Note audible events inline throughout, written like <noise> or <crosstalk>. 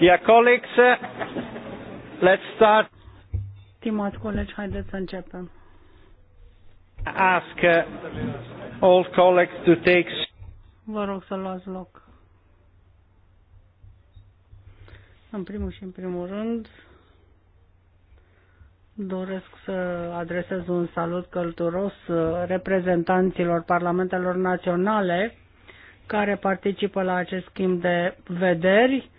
Dear colleagues, let's start. Stimați colegi, haideți să începem. Ask uh, all colleagues to take Vă rog să luați loc. În primul și în primul rând, doresc să adresez un salut călduros uh, reprezentanților parlamentelor naționale care participă la acest schimb de vederi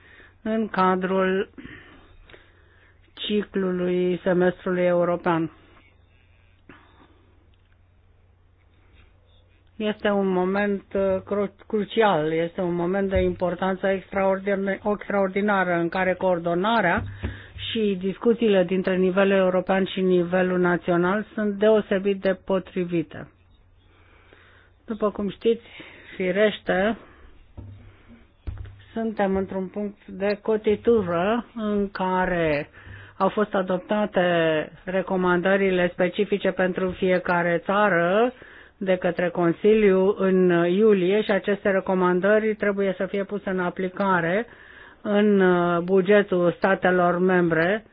în cadrul ciclului semestrului european. Este un moment uh, crucial, este un moment de importanță extraordinară în care coordonarea și discuțiile dintre nivelul european și nivelul național sunt deosebit de potrivite. După cum știți, firește, suntem într-un punct de cotitură în care au fost adoptate recomandările specifice pentru fiecare țară de către Consiliu în iulie și aceste recomandări trebuie să fie puse în aplicare în uh, bugetul statelor membre.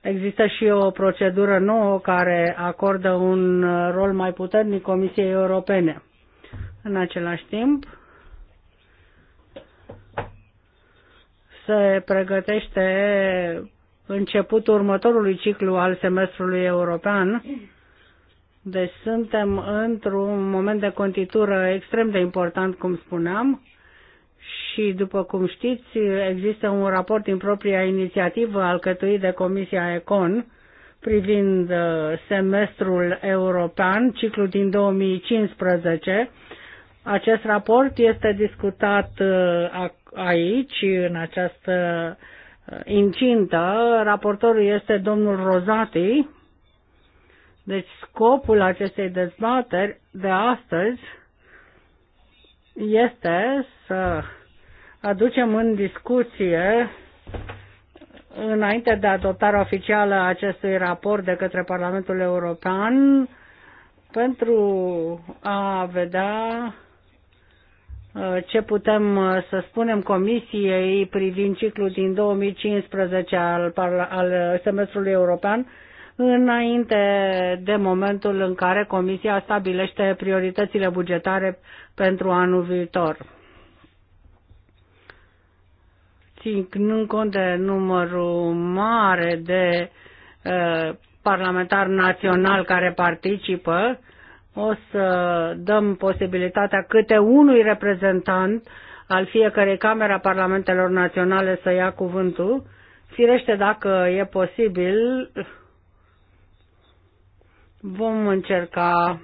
Există și o procedură nouă care acordă un uh, rol mai puternic Comisiei Europene. În același timp, se pregătește începutul următorului ciclu al semestrului european. Deci suntem într-un moment de contitură extrem de important, cum spuneam, și după cum știți, există un raport din propria inițiativă alcătuit de Comisia Econ privind uh, semestrul european, ciclul din 2015, acest raport este discutat uh, aici, în această uh, incintă. Raportorul este domnul Rozati. Deci scopul acestei dezbateri de astăzi este să aducem în discuție înainte de adoptarea oficială a acestui raport de către Parlamentul European pentru a vedea Uh, ce putem uh, să spunem Comisiei privind ciclul din 2015 al, al uh, semestrului european înainte de momentul în care Comisia stabilește prioritățile bugetare pentru anul viitor. Ținând cont de numărul mare de uh, parlamentari național care participă, uh, o să dăm posibilitatea câte unui reprezentant al fiecărei camere a parlamentelor naționale să ia cuvântul, firește dacă e posibil, vom încerca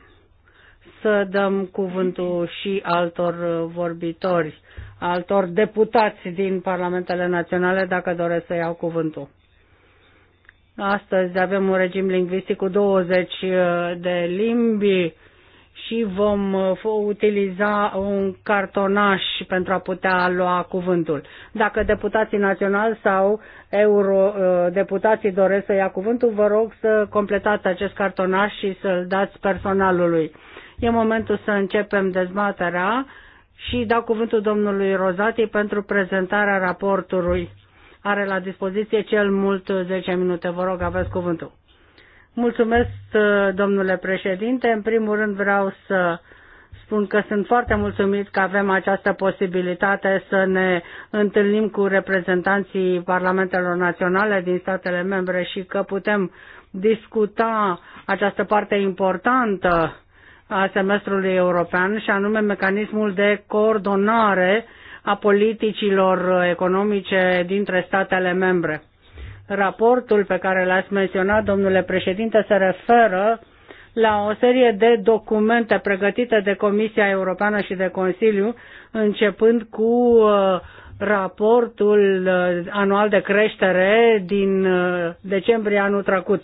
să dăm cuvântul și altor vorbitori, altor deputați din parlamentele naționale dacă doresc să iau cuvântul. Astăzi avem un regim lingvistic cu 20 de limbi și vom uh, utiliza un cartonaș pentru a putea lua cuvântul. Dacă deputații naționali sau eurodeputații doresc să ia cuvântul, vă rog să completați acest cartonaș și să-l dați personalului. E momentul să începem dezbaterea și dau cuvântul domnului Rozati pentru prezentarea raportului. Are la dispoziție cel mult 10 minute. Vă rog, aveți cuvântul. Mulțumesc, uh, domnule președinte. În primul rând vreau să spun că sunt foarte mulțumit că avem această posibilitate să ne întâlnim cu reprezentanții parlamentelor naționale din statele membre și că putem discuta această parte importantă a semestrului european și anume mecanismul de coordonare a politicilor economice dintre statele membre. Raportul pe care l-ați menționat, domnule președinte, se referă la o serie de documente pregătite de Comisia Europeană și de Consiliu, începând cu uh, raportul uh, anual de creștere din uh, decembrie anul trecut.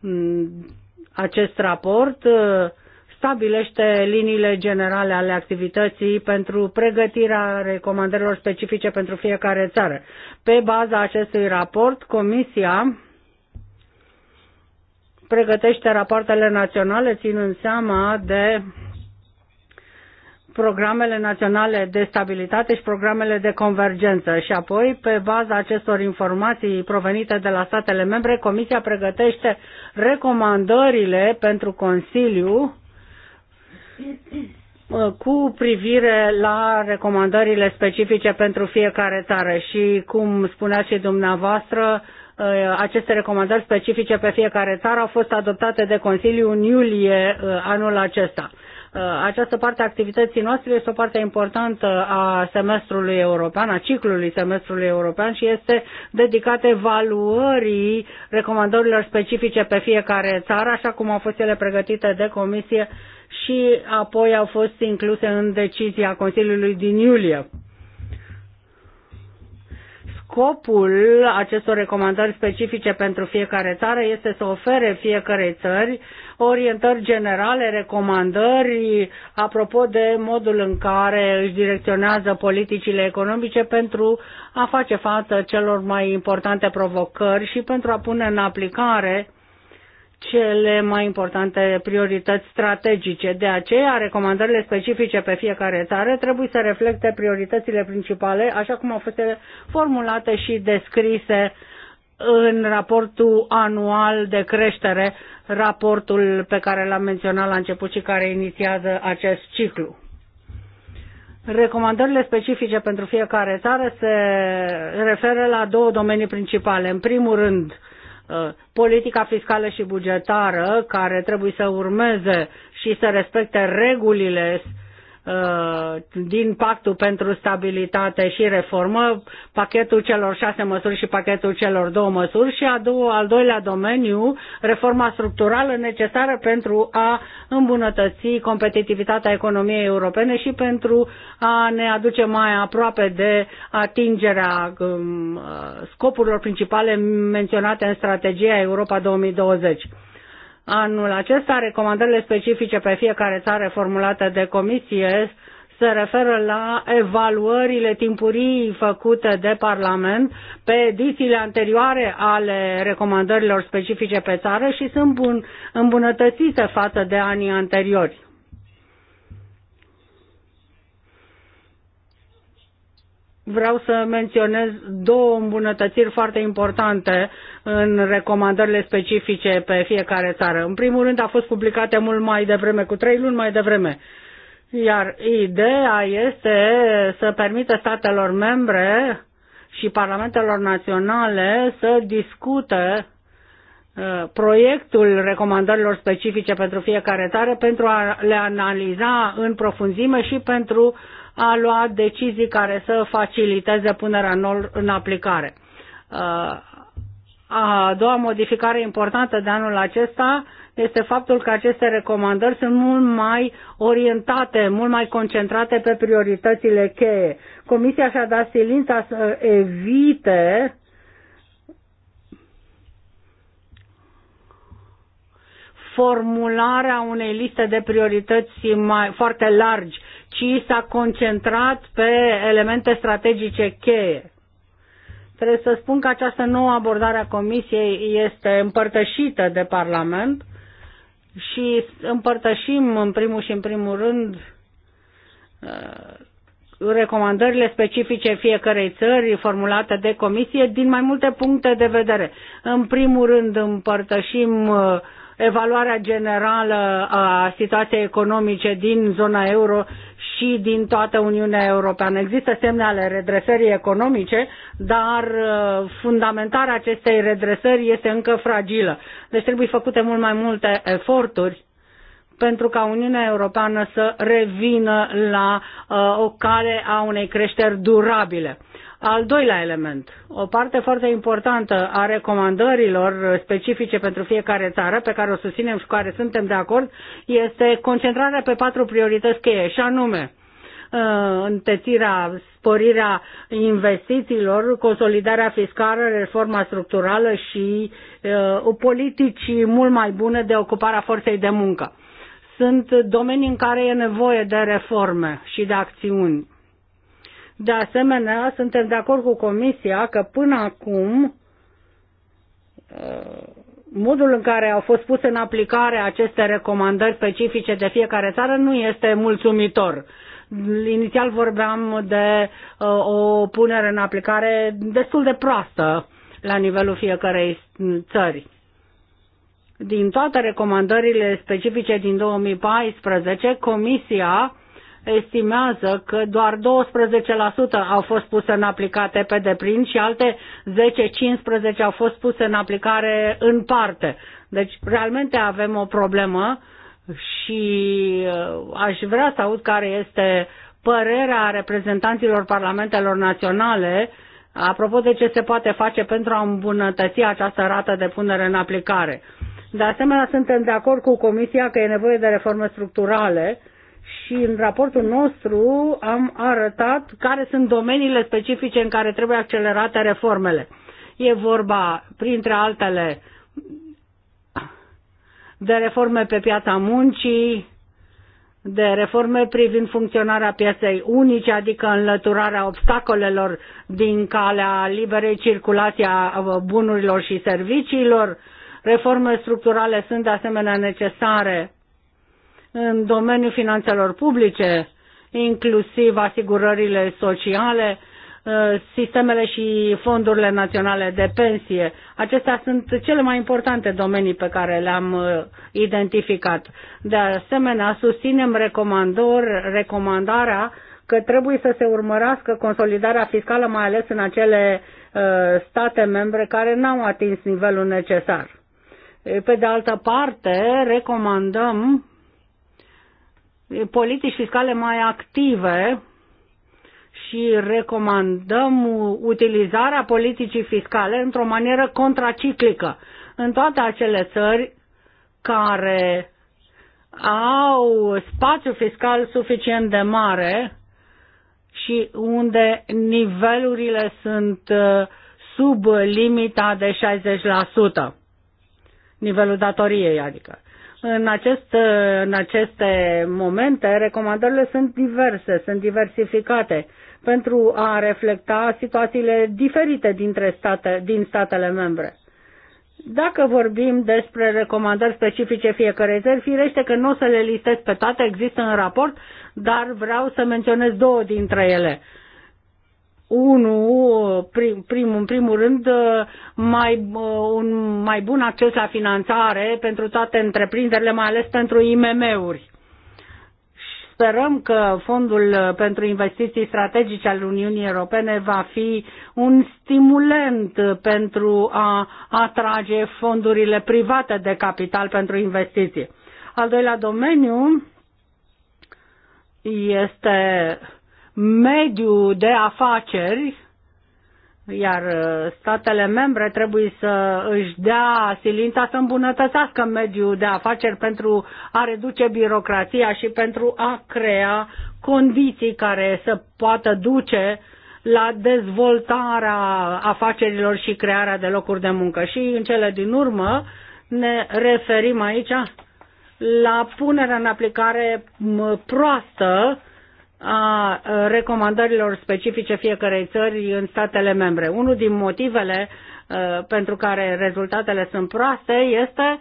Mm, acest raport stabilește liniile generale ale activității pentru pregătirea recomandărilor specifice pentru fiecare țară. Pe baza acestui raport, Comisia pregătește rapoartele naționale ținând seama de programele naționale de stabilitate și programele de convergență și apoi, pe baza acestor informații provenite de la statele membre, Comisia pregătește recomandările pentru Consiliu cu privire la recomandările specifice pentru fiecare țară și, cum spunea și dumneavoastră, ă, aceste recomandări specifice pe fiecare țară au fost adoptate de Consiliu în iulie ă, anul acesta. Uh, această parte a activității noastre este o parte importantă a semestrului european, a ciclului semestrului european și este dedicată evaluării recomandărilor specifice pe fiecare țară, așa cum au fost ele pregătite de comisie și apoi au fost incluse în decizia Consiliului din iulie scopul acestor recomandări specifice pentru fiecare țară este să ofere fiecare țări orientări generale, recomandări apropo de modul în care își direcționează politicile economice pentru a face față celor mai importante provocări și pentru a pune în aplicare cele mai importante priorități strategice. De aceea, recomandările specifice pe fiecare țară trebuie să reflecte prioritățile principale, așa cum au fost formulate și descrise în raportul anual de creștere, raportul pe care l-am menționat la început și care inițiază acest ciclu. Recomandările specifice pentru fiecare țară se referă la două domenii principale. În primul rând, Uh, politica fiscală și bugetară care trebuie să urmeze și să respecte regulile Uh, din Pactul pentru Stabilitate și Reformă, pachetul celor șase măsuri și pachetul celor două măsuri și al doilea domeniu, reforma structurală necesară pentru a îmbunătăți competitivitatea economiei europene și pentru a ne aduce mai aproape de atingerea um, uh, scopurilor principale menționate în strategia Europa 2020. Anul acesta, recomandările specifice pe fiecare țară formulate de comisie se referă la evaluările timpurii făcute de Parlament pe edițiile anterioare ale recomandărilor specifice pe țară și sunt îmbunătățite față de anii anteriori. vreau să menționez două îmbunătățiri foarte importante în recomandările specifice pe fiecare țară. În primul rând a fost publicate mult mai devreme, cu trei luni mai devreme. Iar ideea este să permită statelor membre și parlamentelor naționale să discute uh, proiectul recomandărilor specifice pentru fiecare țară pentru a le analiza în profunzime și pentru a luat decizii care să faciliteze punerea în aplicare. Uh, a doua modificare importantă de anul acesta este faptul că aceste recomandări sunt mult mai orientate, mult mai concentrate pe prioritățile cheie. Comisia și-a dat silința să evite formularea unei liste de priorități mai, foarte largi ci s-a concentrat pe elemente strategice cheie. Trebuie să spun că această nouă abordare a Comisiei este împărtășită de Parlament și împărtășim în primul și în primul rând uh, recomandările specifice fiecarei țări formulate de comisie din mai multe puncte de vedere. În primul rând împărtășim uh, evaluarea generală a situației economice din zona euro și din toată Uniunea Europeană. Există semne ale redresării economice, dar uh, fundamentarea acestei redresări este încă fragilă. Deci trebuie făcute mult mai multe eforturi pentru ca Uniunea Europeană să revină la uh, o cale a unei creșteri durabile. Al doilea element, o parte foarte importantă a recomandărilor specifice pentru fiecare țară, pe care o susținem și cu care suntem de acord, este concentrarea pe patru priorități cheie, și anume uh, întețirea, sporirea investițiilor, consolidarea fiscală, reforma structurală și uh, politici mult mai bune de ocuparea forței de muncă. Sunt domenii în care e nevoie de reforme și de acțiuni de asemenea, suntem de acord cu Comisia că până acum uh, modul în care au fost puse în aplicare aceste recomandări specifice de fiecare țară nu este mulțumitor. Inițial vorbeam de uh, o punere în aplicare destul de proastă la nivelul fiecarei țări. Din toate recomandările specifice din 2014, Comisia estimează că doar 12% au fost puse în aplicate pe deplin și alte 10-15% au fost puse în aplicare în parte. Deci, realmente avem o problemă și uh, aș vrea să aud care este părerea reprezentanților parlamentelor naționale apropo de ce se poate face pentru a îmbunătăți această rată de punere în aplicare. De asemenea, suntem de acord cu Comisia că e nevoie de reforme structurale și în raportul nostru am arătat care sunt domeniile specifice în care trebuie accelerate reformele. E vorba, printre altele, de reforme pe piața muncii, de reforme privind funcționarea pieței unice, adică înlăturarea obstacolelor din calea liberei circulații a bunurilor și serviciilor. Reforme structurale sunt de asemenea necesare în domeniul finanțelor publice, inclusiv asigurările sociale, ă, sistemele și fondurile naționale de pensie. Acestea sunt cele mai importante domenii pe care le-am ă, identificat. De asemenea, susținem recomandarea că trebuie să se urmărească consolidarea fiscală, mai ales în acele ă, state membre care n-au atins nivelul necesar. Pe de altă parte, recomandăm politici fiscale mai active și recomandăm utilizarea politicii fiscale într-o manieră contraciclică în toate acele țări care au spațiu fiscal suficient de mare și unde nivelurile sunt uh, sub limita de 60%, nivelul datoriei adică. În, acest, în aceste momente, recomandările sunt diverse, sunt diversificate pentru a reflecta situațiile diferite dintre state, din statele membre. Dacă vorbim despre recomandări specifice fiecarei țări, firește că nu o să le listez pe toate, există în raport, dar vreau să menționez două dintre ele unul prim, prim, în primul rând, mai, uh, un mai bun acces la finanțare pentru toate întreprinderile, mai ales pentru IMM-uri. Sperăm că Fondul pentru Investiții Strategice al Uniunii Europene va fi un stimulent pentru a atrage fondurile private de capital pentru investiții. Al doilea domeniu este mediu de afaceri, iar uh, statele membre trebuie să își dea silința să îmbunătățească mediul de afaceri pentru a reduce birocrația și pentru a crea condiții care să poată duce la dezvoltarea afacerilor și crearea de locuri de muncă. Și în cele din urmă ne referim aici la punerea în aplicare proastă a recomandărilor specifice fiecarei țări în statele membre. Unul din motivele pentru care rezultatele sunt proaste este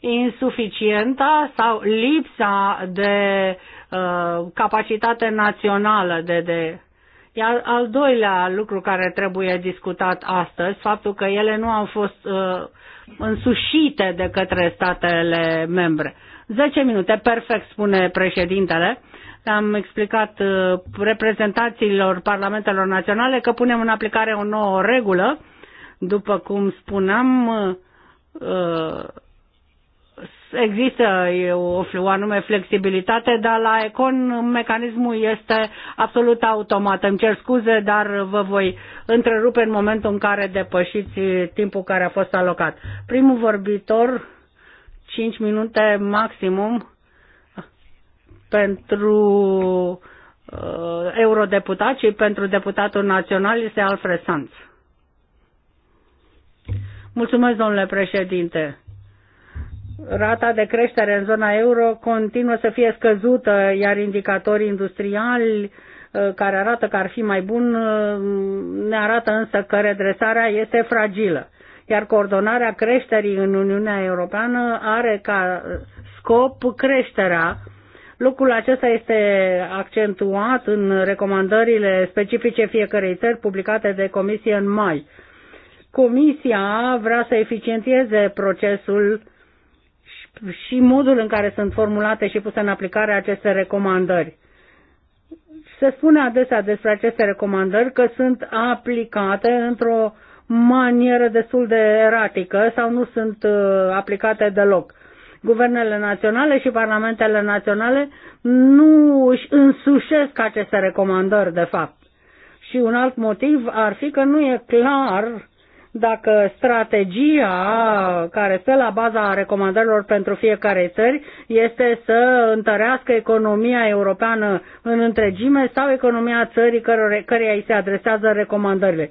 insuficienta sau lipsa de uh, capacitate națională de, de iar al doilea lucru care trebuie discutat astăzi, faptul că ele nu au fost uh, însușite de către statele membre. 10 minute, perfect, spune președintele am explicat uh, reprezentațiilor parlamentelor naționale că punem în aplicare o nouă regulă, după cum spuneam, uh, există o, o anume flexibilitate, dar la Econ mecanismul este absolut automat. Îmi cer scuze, dar vă voi întrerupe în momentul în care depășiți timpul care a fost alocat. Primul vorbitor, 5 minute maximum, pentru uh, eurodeputat, ci pentru deputatul național este Alfred Sanz. Mulțumesc, domnule președinte. Rata de creștere în zona euro continuă să fie scăzută, iar indicatorii industriali uh, care arată că ar fi mai bun uh, ne arată însă că redresarea este fragilă, iar coordonarea creșterii în Uniunea Europeană are ca scop creșterea Lucrul acesta este accentuat în recomandările specifice fiecărei țări publicate de Comisie în mai. Comisia vrea să eficientieze procesul și modul în care sunt formulate și puse în aplicare aceste recomandări. Se spune adesea despre aceste recomandări că sunt aplicate într-o manieră destul de eratică sau nu sunt uh, aplicate deloc guvernele naționale și parlamentele naționale nu își însușesc aceste recomandări, de fapt. Și un alt motiv ar fi că nu e clar dacă strategia care stă la baza recomandărilor pentru fiecare țări este să întărească economia europeană în întregime sau economia țării căreia îi se adresează recomandările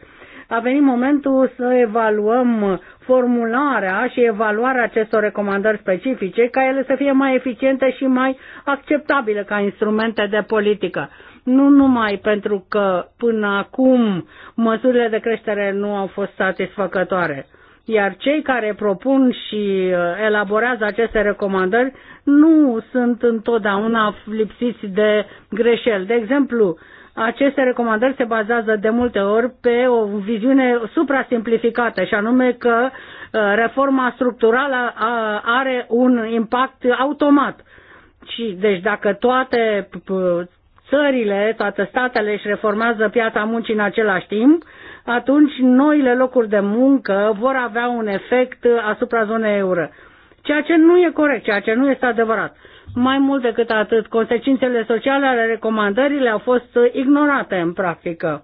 a venit momentul să evaluăm formularea și evaluarea acestor recomandări specifice ca ele să fie mai eficiente și mai acceptabile ca instrumente de politică. Nu numai pentru că până acum măsurile de creștere nu au fost satisfăcătoare iar cei care propun și uh, elaborează aceste recomandări nu sunt întotdeauna lipsiți de greșeli. De exemplu, aceste recomandări se bazează de multe ori pe o viziune suprasimplificată și anume că uh, reforma structurală uh, are un impact automat. Și deci dacă toate țările, toate statele își reformează piața muncii în același timp, atunci noile locuri de muncă vor avea un efect asupra zonei euro. Ceea ce nu e corect, ceea ce nu este adevărat. Mai mult decât atât, consecințele sociale ale recomandările au fost uh, ignorate în practică.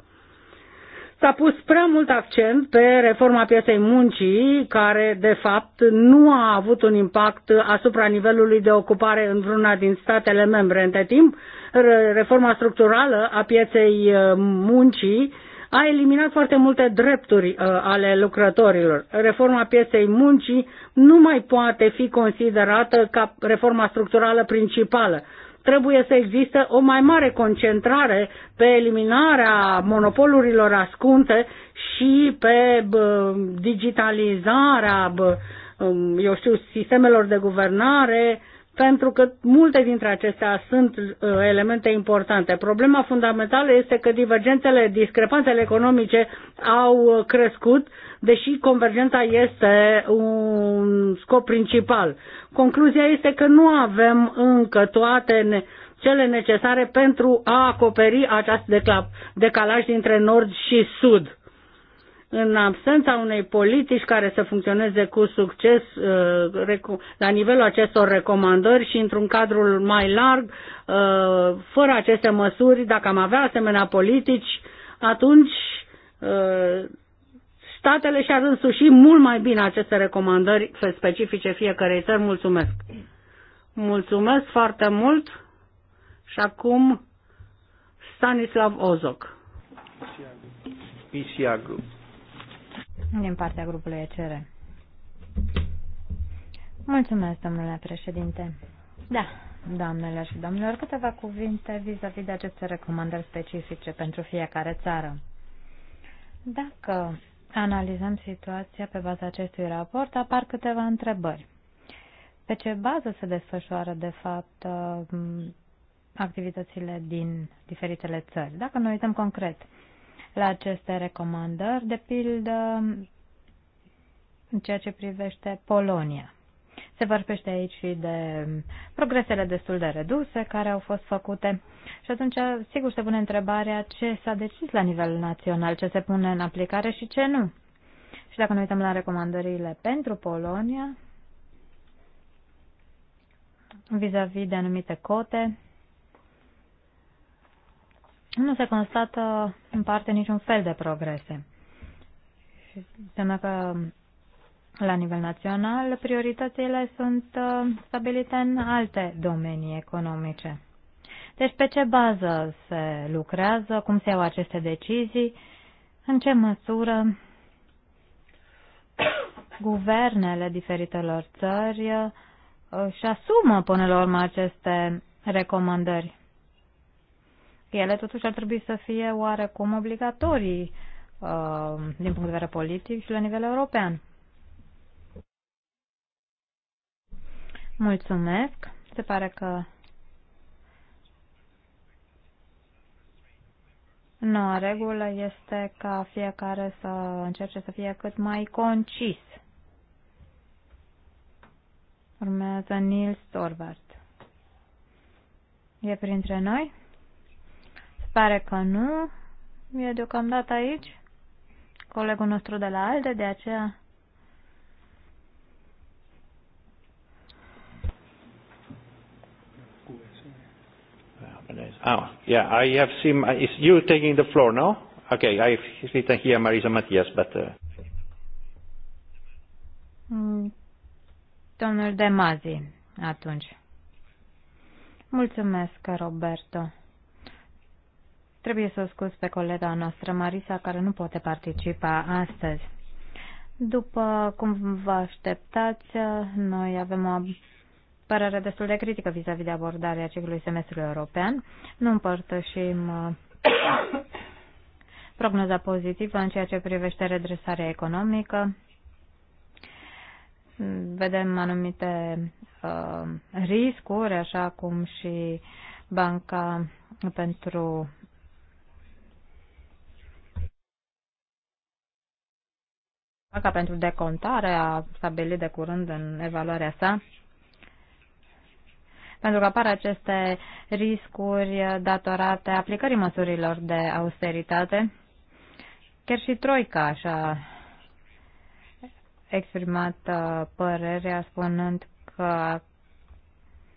S-a pus prea mult accent pe reforma pieței muncii, care, de fapt, nu a avut un impact asupra nivelului de ocupare în vreuna din statele membre. Între timp, reforma structurală a pieței uh, muncii a eliminat foarte multe drepturi uh, ale lucrătorilor. Reforma pieței muncii nu mai poate fi considerată ca reforma structurală principală. Trebuie să există o mai mare concentrare pe eliminarea monopolurilor ascunse și pe digitalizarea, um, eu știu, sistemelor de guvernare, pentru că multe dintre acestea sunt uh, elemente importante. Problema fundamentală este că divergențele, discrepanțele economice au uh, crescut, deși convergența este un scop principal. Concluzia este că nu avem încă toate cele necesare pentru a acoperi acest decalaj dintre nord și sud în absența unei politici care să funcționeze cu succes uh, la nivelul acestor recomandări și într-un cadru mai larg, uh, fără aceste măsuri, dacă am avea asemenea politici, atunci uh, statele și-ar însuși mult mai bine aceste recomandări specifice fiecarei țări. Mulțumesc! Mulțumesc foarte mult și acum Stanislav Ozok. PCA Group din partea grupului ECR. Mulțumesc, domnule președinte. Da, doamnelor și domnilor, câteva cuvinte vis-a-vis -vis de aceste recomandări specifice pentru fiecare țară. Dacă analizăm situația pe baza acestui raport, apar câteva întrebări. Pe ce bază se desfășoară, de fapt, activitățile din diferitele țări? Dacă ne uităm concret la aceste recomandări, de pildă în ceea ce privește Polonia. Se vorbește aici și de progresele destul de reduse care au fost făcute și atunci sigur se pune întrebarea ce s-a decis la nivel național, ce se pune în aplicare și ce nu. Și dacă ne uităm la recomandările pentru Polonia, vis-a-vis -vis de anumite cote, nu se constată în parte niciun fel de progrese. Înseamnă că la nivel național prioritățile sunt uh, stabilite în alte domenii economice. Deci pe ce bază se lucrează, cum se iau aceste decizii, în ce măsură <coughs> guvernele diferitelor țări uh, și asumă până la urmă aceste recomandări ele totuși ar trebui să fie oarecum obligatorii uh, din punct de vedere politic și la nivel european. Mulțumesc. Se pare că noua regulă este ca fiecare să încerce să fie cât mai concis. Urmează Nils Torvart. E printre noi? pare că nu e deocamdată aici colegul nostru de la ALDE, de aceea Oh, yeah, I have seen. Uh, is you taking the floor now? Okay, I written here Marisa Matias, but. Uh... Mm, domnul Demazi, atunci. Mulțumesc, Roberto. Trebuie să o scuz pe colega noastră, Marisa, care nu poate participa astăzi. După cum vă așteptați, noi avem o părere destul de critică vis-a-vis -vis de abordarea ciclului semestrului european. Nu împărtășim uh, <coughs> prognoza pozitivă în ceea ce privește redresarea economică. Vedem anumite uh, riscuri, așa cum și Banca pentru Banca pentru decontare a stabilit de curând în evaluarea sa pentru că apar aceste riscuri datorate aplicării măsurilor de austeritate. Chiar și Troica așa exprimat uh, părerea spunând că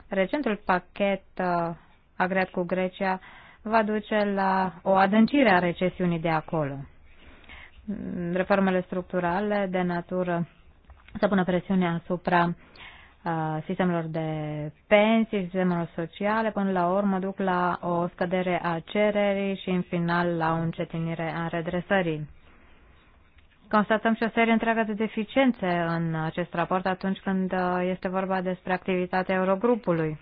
recentul pachet uh, agreat cu Grecia va duce la o adâncire a recesiunii de acolo reformele structurale de natură să pună presiune asupra uh, sistemelor de pensii, sistemelor sociale, până la urmă duc la o scădere a cererii și în final la o încetinire a redresării. Constatăm și o serie întreagă de deficiențe în acest raport atunci când uh, este vorba despre activitatea Eurogrupului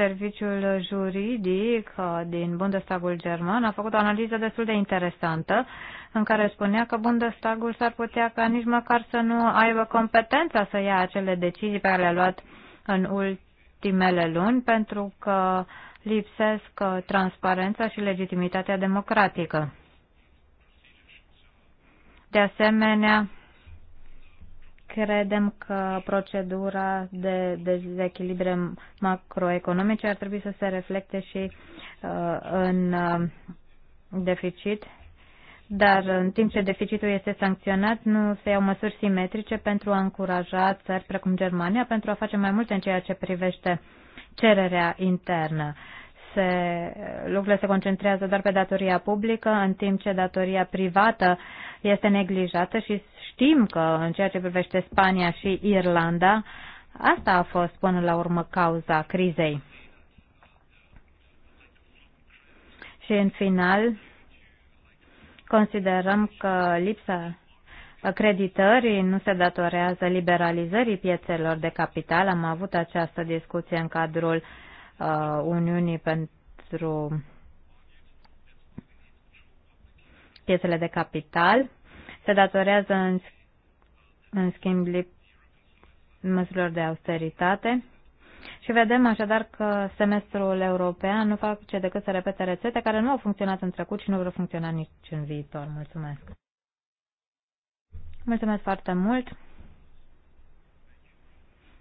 serviciul juridic uh, din Bundestagul german a făcut o analiză destul de interesantă în care spunea că Bundestagul s-ar putea ca nici măcar să nu aibă competența să ia acele decizii pe care le-a luat în ultimele luni pentru că lipsesc uh, transparența și legitimitatea democratică. De asemenea, Credem că procedura de dezechilibre macroeconomice ar trebui să se reflecte și uh, în uh, deficit, dar în timp ce deficitul este sancționat, nu se iau măsuri simetrice pentru a încuraja țări precum Germania pentru a face mai multe în ceea ce privește cererea internă se, lucrurile se concentrează doar pe datoria publică, în timp ce datoria privată este neglijată și știm că în ceea ce privește Spania și Irlanda, asta a fost până la urmă cauza crizei. Și în final, considerăm că lipsa creditării nu se datorează liberalizării piețelor de capital. Am avut această discuție în cadrul uh, Uniunii pentru piețele de capital se datorează în, în schimb măsurilor de austeritate. Și vedem așadar că semestrul european nu face decât să repete rețete care nu au funcționat în trecut și nu vor funcționa nici în viitor. Mulțumesc! Mulțumesc foarte mult!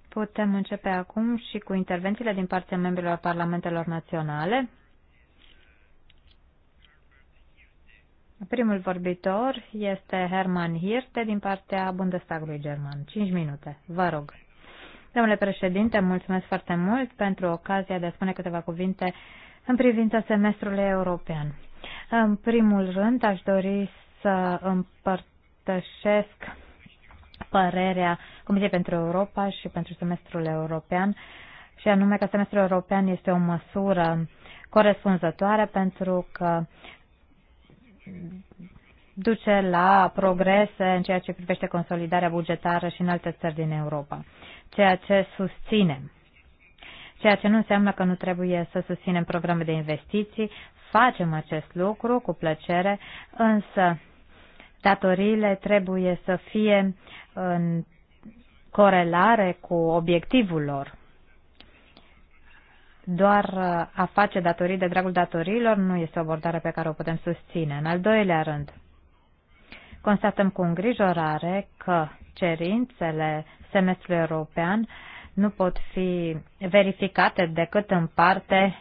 Putem începe acum și cu intervențiile din partea membrilor Parlamentelor Naționale. Primul vorbitor este Hermann Hirte din partea Bundestagului German. 5 minute, vă rog. Domnule președinte, mulțumesc foarte mult pentru ocazia de a spune câteva cuvinte în privința semestrului european. În primul rând, aș dori să împărtășesc părerea Comisiei pentru Europa și pentru semestrul european, și anume că semestrul european este o măsură corespunzătoare pentru că duce la progrese în ceea ce privește consolidarea bugetară și în alte țări din Europa, ceea ce susținem. Ceea ce nu înseamnă că nu trebuie să susținem programe de investiții, facem acest lucru cu plăcere, însă datoriile trebuie să fie în corelare cu obiectivul lor doar a face datorii de dragul datoriilor nu este o abordare pe care o putem susține. În al doilea rând, constatăm cu îngrijorare că cerințele semestrului european nu pot fi verificate decât în parte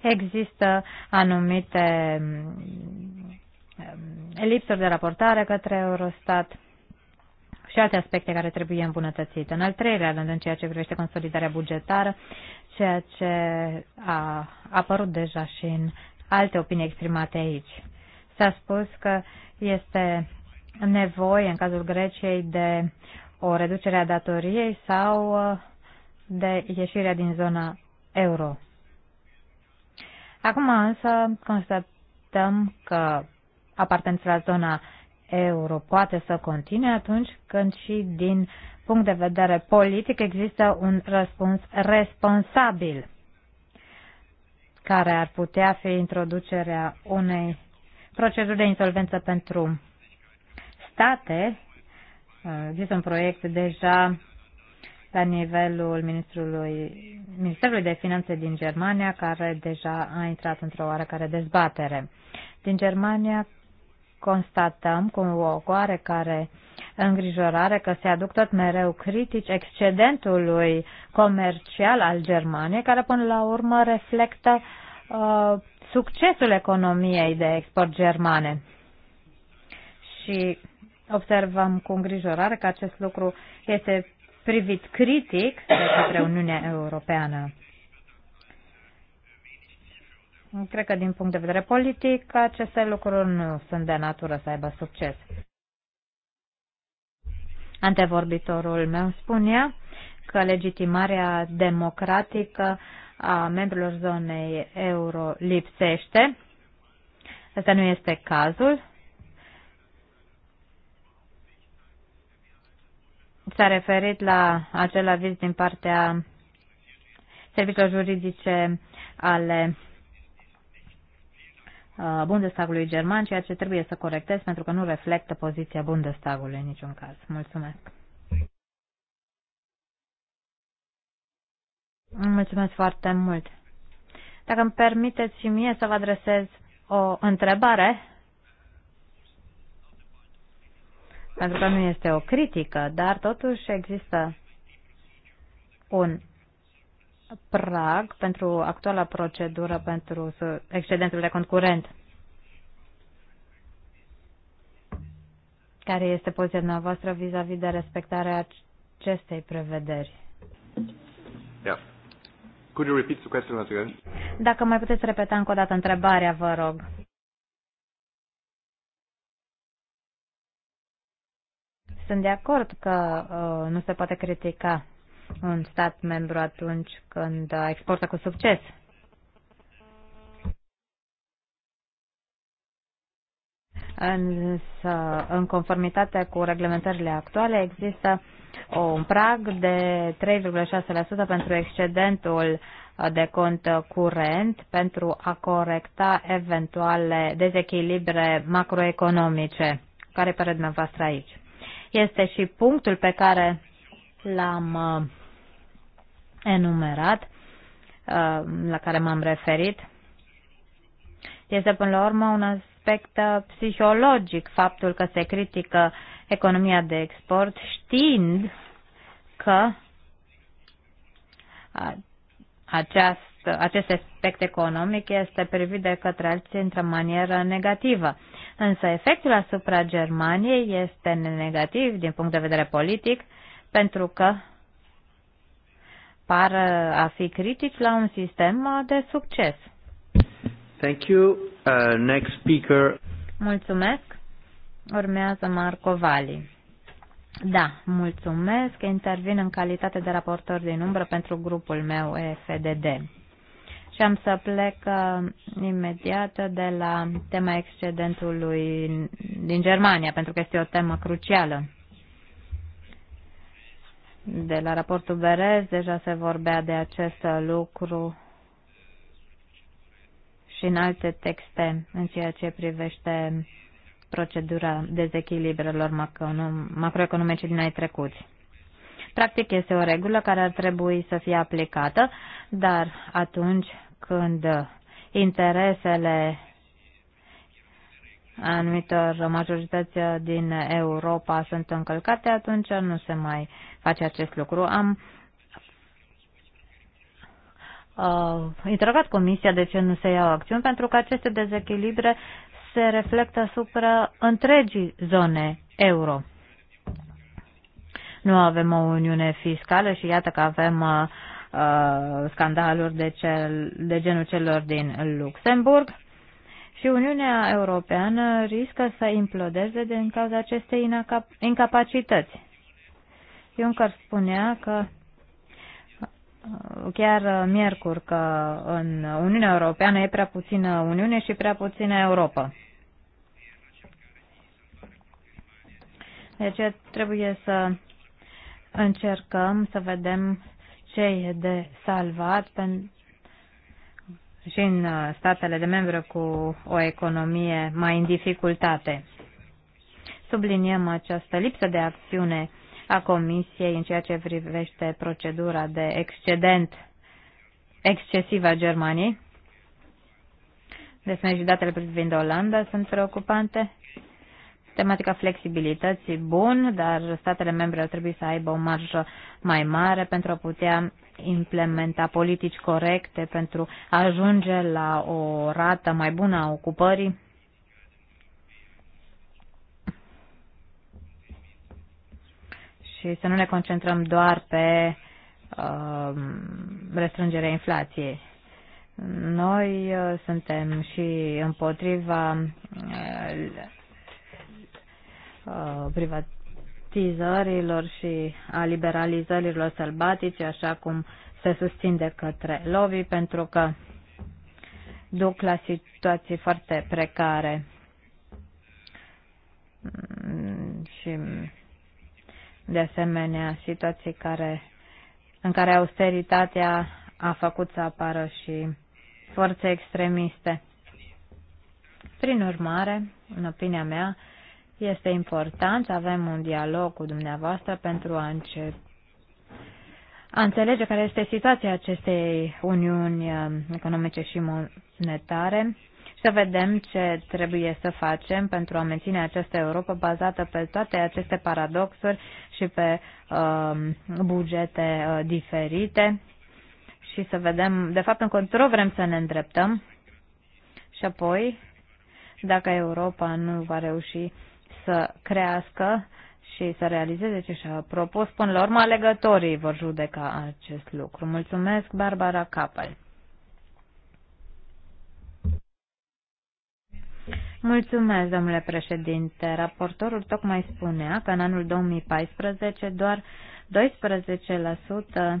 există anumite mm, lipsuri de raportare către Eurostat și alte aspecte care trebuie îmbunătățite. În al treilea rând, în ceea ce privește consolidarea bugetară, ceea ce a apărut deja și în alte opinii exprimate aici. S-a spus că este nevoie, în cazul Greciei, de o reducere a datoriei sau uh, de ieșirea din zona euro. Acum însă constatăm că apartenți la zona euro poate să continue atunci când și din punct de vedere politic există un răspuns responsabil care ar putea fi introducerea unei proceduri de insolvență pentru state. Există un proiect deja la nivelul Ministrului, Ministerului de Finanțe din Germania, care deja a intrat într-o oarecare dezbatere. Din Germania constatăm cu o oarecare îngrijorare că se aduc tot mereu critici excedentului comercial al Germaniei, care până la urmă reflectă uh, succesul economiei de export germane. Și observăm cu îngrijorare că acest lucru este privit critic de către Uniunea Europeană. Cred că din punct de vedere politic aceste lucruri nu sunt de natură să aibă succes. Antevorbitorul meu spunea că legitimarea democratică a membrilor zonei euro lipsește. Asta nu este cazul. S-a referit la acel aviz din partea serviciilor juridice ale Uh, Bundestagului german, ceea ce trebuie să corectez pentru că nu reflectă poziția Bundestagului în niciun caz. Mulțumesc! Mulțumesc foarte mult! Dacă îmi permiteți și mie să vă adresez o întrebare, pentru că nu este o critică, dar totuși există un prag pentru actuala procedură pentru excedentul de concurent. Care este poziția voastră vis-a-vis -vis de respectarea acestei prevederi? Yeah. Da. Could you repeat the question once again? Dacă mai puteți repeta încă o dată întrebarea, vă rog. Sunt de acord că uh, nu se poate critica un stat membru atunci când exportă cu succes. Însă, în conformitate cu reglementările actuale, există un prag de 3,6% pentru excedentul de cont curent pentru a corecta eventuale dezechilibre macroeconomice care apare dumneavoastră aici. Este și punctul pe care l-am uh, enumerat, uh, la care m-am referit, este până la urmă un aspect uh, psihologic, faptul că se critică economia de export știind că uh, aceast, acest aspect economic este privit de către alții într-o manieră negativă. Însă efectul asupra Germaniei este negativ din punct de vedere politic pentru că par a fi critici la un sistem de succes. Thank you. Uh, next speaker. Mulțumesc. Urmează Marco Vali. Da, mulțumesc. Intervin în calitate de raportor din umbră pentru grupul meu FDD. Și am să plec uh, imediat de la tema excedentului din Germania, pentru că este o temă crucială de la raportul Berez deja se vorbea de acest lucru și în alte texte în ceea ce privește procedura dezechilibrelor macroeconomice din ai trecuți. Practic este o regulă care ar trebui să fie aplicată, dar atunci când interesele anumitor majorități din Europa sunt încălcate, atunci nu se mai face acest lucru. Am uh, interogat Comisia de ce nu se iau acțiuni, pentru că aceste dezechilibre se reflectă asupra întregii zone euro. Nu avem o uniune fiscală și iată că avem uh, uh scandaluri de, cel, de genul celor din Luxemburg. Și Uniunea Europeană riscă să implodeze din cauza acestei incapacități. Juncker spunea că uh, chiar miercuri că în Uniunea Europeană e prea puțină Uniune și prea puțină Europa. Deci trebuie să încercăm să vedem ce e de salvat pentru și în uh, statele de membră cu o economie mai în dificultate. Subliniem această lipsă de acțiune a Comisiei în ceea ce privește procedura de excedent excesiv a Germaniei. Deci, și datele privind Olanda sunt preocupante. Tematica flexibilității, bun, dar statele membre ar trebui să aibă o marjă mai mare pentru a putea implementa politici corecte pentru a ajunge la o rată mai bună a ocupării? Și să nu ne concentrăm doar pe uh, restrângerea inflației. Noi uh, suntem și împotriva uh, privat privatizărilor și a liberalizărilor sălbatice, așa cum se susțin de către lovi, pentru că duc la situații foarte precare mm, și de asemenea situații care, în care austeritatea a făcut să apară și forțe extremiste. Prin urmare, în opinia mea, este important să avem un dialog cu dumneavoastră pentru a începe a înțelege care este situația acestei uniuni um, economice și monetare și să vedem ce trebuie să facem pentru a menține această Europa bazată pe toate aceste paradoxuri și pe uh, bugete uh, diferite și să vedem, de fapt, control vrem să ne îndreptăm și apoi, dacă Europa nu va reuși să crească și să realizeze ce și-a propus. Până la urmă, alegătorii vor judeca acest lucru. Mulțumesc, Barbara Capel. Mulțumesc, domnule președinte. Raportorul tocmai spunea că în anul 2014 doar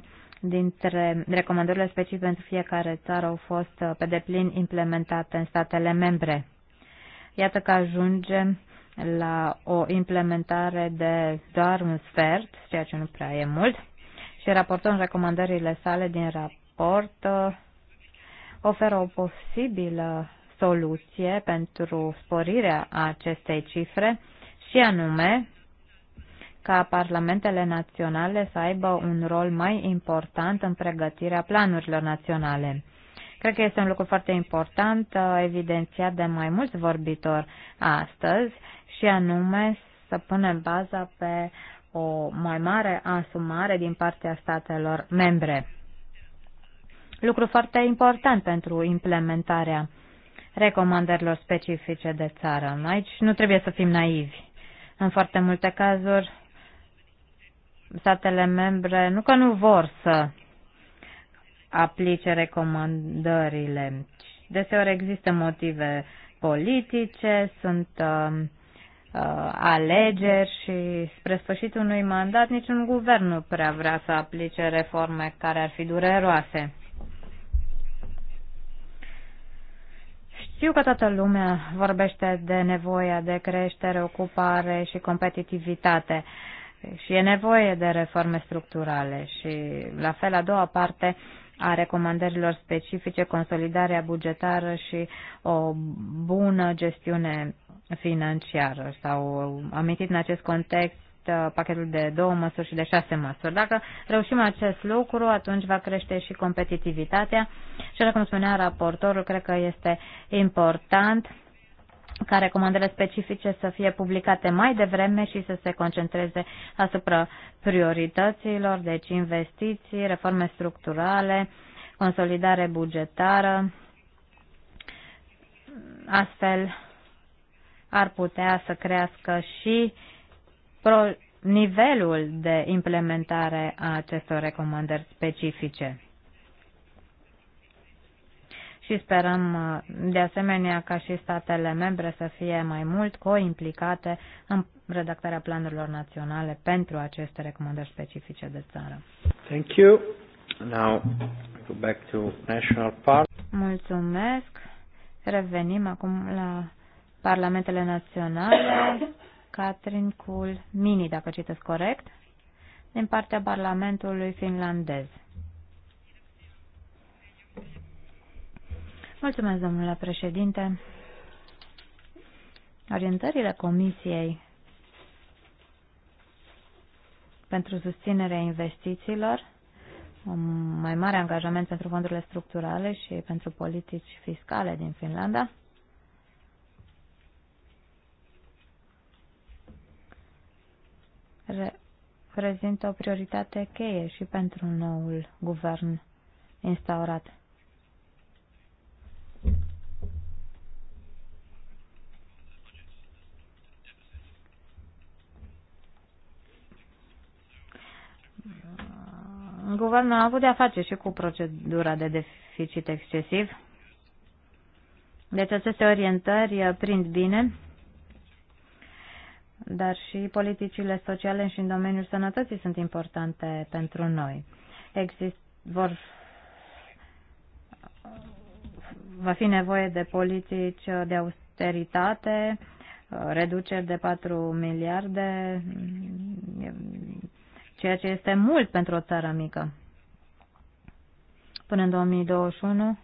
12% dintre recomandările specifice pentru fiecare țară au fost pe deplin implementate în statele membre. Iată că ajungem la o implementare de doar un sfert, ceea ce nu prea e mult, și raportul în recomandările sale din raport uh, oferă o posibilă soluție pentru sporirea acestei cifre și anume ca parlamentele naționale să aibă un rol mai important în pregătirea planurilor naționale. Cred că este un lucru foarte important, uh, evidențiat de mai mulți vorbitori astăzi, și anume să punem baza pe o mai mare asumare din partea statelor membre. Lucru foarte important pentru implementarea recomandărilor specifice de țară. Aici nu trebuie să fim naivi. În foarte multe cazuri, statele membre nu că nu vor să aplice recomandările. Deseori există motive politice, sunt uh, Uh, alegeri și spre sfârșitul unui mandat niciun guvern nu prea vrea să aplice reforme care ar fi dureroase. Știu că toată lumea vorbește de nevoia de creștere, ocupare și competitivitate și e nevoie de reforme structurale și la fel a doua parte a recomandărilor specifice, consolidarea bugetară și o bună gestiune financiară. sau amintit în acest context uh, pachetul de două măsuri și de șase măsuri. Dacă reușim acest lucru, atunci va crește și competitivitatea și, așa cum spunea raportorul, cred că este important ca recomandările specifice să fie publicate mai devreme și să se concentreze asupra priorităților, deci investiții, reforme structurale, consolidare bugetară, astfel ar putea să crească și pro- nivelul de implementare a acestor recomandări specifice. Și sperăm uh, de asemenea ca și statele membre să fie mai mult coimplicate în redactarea planurilor naționale pentru aceste recomandări specifice de țară. Thank you. Now go back to national park. Mulțumesc. Revenim acum la parlamentele naționale, Catherine Kuhl Mini, dacă citesc corect, din partea Parlamentului finlandez. Mulțumesc, domnule președinte. Orientările Comisiei pentru susținerea investițiilor, un mai mare angajament pentru fondurile structurale și pentru politici fiscale din Finlanda, reprezintă o prioritate cheie și pentru noul guvern instaurat. Guvernul a avut de-a face și cu procedura de deficit excesiv. Deci aceste orientări prind bine dar și politicile sociale și în domeniul sănătății sunt importante pentru noi. Exist, vor, va fi nevoie de politici de austeritate, reduceri de 4 miliarde, ceea ce este mult pentru o țară mică. Până în 2021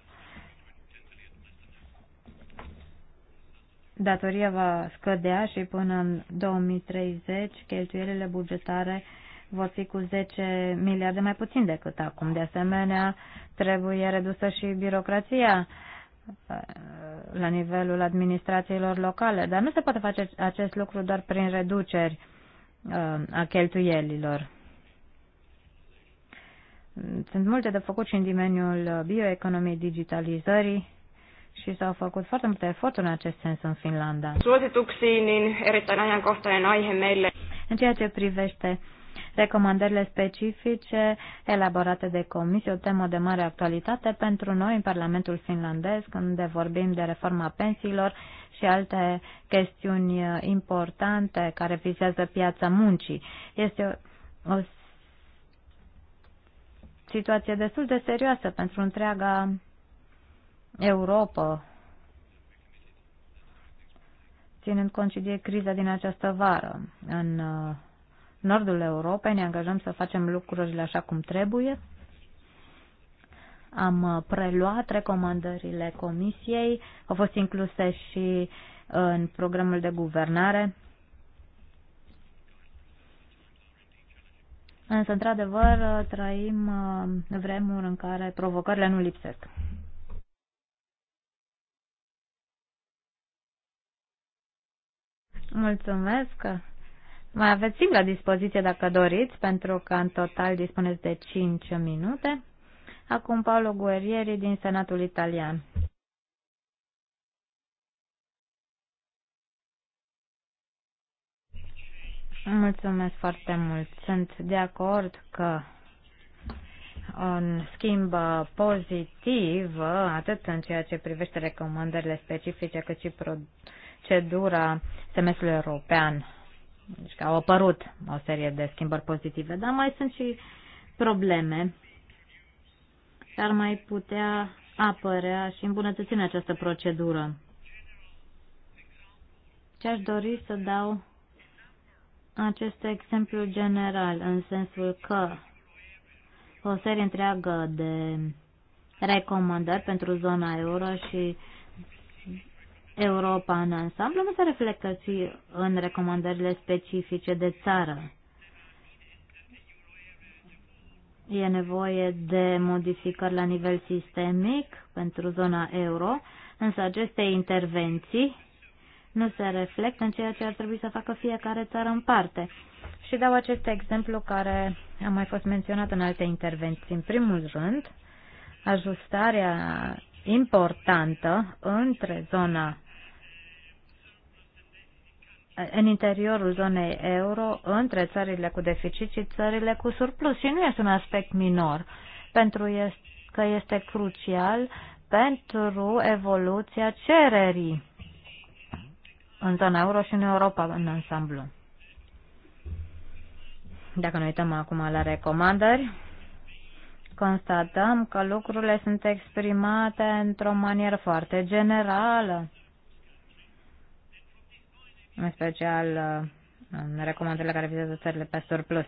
datoria va scădea și până în 2030 cheltuielile bugetare vor fi cu 10 miliarde mai puțin decât acum. De asemenea, trebuie redusă și birocrația uh, la nivelul administrațiilor locale, dar nu se poate face acest lucru doar prin reduceri uh, a cheltuielilor. Sunt multe de făcut și în dimeniul bioeconomiei, digitalizării și s-au făcut foarte multe eforturi în acest sens în Finlanda. În ceea ce privește recomandările specifice elaborate de comisie, o temă de mare actualitate pentru noi în Parlamentul finlandez, când vorbim de reforma pensiilor și alte chestiuni importante care vizează piața muncii. Este o, o situație destul de serioasă pentru întreaga Europa, ținând cont criza din această vară. În uh, nordul Europei ne angajăm să facem lucrurile așa cum trebuie. Am uh, preluat recomandările Comisiei, au fost incluse și în programul de guvernare. Însă, într-adevăr, trăim uh, vremuri în care provocările nu lipsesc. Mulțumesc! Mai aveți timp la dispoziție dacă doriți, pentru că în total dispuneți de 5 minute. Acum Paolo Guerrieri din Senatul Italian. Mulțumesc foarte mult. Sunt de acord că un schimb pozitiv, atât în ceea ce privește recomandările specifice, cât și produsele, procedura semestrului european. Deci că au apărut o serie de schimbări pozitive, dar mai sunt și probleme care ar mai putea apărea și îmbunătățim această procedură. Ce aș dori să dau acest exemplu general, în sensul că o serie întreagă de recomandări pentru zona euro și Europa în ansamblu nu se reflectă și în recomandările specifice de țară. E nevoie de modificări la nivel sistemic pentru zona euro, însă aceste intervenții nu se reflectă în ceea ce ar trebui să facă fiecare țară în parte. Și dau acest exemplu care a mai fost menționat în alte intervenții. În primul rând, ajustarea importantă între zona în interiorul zonei euro între țările cu deficit și țările cu surplus. Și nu este un aspect minor, pentru că este crucial pentru evoluția cererii în zona euro și în Europa în ansamblu. Dacă ne uităm acum la recomandări, constatăm că lucrurile sunt exprimate într-o manieră foarte generală în special uh, în recomandările care vizează țările pe surplus.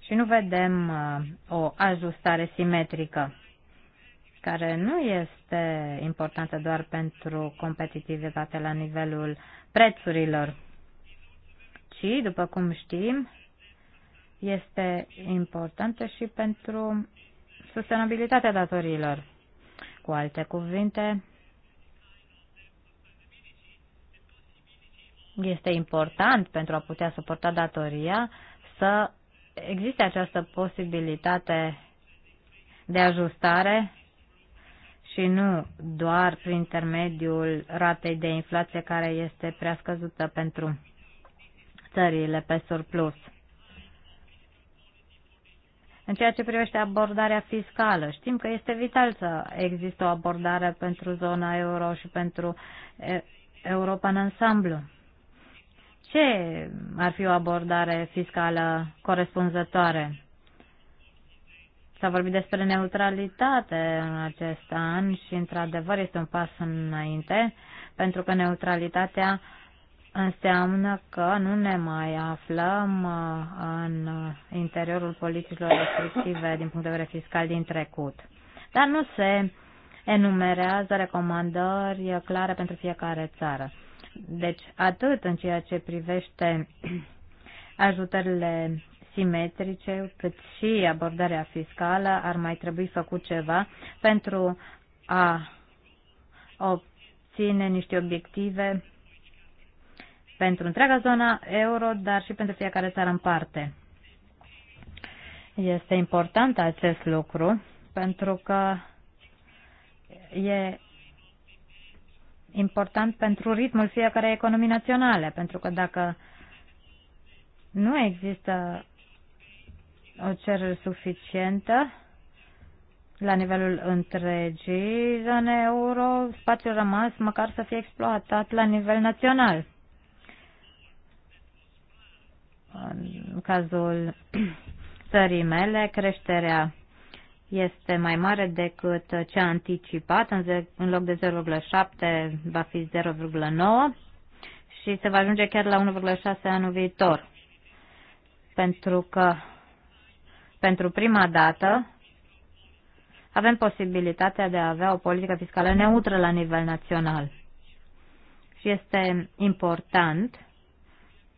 Și nu vedem uh, o ajustare simetrică, care nu este importantă doar pentru competitivitate la nivelul prețurilor, ci, după cum știm, este importantă și pentru sustenabilitatea datorilor. Cu alte cuvinte, este important pentru a putea suporta datoria să existe această posibilitate de ajustare și nu doar prin intermediul ratei de inflație care este prea scăzută pentru țările pe surplus. În ceea ce privește abordarea fiscală, știm că este vital să există o abordare pentru zona euro și pentru Europa în ansamblu ce ar fi o abordare fiscală corespunzătoare. S-a vorbit despre neutralitate în acest an și, într-adevăr, este un pas înainte, pentru că neutralitatea înseamnă că nu ne mai aflăm uh, în interiorul politicilor restrictive din punct de vedere fiscal din trecut. Dar nu se enumerează recomandări clare pentru fiecare țară. Deci atât în ceea ce privește <clears throat> ajutările simetrice, cât și abordarea fiscală, ar mai trebui făcut ceva pentru a obține niște obiective pentru întreaga zona euro, dar și pentru fiecare țară în parte. Este important acest lucru pentru că e important pentru ritmul fiecarei economii naționale, pentru că dacă nu există o cerere suficientă la nivelul întregii zone euro, spațiul rămas măcar să fie exploatat la nivel național. În cazul <clears throat> țării mele, creșterea este mai mare decât cea anticipată, în loc de 0,7 va fi 0,9 și se va ajunge chiar la 1,6 anul viitor. Pentru că pentru prima dată avem posibilitatea de a avea o politică fiscală neutră la nivel național. Și este important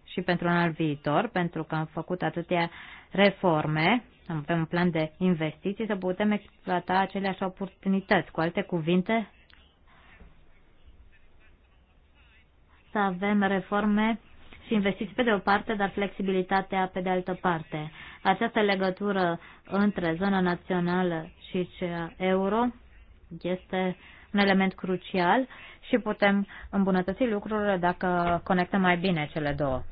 și pentru un an viitor, pentru că am făcut atâtea reforme avem un plan de investiții, să putem exploata aceleași oportunități. Cu alte cuvinte, să avem reforme și investiții pe de o parte, dar flexibilitatea pe de altă parte. Această legătură între zona națională și cea euro este un element crucial și putem îmbunătăți lucrurile dacă conectăm mai bine cele două.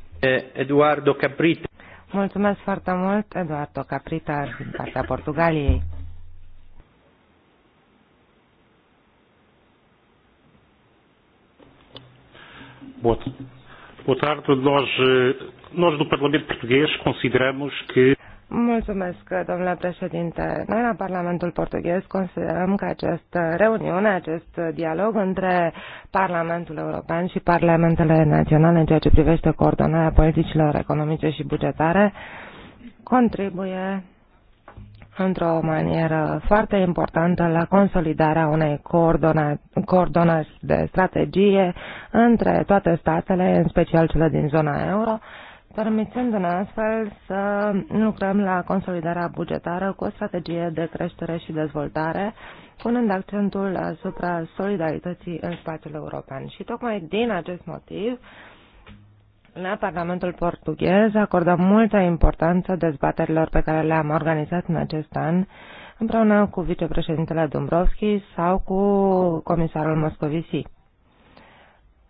Eduardo Caprita. Mulțumesc foarte mult, Eduardo Caprita, din partea Portugaliei. Boa, tarde. Nós, eh, nós do Parlamento Português consideramos que. Mulțumesc, domnule președinte. Noi la Parlamentul portughez considerăm că această reuniune, acest dialog între Parlamentul European și Parlamentele Naționale în ceea ce privește coordonarea politicilor economice și bugetare contribuie într-o manieră foarte importantă la consolidarea unei coordonări de strategie între toate statele, în special cele din zona euro, permițându-ne astfel să lucrăm la consolidarea bugetară cu o strategie de creștere și dezvoltare, punând accentul asupra solidarității în spațiul european. Și tocmai din acest motiv, la Parlamentul portughez acordăm multă importanță dezbaterilor pe care le-am organizat în acest an, împreună cu vicepreședintele Dumbrovski sau cu comisarul Moscovici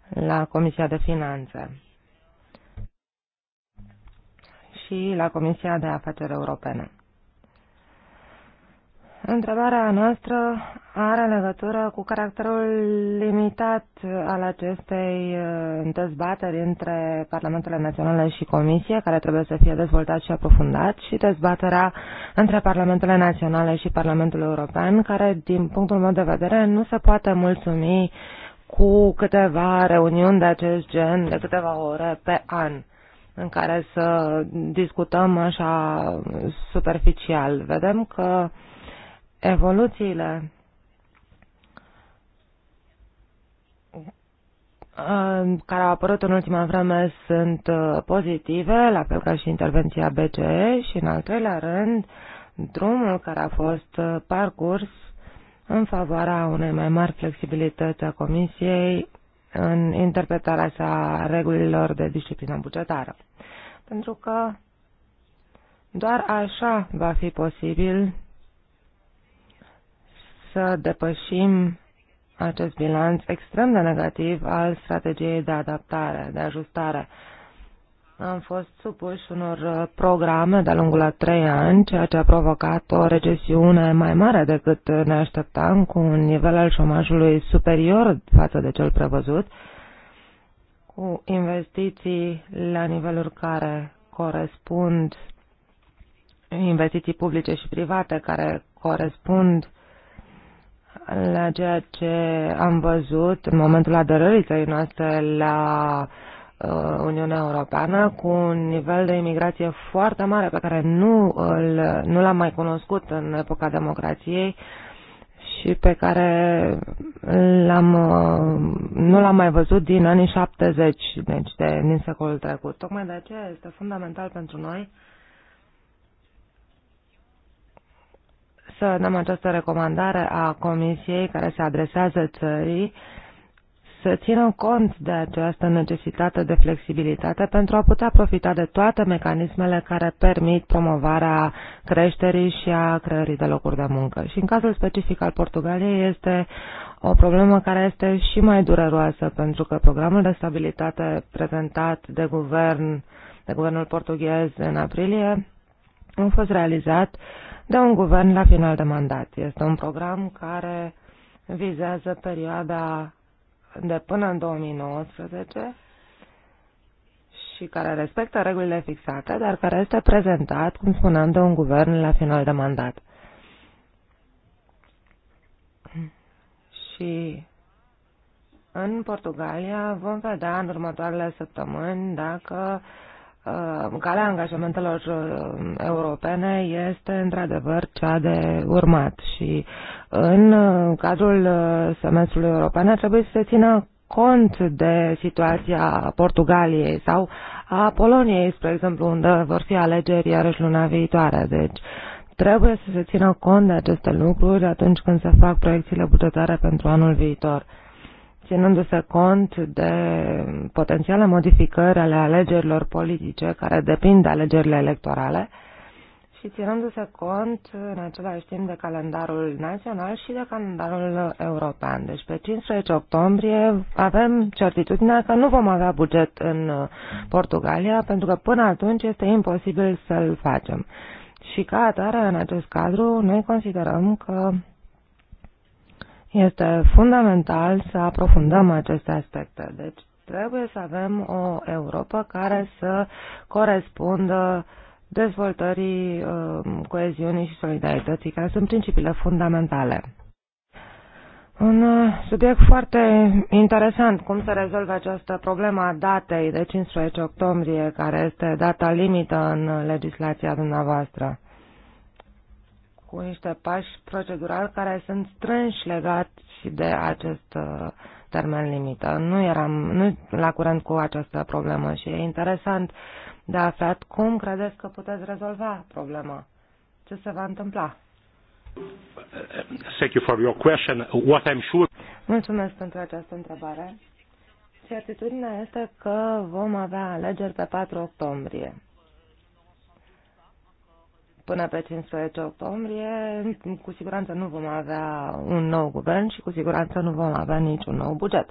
la Comisia de Finanțe și la Comisia de Afaceri Europene. Întrebarea noastră are legătură cu caracterul limitat al acestei uh, dezbateri între Parlamentele Naționale și Comisie, care trebuie să fie dezvoltat și aprofundat, și dezbaterea între Parlamentele Naționale și Parlamentul European, care, din punctul meu de vedere, nu se poate mulțumi cu câteva reuniuni de acest gen de câteva ore pe an în care să discutăm așa superficial. Vedem că evoluțiile uh, care au apărut în ultima vreme sunt uh, pozitive, la fel ca și intervenția BCE și, în al treilea rând, drumul care a fost uh, parcurs în favoarea unei mai mari flexibilități a Comisiei în interpretarea sa regulilor de disciplină bugetară. Pentru că doar așa va fi posibil să depășim acest bilanț extrem de negativ al strategiei de adaptare, de ajustare, am fost supuși unor uh, programe de-a lungul a trei ani, ceea ce a provocat o recesiune mai mare decât ne așteptam, cu un nivel al șomajului superior față de cel prevăzut, cu investiții la niveluri care corespund, investiții publice și private care corespund la ceea ce am văzut în momentul aderării țării noastre la uh, Uh, Uniunea Europeană cu un nivel de imigrație foarte mare pe care nu, îl, nu l-am mai cunoscut în epoca democrației și pe care l-am, uh, nu l-am mai văzut din anii 70, deci de, din secolul trecut. Tocmai de aceea este fundamental pentru noi să dăm această recomandare a Comisiei care se adresează țării uh, să țină cont de această necesitate de flexibilitate pentru a putea profita de toate mecanismele care permit promovarea creșterii și a creării de locuri de muncă. Și în cazul specific al Portugaliei este o problemă care este și mai dureroasă pentru că programul de stabilitate prezentat de guvern de guvernul portughez în aprilie a fost realizat de un guvern la final de mandat. Este un program care vizează perioada de până în 2019 și care respectă regulile fixate, dar care este prezentat, cum spuneam, de un guvern la final de mandat. Și în Portugalia vom vedea în următoarele săptămâni dacă uh, Uh, calea angajamentelor uh, europene este într-adevăr cea de urmat și în uh, cadrul semestrului european ar trebui să se țină cont de situația Portugaliei sau a Poloniei, spre exemplu, unde vor fi alegeri iarăși luna viitoare. Deci trebuie să se țină cont de aceste lucruri atunci când se fac proiecțiile bugetare pentru anul viitor ținându-se cont de potențiale modificări ale alegerilor politice care depind de alegerile electorale și ținându-se cont în același timp de calendarul național și de calendarul european. Deci pe 15 octombrie avem certitudinea că nu vom avea buget în Portugalia pentru că până atunci este imposibil să-l facem. Și ca atare, în acest cadru, noi considerăm că este fundamental să aprofundăm aceste aspecte. Deci trebuie să avem o Europa care să corespundă dezvoltării, um, coeziunii și solidarității, care sunt principiile fundamentale. Un uh, subiect foarte interesant, cum se rezolvă această problemă a datei de 15 octombrie, care este data limită în legislația dumneavoastră cu niște pași procedurali care sunt strânși legați de acest uh, termen limită. Nu eram nu la curent cu această problemă și e interesant de aflat cum credeți că puteți rezolva problema. Ce se va întâmpla? Thank you for your question. What I'm sure... Mulțumesc pentru această întrebare. Certitudinea este că vom avea alegeri pe 4 octombrie până pe 15 octombrie, cu siguranță nu vom avea un nou guvern și cu siguranță nu vom avea niciun nou buget.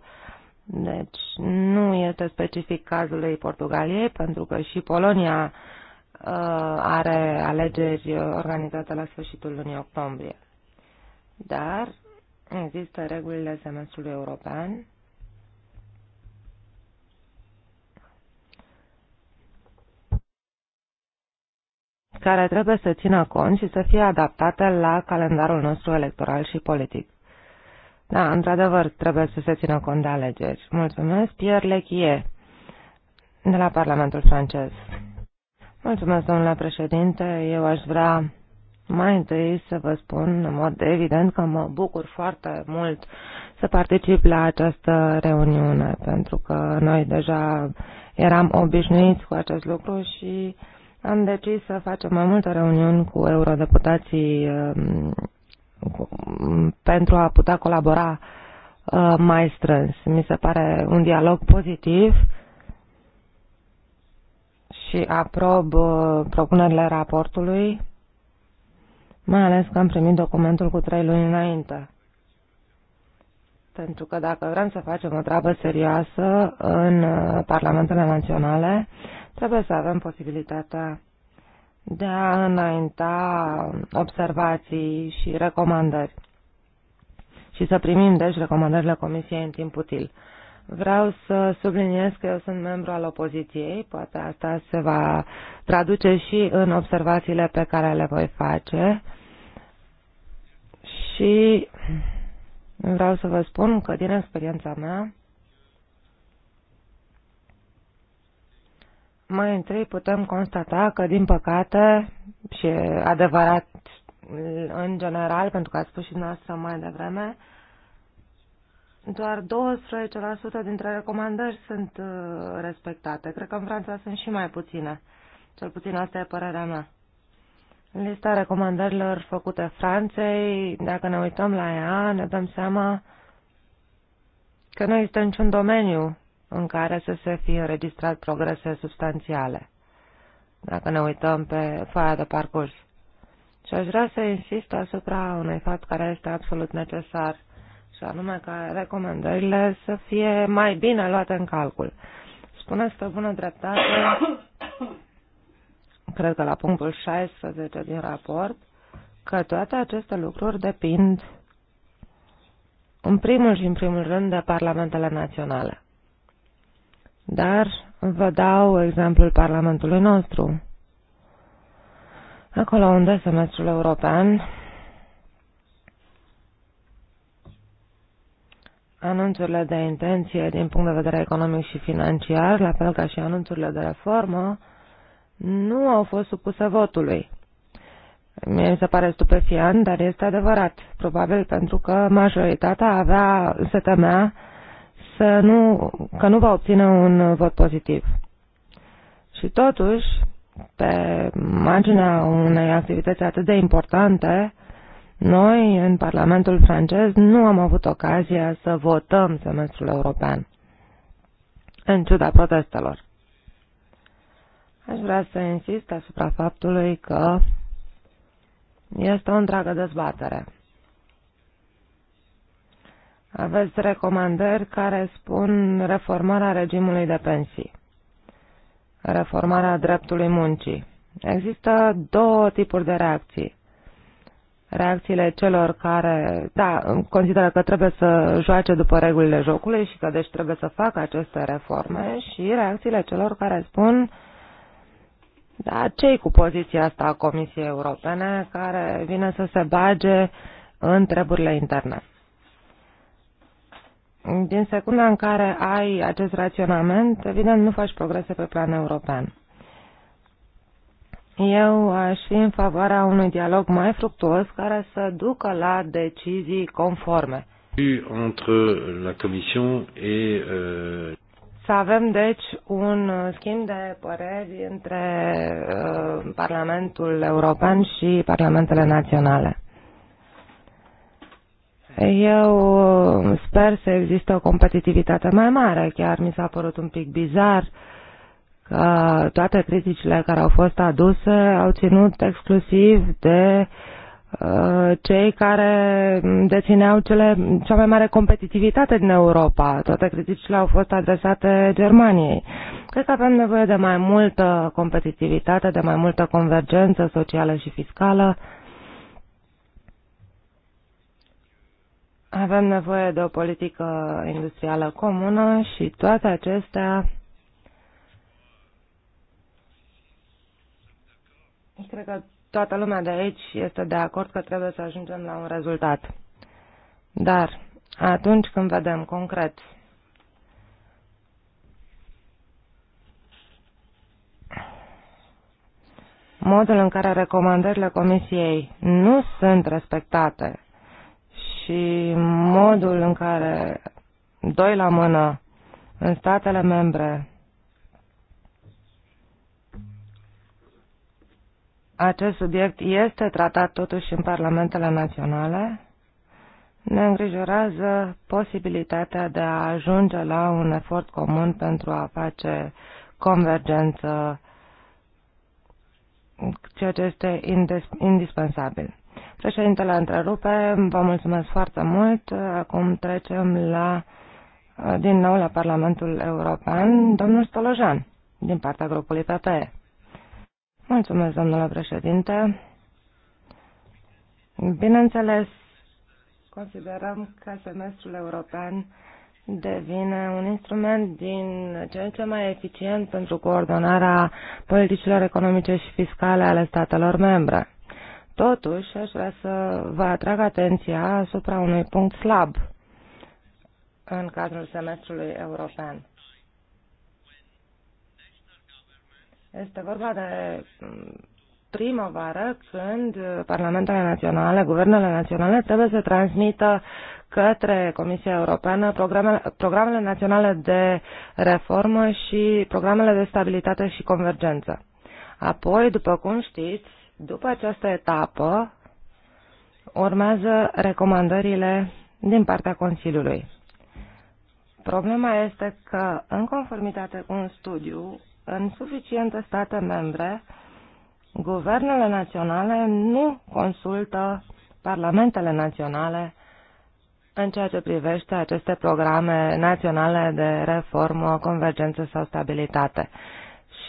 Deci nu este specific cazul ei Portugaliei, pentru că și Polonia uh, are alegeri organizate la sfârșitul lunii octombrie. Dar există regulile semestrului european care trebuie să țină cont și să fie adaptate la calendarul nostru electoral și politic. Da, într-adevăr, trebuie să se țină cont de alegeri. Mulțumesc, Pierre Lechie, de la Parlamentul francez. Mulțumesc, domnule președinte. Eu aș vrea mai întâi să vă spun în mod evident că mă bucur foarte mult să particip la această reuniune, pentru că noi deja eram obișnuiți cu acest lucru și am decis să facem mai multe reuniuni cu eurodeputații um, um, pentru a putea colabora uh, mai strâns. Mi se pare un dialog pozitiv și aprob uh, propunerile raportului, mai ales că am primit documentul cu trei luni înainte. Pentru că dacă vrem să facem o treabă serioasă în uh, parlamentele naționale, Trebuie să avem posibilitatea de a înainta observații și recomandări și să primim, deci, recomandările Comisiei în timp util. Vreau să subliniez că eu sunt membru al opoziției, poate asta se va traduce și în observațiile pe care le voi face. Și vreau să vă spun că din experiența mea Mai întâi putem constata că, din păcate, și adevărat în general, pentru că ați spus și noastră mai devreme, doar 12% dintre recomandări sunt uh, respectate. Cred că în Franța sunt și mai puține. Cel puțin asta e părerea mea. Lista recomandărilor făcute Franței, dacă ne uităm la ea, ne dăm seama că nu există niciun domeniu în care să se fie înregistrat progrese substanțiale, dacă ne uităm pe foaia de parcurs. Și aș vrea să insist asupra unui fapt care este absolut necesar, și anume ca recomandările să fie mai bine luate în calcul. Spuneți pe bună dreptate, cred că la punctul 16 din raport, că toate aceste lucruri depind în primul și în primul rând de parlamentele naționale. Dar vă dau exemplul Parlamentului nostru. Acolo unde semestrul european anunțurile de intenție din punct de vedere economic și financiar, la fel ca și anunțurile de reformă, nu au fost supuse votului. Mie mi se pare stupefiant, dar este adevărat. Probabil pentru că majoritatea avea, se temea să nu, că nu va obține un vot pozitiv. Și totuși, pe marginea unei activități atât de importante, noi, în Parlamentul francez, nu am avut ocazia să votăm semestrul european, în ciuda protestelor. Aș vrea să insist asupra faptului că este o întreagă dezbatere aveți recomandări care spun reformarea regimului de pensii, reformarea dreptului muncii. Există două tipuri de reacții. Reacțiile celor care da, consideră că trebuie să joace după regulile jocului și că deci trebuie să facă aceste reforme și reacțiile celor care spun da, cei cu poziția asta a Comisiei Europene care vine să se bage în treburile interne. Din secunda în care ai acest raționament, evident nu faci progrese pe plan european. Eu aș fi în favoarea unui dialog mai fructuos care să ducă la decizii conforme. Între la Comisie și... Uh... Să avem, deci, un schimb de păreri între uh, Parlamentul European și Parlamentele Naționale. Eu uh, sper să existe o competitivitate mai mare. Chiar mi s-a părut un pic bizar că toate criticile care au fost aduse au ținut exclusiv de uh, cei care dețineau cele, cea mai mare competitivitate din Europa. Toate criticile au fost adresate Germaniei. Cred că avem nevoie de mai multă competitivitate, de mai multă convergență socială și fiscală Avem nevoie de o politică industrială comună și toate acestea Cred că toată lumea de aici este de acord că trebuie să ajungem la un rezultat. Dar atunci când vedem concret modul în care recomandările Comisiei nu sunt respectate și modul în care, doi la mână, în statele membre, acest subiect este tratat totuși în parlamentele naționale, ne îngrijorează posibilitatea de a ajunge la un efort comun pentru a face convergență, ceea ce este indispensabil. Președintele întrerupe, vă mulțumesc foarte mult. Acum trecem la, din nou la Parlamentul European. Domnul Stolojan, din partea grupului PPE. Mulțumesc, domnule președinte. Bineînțeles, considerăm că semestrul european devine un instrument din ce în ce mai eficient pentru coordonarea politicilor economice și fiscale ale statelor membre. Totuși, aș vrea să vă atrag atenția asupra unui punct slab în cadrul semestrului european. Este vorba de mm, primăvară când parlamentele naționale, guvernele naționale trebuie să transmită către Comisia Europeană programele, programele naționale de reformă și programele de stabilitate și convergență. Apoi, după cum știți, după această etapă, urmează recomandările din partea Consiliului. Problema este că, în conformitate cu un studiu, în suficiente state membre, guvernele naționale nu consultă parlamentele naționale în ceea ce privește aceste programe naționale de reformă, convergență sau stabilitate.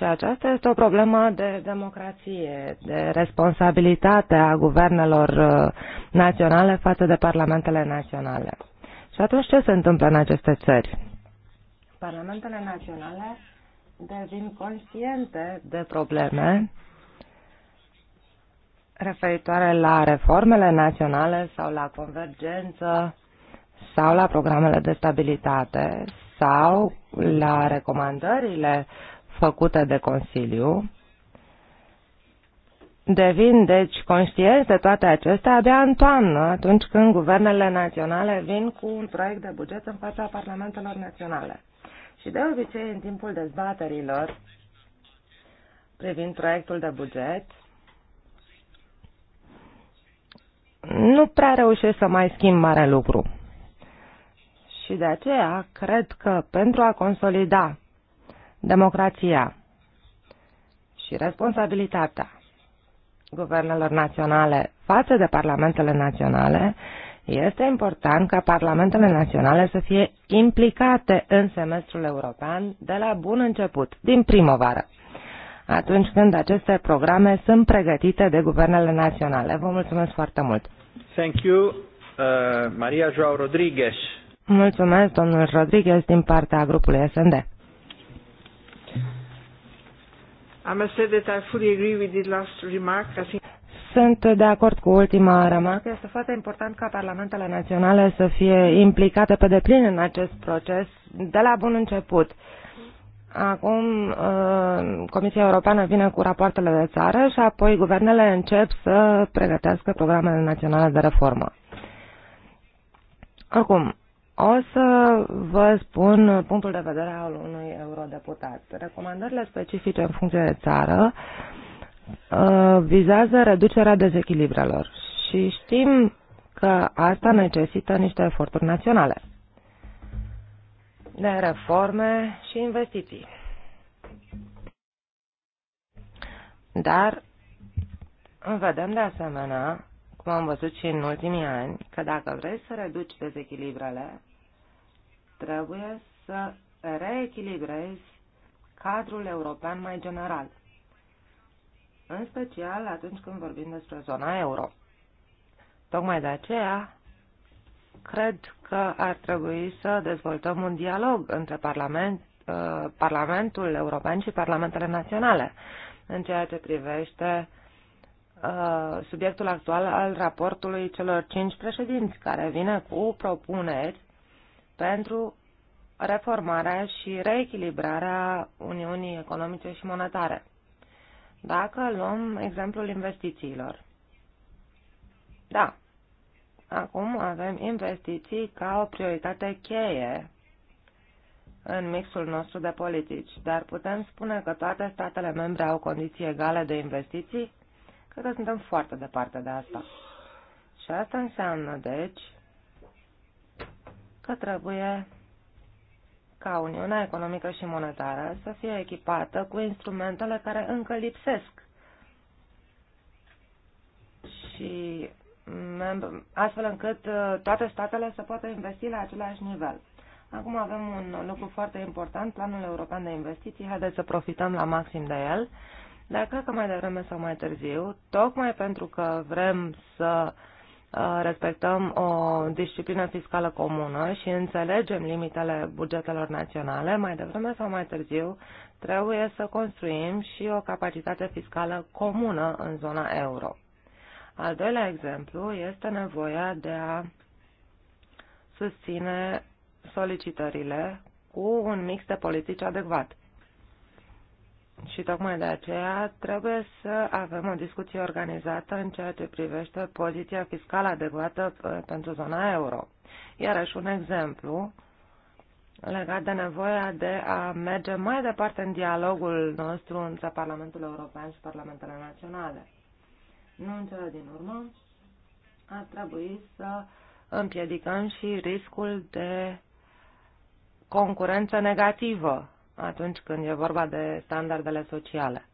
Și aceasta este o problemă de democrație, de responsabilitate a guvernelor uh, naționale față de parlamentele naționale. Și atunci ce se întâmplă în aceste țări? Parlamentele naționale devin conștiente de probleme referitoare la reformele naționale sau la convergență sau la programele de stabilitate sau la recomandările făcute de Consiliu, devin deci conștienți de toate acestea abia în toamnă, atunci când guvernele naționale vin cu un proiect de buget în fața parlamentelor naționale. Și de obicei, în timpul dezbaterilor privind proiectul de buget, nu prea reușesc să mai schimb mare lucru. Și de aceea, cred că pentru a consolida democrația și responsabilitatea guvernelor naționale față de parlamentele naționale, este important ca parlamentele naționale să fie implicate în semestrul european de la bun început, din primăvară, atunci când aceste programe sunt pregătite de guvernele naționale. Vă mulțumesc foarte mult! Thank you, uh, Maria João Rodrigues. Mulțumesc, domnul Rodriguez, din partea grupului SND sunt de acord cu ultima remarcă. Este foarte important ca parlamentele naționale să fie implicate pe deplin în acest proces de la bun început. Acum uh, Comisia Europeană vine cu rapoartele de țară și apoi guvernele încep să pregătească programele naționale de reformă. Acum, o să vă spun punctul de vedere al unui eurodeputat. Recomandările specifice în funcție de țară uh, vizează reducerea dezechilibrelor și știm că asta necesită niște eforturi naționale de reforme și investiții. Dar vedem de asemenea, cum am văzut și în ultimii ani, că dacă vrei să reduci dezechilibrele, Trebuie să reechilibrezi cadrul european mai general, în special atunci când vorbim despre zona euro. Tocmai de aceea, cred că ar trebui să dezvoltăm un dialog între Parlament, uh, Parlamentul European și Parlamentele Naționale în ceea ce privește uh, subiectul actual al raportului celor cinci președinți, care vine cu propuneri pentru reformarea și reechilibrarea Uniunii Economice și Monetare. Dacă luăm exemplul investițiilor. Da, acum avem investiții ca o prioritate cheie în mixul nostru de politici, dar putem spune că toate statele membre au condiții egale de investiții? Cred că suntem foarte departe de asta. Și asta înseamnă, deci, că trebuie ca Uniunea Economică și Monetară să fie echipată cu instrumentele care încă lipsesc și astfel încât uh, toate statele să poată investi la același nivel. Acum avem un lucru foarte important, Planul European de Investiții, haideți să profităm la maxim de el, dar cred că mai devreme sau mai târziu, tocmai pentru că vrem să uh, Uh, respectăm o disciplină fiscală comună și înțelegem limitele bugetelor naționale, mai devreme sau mai târziu trebuie să construim și o capacitate fiscală comună în zona euro. Al doilea exemplu este nevoia de a susține solicitările cu un mix de politici adecvat. Și tocmai de aceea trebuie să avem o discuție organizată în ceea ce privește poziția fiscală adecvată uh, pentru zona euro. Iarăși un exemplu legat de nevoia de a merge mai departe în dialogul nostru între Parlamentul European și Parlamentele Naționale. Nu în cele din urmă, ar trebui să împiedicăm și riscul de concurență negativă atunci când e vorba de standardele sociale.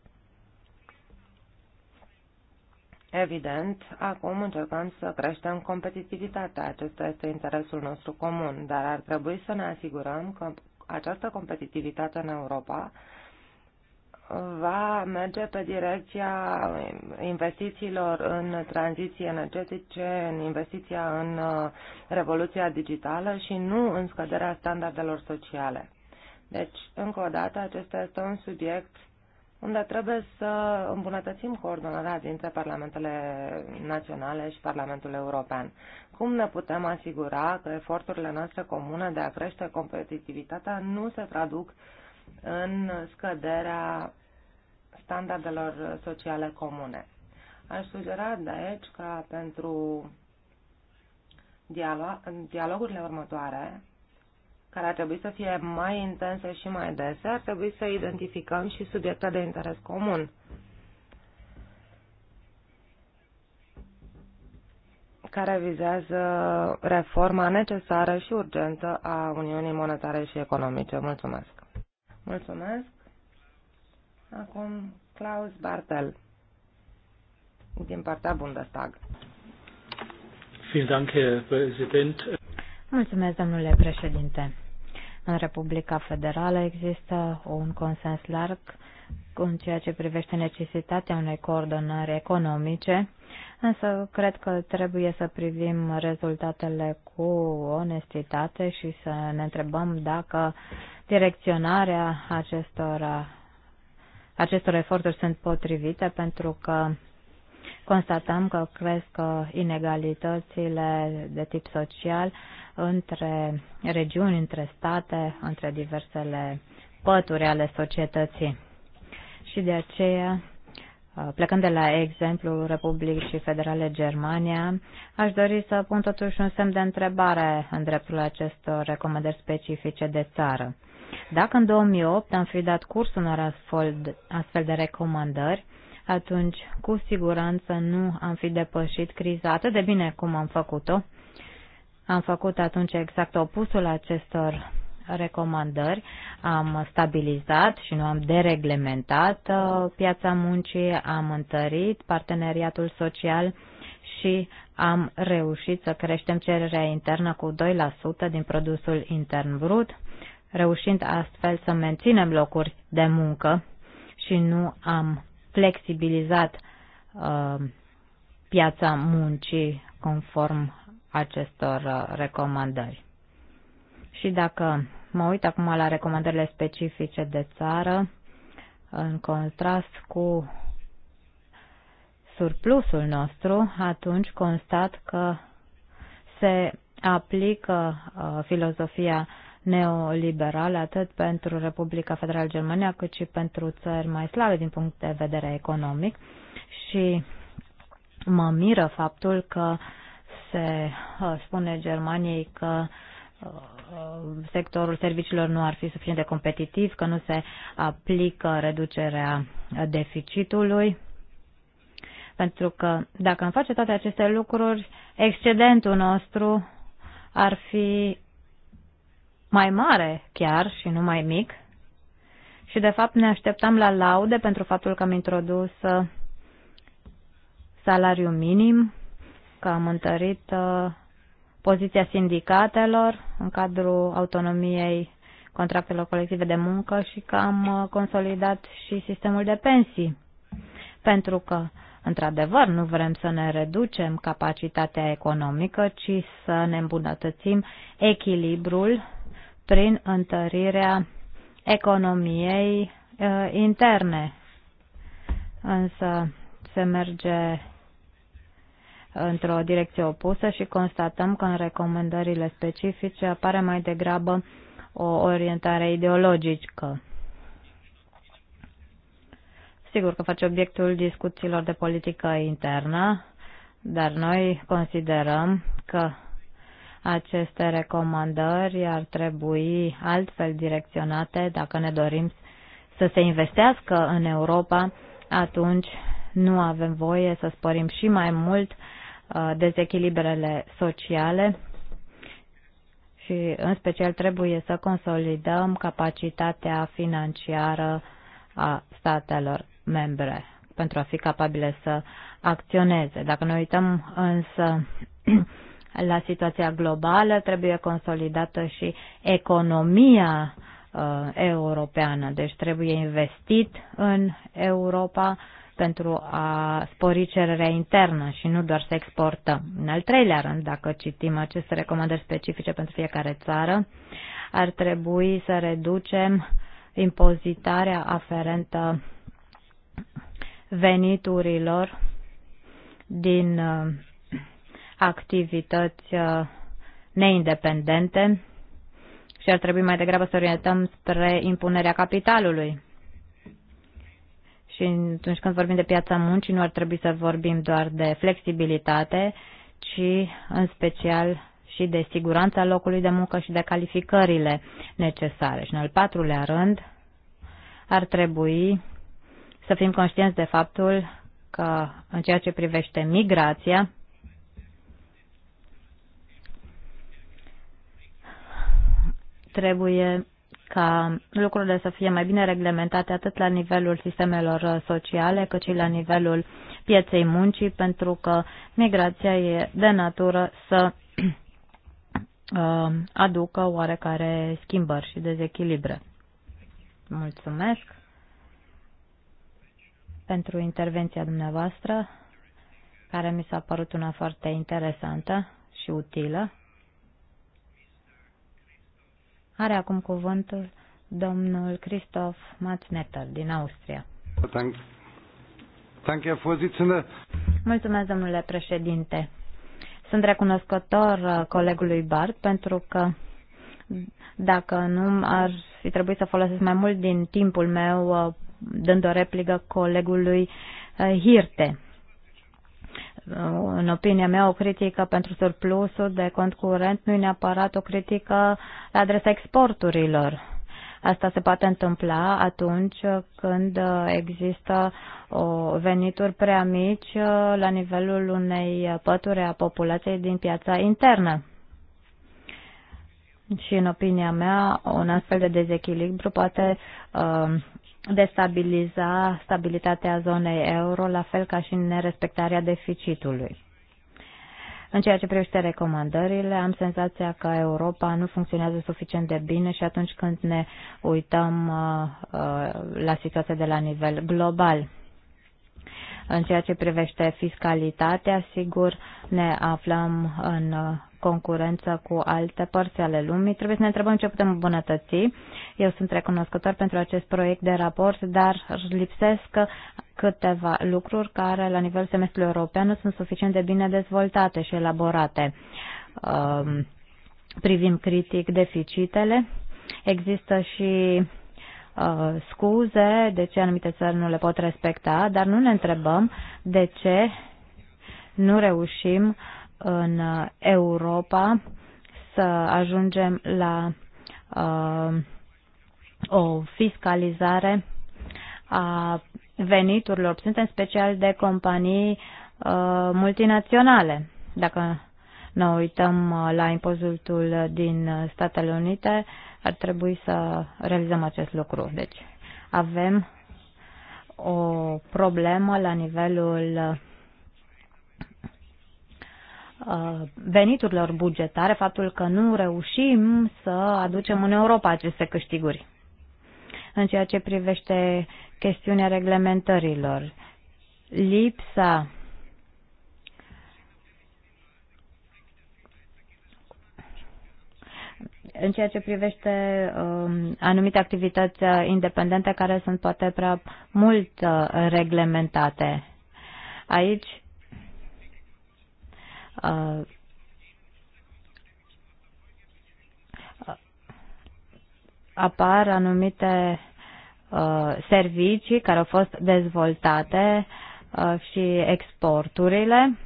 Evident, acum încercăm să creștem competitivitatea. Acesta este interesul nostru comun, dar ar trebui să ne asigurăm că această competitivitate în Europa va merge pe direcția investițiilor în tranziții energetice, în investiția în uh, revoluția digitală și nu în scăderea standardelor sociale. Deci, încă o dată, acesta este un subiect unde trebuie să îmbunătățim coordonarea dintre parlamentele naționale și Parlamentul European. Cum ne putem asigura că eforturile noastre comune de a crește competitivitatea nu se traduc în scăderea standardelor sociale comune? Aș sugera de aici ca pentru dialog, dialogurile următoare care ar trebui să fie mai intense și mai dese, ar trebui să identificăm și subiecte de interes comun. care vizează reforma necesară și urgentă a Uniunii Monetare și Economice. Mulțumesc! Mulțumesc! Acum Klaus Bartel din partea Bundestag. Vielen Dank, Herr Präsident. Mulțumesc, domnule președinte. În Republica Federală există un consens larg în ceea ce privește necesitatea unei coordonări economice, însă cred că trebuie să privim rezultatele cu onestitate și să ne întrebăm dacă direcționarea acestor, acestor eforturi sunt potrivite, pentru că constatăm că cresc inegalitățile de tip social, între regiuni, între state, între diversele pături ale societății. Și de aceea, uh, plecând de la exemplul Republicii Federale Germania, aș dori să pun totuși un semn de întrebare în dreptul acestor recomandări specifice de țară. Dacă în 2008 am fi dat curs unor astfel de recomandări, atunci cu siguranță nu am fi depășit criza atât de bine cum am făcut-o am făcut atunci exact opusul acestor recomandări. Am stabilizat și nu am dereglementat uh, piața muncii, am întărit parteneriatul social și am reușit să creștem cererea internă cu 2% din produsul intern brut, reușind astfel să menținem locuri de muncă și nu am flexibilizat uh, piața muncii conform acestor uh, recomandări. Și dacă mă uit acum la recomandările specifice de țară, în contrast cu surplusul nostru, atunci constat că se aplică uh, filozofia neoliberală atât pentru Republica Federală Germania cât și pentru țări mai slabe din punct de vedere economic și mă miră faptul că uh, se uh, spune Germaniei că uh, sectorul serviciilor nu ar fi suficient de competitiv, că nu se aplică reducerea deficitului. Pentru că dacă am face toate aceste lucruri, excedentul nostru ar fi mai mare chiar și nu mai mic. Și de fapt ne așteptam la laude pentru faptul că am introdus uh, salariu minim că am întărit uh, poziția sindicatelor în cadrul autonomiei contractelor colective de muncă și că am uh, consolidat și sistemul de pensii. Pentru că, într-adevăr, nu vrem să ne reducem capacitatea economică, ci să ne îmbunătățim echilibrul prin întărirea economiei uh, interne. Însă se merge într-o direcție opusă și constatăm că în recomandările specifice apare mai degrabă o orientare ideologică. Sigur că face obiectul discuțiilor de politică internă, dar noi considerăm că aceste recomandări ar trebui altfel direcționate dacă ne dorim să se investească în Europa, atunci nu avem voie să spărim și mai mult Uh, dezechilibrele sociale și în special trebuie să consolidăm capacitatea financiară a statelor membre pentru a fi capabile să acționeze. Dacă ne uităm însă <clears throat> la situația globală, trebuie consolidată și economia uh, europeană, deci trebuie investit în Europa pentru a spori cererea internă și nu doar să exportăm. În al treilea rând, dacă citim aceste recomandări specifice pentru fiecare țară, ar trebui să reducem impozitarea aferentă veniturilor din uh, activități uh, neindependente și ar trebui mai degrabă să orientăm spre impunerea capitalului. Și atunci când vorbim de piața muncii, nu ar trebui să vorbim doar de flexibilitate, ci în special și de siguranța locului de muncă și de calificările necesare. Și în al patrulea rând, ar trebui să fim conștienți de faptul că în ceea ce privește migrația, trebuie ca lucrurile să fie mai bine reglementate atât la nivelul sistemelor uh, sociale cât și la nivelul pieței muncii, pentru că migrația e de natură să <clears throat> uh, aducă oarecare schimbări și dezechilibre. Mulțumesc pentru intervenția dumneavoastră, care mi s-a părut una foarte interesantă și utilă. Are acum cuvântul domnul Christoph Matzmetter din Austria. Mulțumesc, domnule președinte. Sunt recunoscător uh, colegului Bart pentru că dacă nu ar fi trebuit să folosesc mai mult din timpul meu uh, dând o replică colegului uh, Hirte în opinia mea, o critică pentru surplusul de cont curent nu e neapărat o critică la adresa exporturilor. Asta se poate întâmpla atunci când există o venituri prea mici la nivelul unei pături a populației din piața internă. Și în opinia mea, un astfel de dezechilibru poate uh, destabiliza stabilitatea zonei euro, la fel ca și nerespectarea deficitului. În ceea ce privește recomandările, am senzația că Europa nu funcționează suficient de bine și atunci când ne uităm uh, uh la situația de la nivel global. În ceea ce privește fiscalitatea, sigur, ne aflăm în uh, concurență cu alte părți ale lumii. Trebuie să ne întrebăm ce putem îmbunătăți. Eu sunt recunoscător pentru acest proiect de raport, dar lipsesc câteva lucruri care, la nivel semestrului european, nu sunt suficient de bine dezvoltate și elaborate. Um, Privim critic deficitele. Există și uh, scuze de ce anumite țări nu le pot respecta, dar nu ne întrebăm de ce nu reușim în uh, Europa să ajungem la uh, o fiscalizare a veniturilor obținute în special de companii uh, multinaționale. Dacă ne uităm uh, la impozitul din Statele Unite, ar trebui să realizăm acest lucru. Deci avem o problemă la nivelul Uh, veniturilor bugetare, faptul că nu reușim să aducem în Europa aceste câștiguri. În ceea ce privește chestiunea reglementărilor, lipsa în ceea ce privește uh, anumite activități uh, independente care sunt poate prea mult uh, reglementate. Aici Uh, uh, apar anumite uh, servicii care au fost dezvoltate și exporturile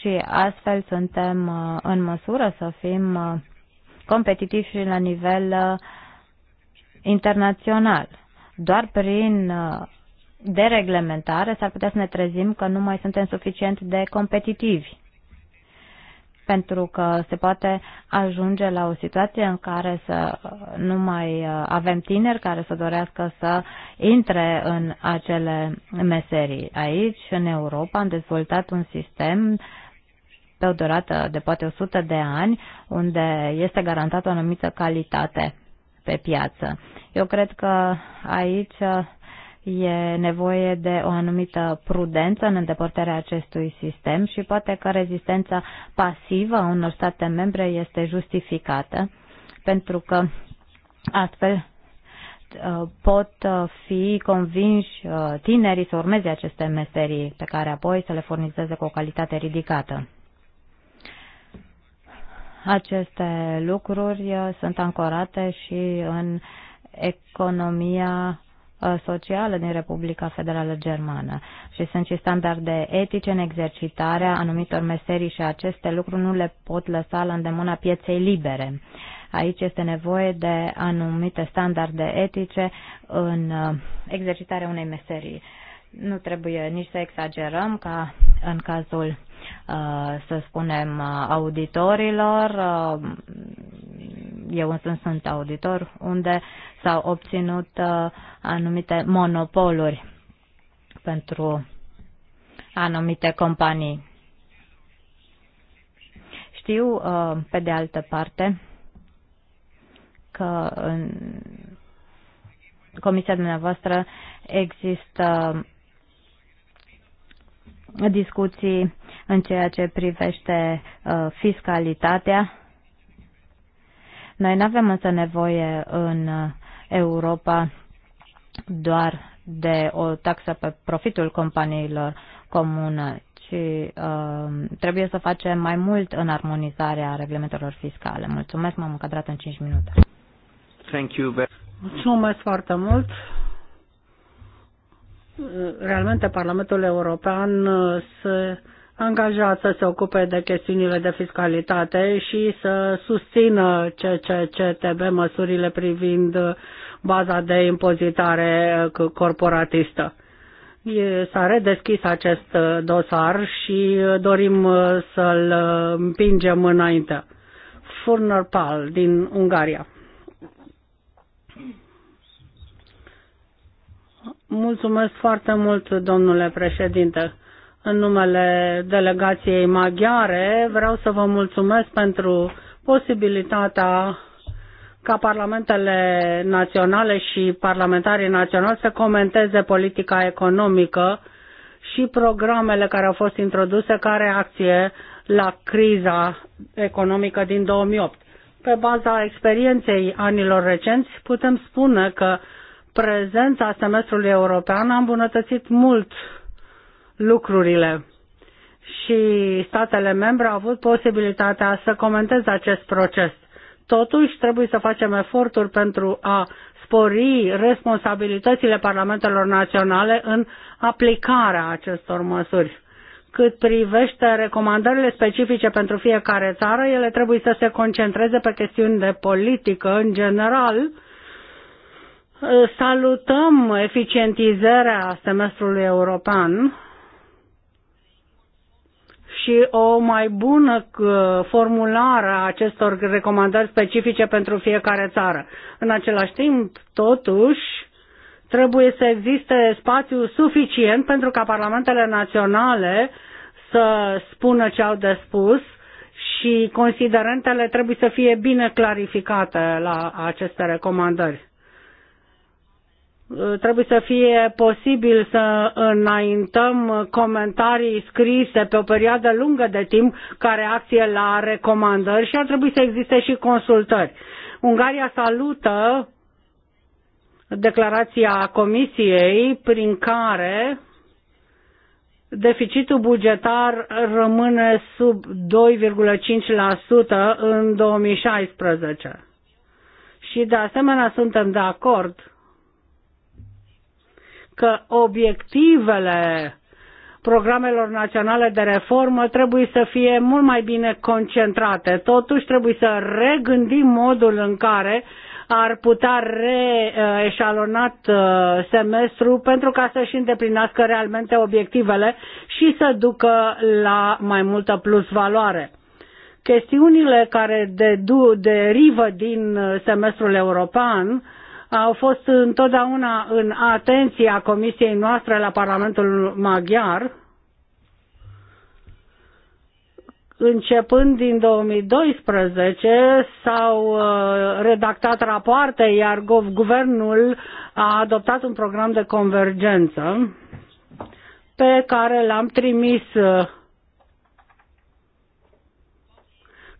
și astfel suntem în măsură să fim competitivi și la nivel internațional. Doar prin dereglementare, s-ar putea să ne trezim că nu mai suntem suficient de competitivi. Pentru că se poate ajunge la o situație în care să uh, nu mai uh, avem tineri care să dorească să intre în acele meserii. Aici, în Europa, am dezvoltat un sistem pe o durată de poate 100 de ani, unde este garantată o anumită calitate pe piață. Eu cred că aici uh, e nevoie de o anumită prudență în îndepărtarea acestui sistem și poate că rezistența pasivă a unor state membre este justificată, pentru că astfel uh, pot uh, fi convinși uh, tinerii să urmeze aceste meserii pe care apoi să le furnizeze cu o calitate ridicată. Aceste lucruri sunt ancorate și în economia Uh, socială din Republica Federală Germană și sunt și standarde etice în exercitarea anumitor meserii și aceste lucruri nu le pot lăsa la îndemâna pieței libere. Aici este nevoie de anumite standarde etice în uh, exercitarea unei meserii. Nu trebuie nici să exagerăm ca în cazul, uh, să spunem, uh, auditorilor, uh, eu însă sunt auditor, unde s-au obținut anumite monopoluri pentru anumite companii. Știu, pe de altă parte, că în comisia dumneavoastră există discuții în ceea ce privește uh, fiscalitatea. Noi nu avem însă nevoie în uh, Europa doar de o taxă pe profitul companiilor comune, ci uh, trebuie să facem mai mult în armonizarea reglementelor fiscale. Mulțumesc, m-am încadrat în 5 minute. Thank you very Mulțumesc foarte mult realmente Parlamentul European uh, să angajat să se ocupe de chestiunile de fiscalitate și să susțină CCCTB măsurile privind uh, baza de impozitare uh, corporatistă. S-a redeschis acest dosar și dorim să-l împingem înainte. Furnerpal Pal din Ungaria. Mulțumesc foarte mult, domnule președinte. În numele delegației maghiare vreau să vă mulțumesc pentru posibilitatea ca parlamentele naționale și parlamentarii naționali să comenteze politica economică și programele care au fost introduse ca reacție la criza economică din 2008. Pe baza experienței anilor recenți, putem spune că prezența semestrului european a îmbunătățit mult lucrurile și statele membre au avut posibilitatea să comenteze acest proces. Totuși, trebuie să facem eforturi pentru a spori responsabilitățile parlamentelor naționale în aplicarea acestor măsuri. Cât privește recomandările specifice pentru fiecare țară, ele trebuie să se concentreze pe chestiuni de politică în general, Salutăm eficientizarea semestrului european și o mai bună uh, formulare a acestor recomandări specifice pentru fiecare țară. În același timp, totuși, trebuie să existe spațiu suficient pentru ca parlamentele naționale să spună ce au de spus și considerentele trebuie să fie bine clarificate la aceste recomandări trebuie să fie posibil să înaintăm comentarii scrise pe o perioadă lungă de timp ca reacție la recomandări și ar trebui să existe și consultări. Ungaria salută declarația Comisiei prin care deficitul bugetar rămâne sub 2,5% în 2016. Și de asemenea suntem de acord că obiectivele programelor naționale de reformă trebuie să fie mult mai bine concentrate. Totuși trebuie să regândim modul în care ar putea reeșalonat uh, semestru pentru ca să-și îndeplinească realmente obiectivele și să ducă la mai multă plus valoare. Chestiunile care dedu- derivă din uh, semestrul european au fost întotdeauna în atenția comisiei noastre la Parlamentul Maghiar, începând din 2012 s-au uh, redactat rapoarte, iar guvernul a adoptat un program de convergență pe care l-am trimis uh,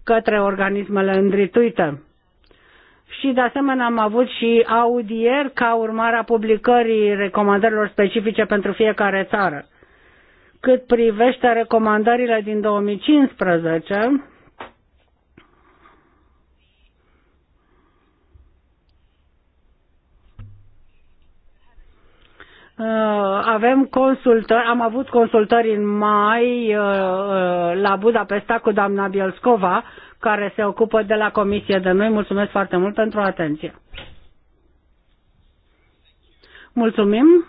către organismele îndrituite și de asemenea am avut și audier ca urmare a publicării recomandărilor specifice pentru fiecare țară. Cât privește recomandările din 2015, uh, avem consultări, am avut consultări în mai uh, uh, la Budapesta cu doamna Bielskova care se ocupă de la Comisie de noi. Mulțumesc foarte mult pentru atenție. Mulțumim.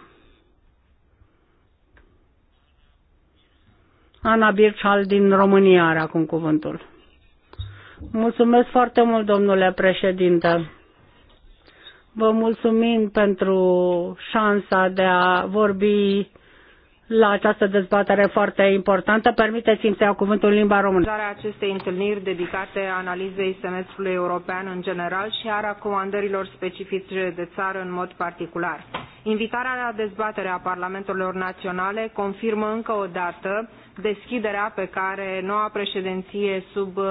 Ana Birchal din România are acum cuvântul. Mulțumesc foarte mult, domnule președinte. Vă mulțumim pentru șansa de a vorbi la această dezbatere foarte importantă. Permiteți-mi să iau cuvântul în limba română. acestei întâlniri dedicate analizei semestrului european în general și a recomandărilor specifice de țară în mod particular. Invitarea la dezbatere a Parlamentelor Naționale confirmă încă o dată deschiderea pe care noua președinție sub uh,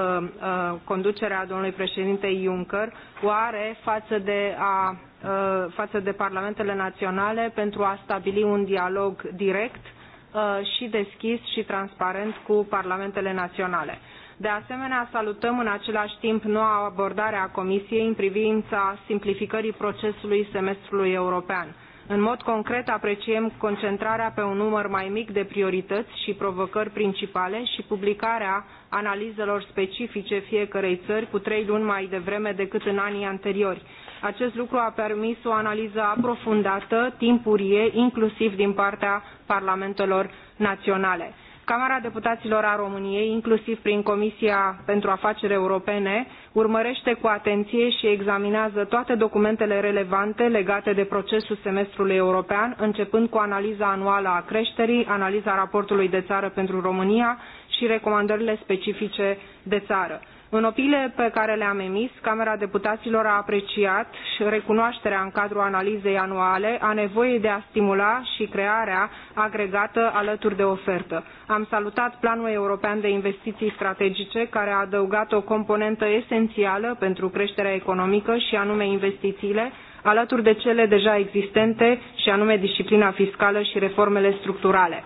conducerea domnului președinte Juncker o are față de a Uh, față de parlamentele naționale pentru a stabili un dialog direct uh, și deschis și transparent cu parlamentele naționale. De asemenea, salutăm în același timp noua abordare a Comisiei în privința simplificării procesului semestrului european. În mod concret, apreciem concentrarea pe un număr mai mic de priorități și provocări principale și publicarea analizelor specifice fiecărei țări cu trei luni mai devreme decât în anii anteriori acest lucru a permis o analiză aprofundată, timpurie, inclusiv din partea parlamentelor naționale. Camera Deputaților a României, inclusiv prin Comisia pentru Afaceri Europene, urmărește cu atenție și examinează toate documentele relevante legate de procesul semestrului european, începând cu analiza anuală a creșterii, analiza raportului de țară pentru România și recomandările specifice de țară. În opiniile pe care le-am emis, Camera Deputaților a apreciat și recunoașterea în cadrul analizei anuale a nevoii de a stimula și crearea agregată alături de ofertă. Am salutat Planul European de Investiții Strategice, care a adăugat o componentă esențială pentru creșterea economică și anume investițiile, alături de cele deja existente și anume disciplina fiscală și reformele structurale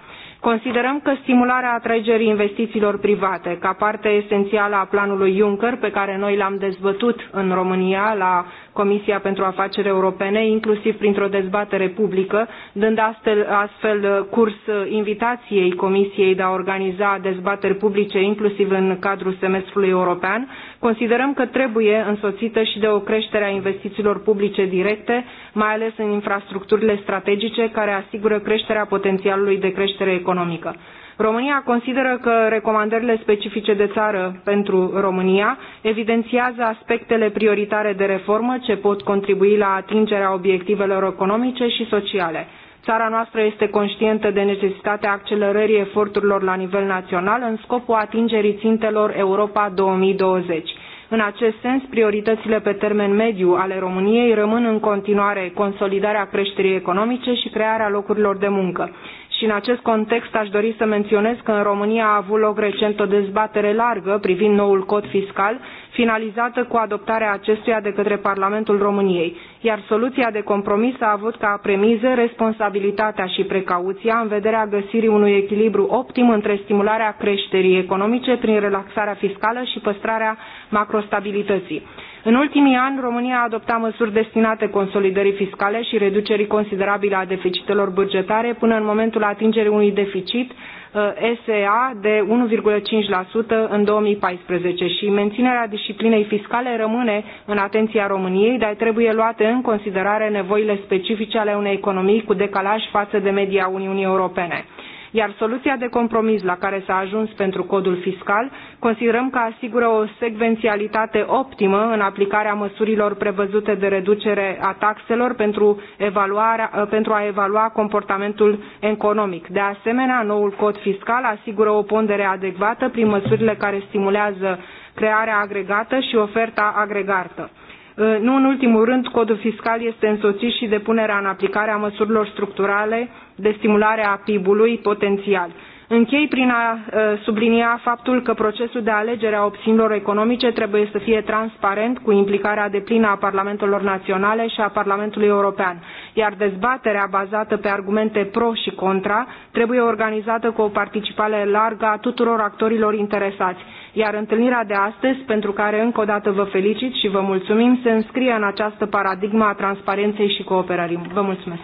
Considerăm că stimularea atragerii investițiilor private ca parte esențială a planului Juncker, pe care noi l-am dezbătut în România la Comisia pentru Afaceri Europene, inclusiv printr-o dezbatere publică, dând astfel, astfel curs invitației Comisiei de a organiza dezbateri publice, inclusiv în cadrul semestrului european, Considerăm că trebuie însoțită și de o creștere a investițiilor publice directe, mai ales în infrastructurile strategice care asigură creșterea potențialului de creștere economică. România consideră că recomandările specifice de țară pentru România evidențiază aspectele prioritare de reformă ce pot contribui la atingerea obiectivelor economice și sociale. Țara noastră este conștientă de necesitatea accelerării eforturilor la nivel național în scopul atingerii țintelor Europa 2020. În acest sens, prioritățile pe termen mediu ale României rămân în continuare consolidarea creșterii economice și crearea locurilor de muncă. Și în acest context aș dori să menționez că în România a avut loc recent o dezbatere largă privind noul cod fiscal finalizată cu adoptarea acestuia de către Parlamentul României, iar soluția de compromis a avut ca premize responsabilitatea și precauția în vederea găsirii unui echilibru optim între stimularea creșterii economice prin relaxarea fiscală și păstrarea macrostabilității. În ultimii ani, România a adoptat măsuri destinate consolidării fiscale și reducerii considerabile a deficitelor bugetare până în momentul atingerii unui deficit Uh, SEA de 1,5% în 2014 și menținerea disciplinei fiscale rămâne în atenția României, dar trebuie luate în considerare nevoile specifice ale unei economii cu decalaj față de media Uniunii Europene iar soluția de compromis la care s-a ajuns pentru codul fiscal considerăm că asigură o secvențialitate optimă în aplicarea măsurilor prevăzute de reducere a taxelor pentru, evaluarea, pentru a evalua comportamentul economic. De asemenea, noul cod fiscal asigură o pondere adecvată prin măsurile care stimulează crearea agregată și oferta agregată Uh, nu în ultimul rând, codul fiscal este însoțit și de punerea în aplicare a măsurilor structurale de stimulare a PIB-ului potențial. Închei prin a uh, sublinia faptul că procesul de alegere a opțiunilor economice trebuie să fie transparent cu implicarea deplină a parlamentelor naționale și a Parlamentului European, iar dezbaterea bazată pe argumente pro și contra trebuie organizată cu o participare largă a tuturor actorilor interesați iar întâlnirea de astăzi, pentru care încă o dată vă felicit și vă mulțumim, se înscrie în această paradigmă a transparenței și cooperării. Vă mulțumesc!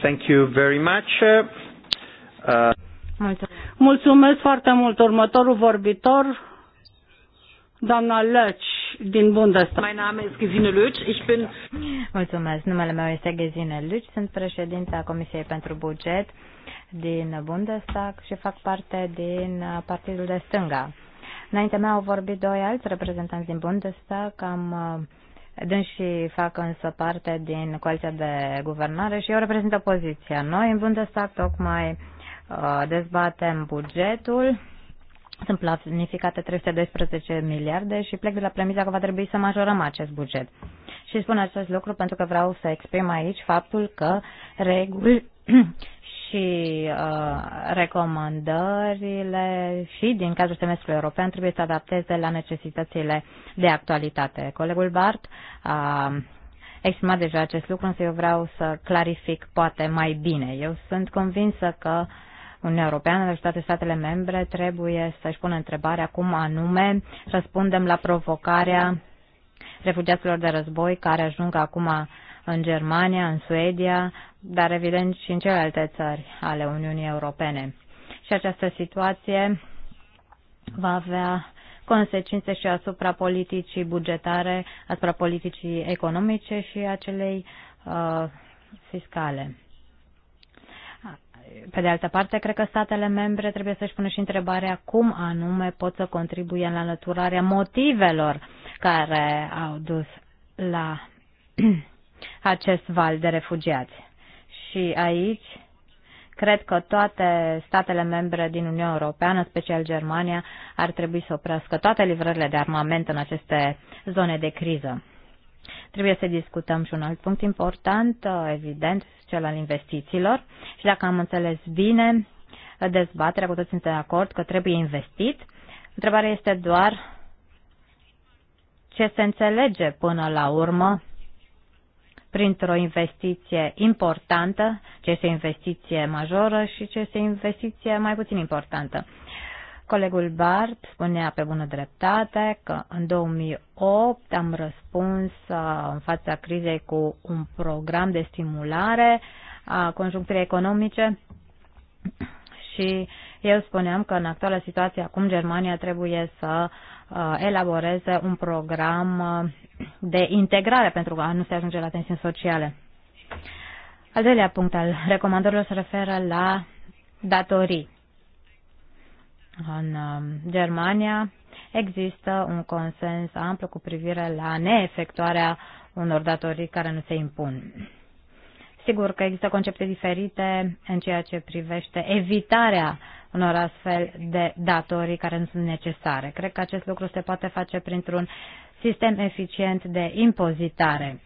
Thank you very much. Uh... Mulțumesc. Mulțumesc foarte mult. Următorul vorbitor, doamna Lăci din Bundestag. My name is Gesine Ich bin... Mulțumesc. Numele meu este Gesine Lăci. Sunt președinta Comisiei pentru Buget din Bundestag și fac parte din Partidul de Stânga. Înaintea mea au vorbit doi alți reprezentanți din Bundestag, am și uh, fac însă parte din coaliția de guvernare și eu reprezint opoziția. Noi în Bundestag tocmai uh, dezbatem bugetul, sunt planificate 312 miliarde și plec de la premisa că va trebui să majorăm acest buget. Și spun acest lucru pentru că vreau să exprim aici faptul că reguli <clears throat> și uh, recomandările și din cadrul semestrului european trebuie să adapteze la necesitățile de actualitate. Colegul Bart a exprimat deja acest lucru, însă eu vreau să clarific poate mai bine. Eu sunt convinsă că Uniunea Europeană, dar toate statele membre trebuie să-și pună întrebarea cum anume răspundem la provocarea refugiaților de război care ajung acum în Germania, în Suedia, dar evident și în celelalte țări ale Uniunii Europene. Și această situație va avea consecințe și asupra politicii bugetare, asupra politicii economice și acelei uh, fiscale. Pe de altă parte, cred că statele membre trebuie să-și pună și întrebarea cum anume pot să contribuie la înlăturarea motivelor care au dus la <clears throat> acest val de refugiați. Și aici cred că toate statele membre din Uniunea Europeană, special Germania, ar trebui să oprească toate livrările de armament în aceste zone de criză. Trebuie să discutăm și un alt punct important, uh, evident, cel al investițiilor. Și dacă am înțeles bine, dezbaterea, cu toți suntem de acord că trebuie investit. Întrebarea este doar ce se înțelege până la urmă printr-o investiție importantă, ce este investiție majoră și ce este investiție mai puțin importantă. Colegul Bart spunea pe bună dreptate că în 2008 am răspuns uh, în fața crizei cu un program de stimulare a conjuncturii economice și eu spuneam că în actuala situație acum Germania trebuie să Uh, elaboreze un program uh, de integrare pentru a nu se ajunge la tensiuni sociale. Al doilea punct al recomandărilor se referă la datorii. În uh, Germania există un consens amplu cu privire la neefectuarea unor datorii care nu se impun. Sigur că există concepte diferite în ceea ce privește evitarea unor astfel de datorii care nu sunt necesare. Cred că acest lucru se poate face printr-un sistem eficient de impozitare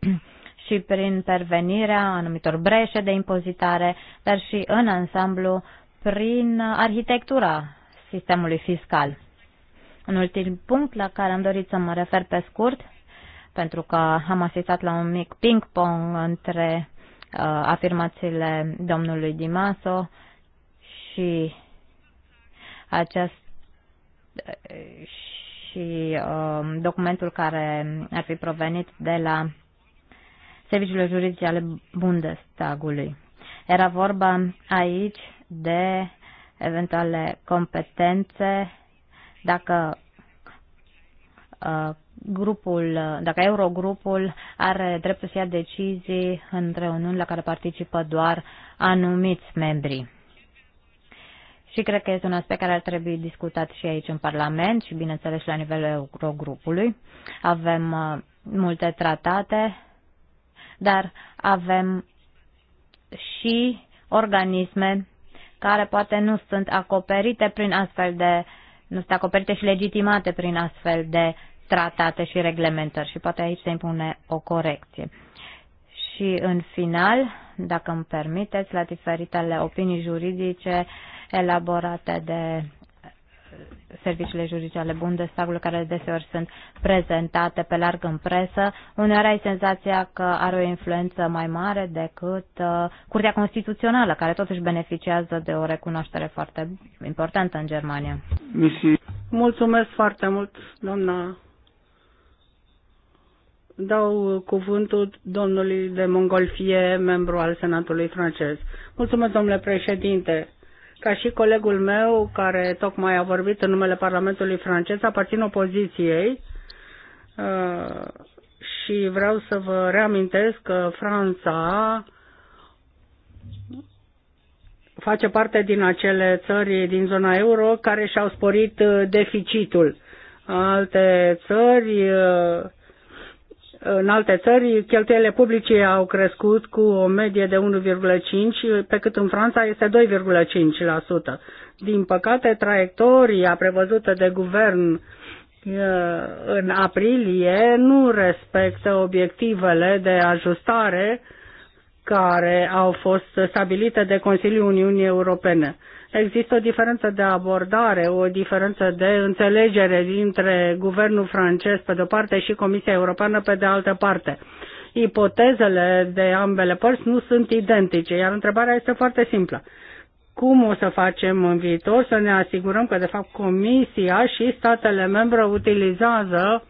<clears throat> și prin pervenirea anumitor breșe de impozitare, dar și în ansamblu prin arhitectura sistemului fiscal. Un ultim punct la care am dorit să mă refer pe scurt, pentru că am asistat la un mic ping-pong între Uh, afirmațiile domnului Dimaso și acest și uh, documentul care ar fi provenit de la serviciile juridice ale Bundestagului. Era vorba aici de eventuale competențe dacă Uh, grupul, uh, dacă Eurogrupul are dreptul să ia decizii în reuniuni la care participă doar anumiți membri. Și cred că este un aspect care ar trebui discutat și aici în Parlament și, bineînțeles, la nivelul Eurogrupului. Avem uh, multe tratate, dar avem și organisme care poate nu sunt acoperite prin astfel de nu sunt acoperite și legitimate prin astfel de tratate și reglementări și poate aici se impune o corecție. Și în final, dacă îmi permiteți, la diferitele opinii juridice elaborate de serviciile juridice ale Bundestagului, care deseori sunt prezentate pe larg în presă. Uneori ai senzația că are o influență mai mare decât uh, Curtea Constituțională, care totuși beneficiază de o recunoaștere foarte importantă în Germania. Mulțumesc foarte mult, doamna. Dau cuvântul domnului de Mongolfie, membru al Senatului francez. Mulțumesc, domnule președinte. Ca și colegul meu care tocmai a vorbit în numele Parlamentului francez, aparțin opoziției uh, și vreau să vă reamintesc că Franța face parte din acele țări din zona euro care și-au sporit uh, deficitul. Alte țări uh, în alte țări, cheltuielile publice au crescut cu o medie de 1,5, pe cât în Franța este 2,5%. Din păcate, traiectoria prevăzută de guvern în aprilie nu respectă obiectivele de ajustare care au fost stabilite de Consiliul Uniunii Europene. Există o diferență de abordare, o diferență de înțelegere dintre guvernul francez pe de-o parte și Comisia Europeană pe de altă parte. Ipotezele de ambele părți nu sunt identice, iar întrebarea este foarte simplă. Cum o să facem în viitor să ne asigurăm că, de fapt, Comisia și statele membre utilizează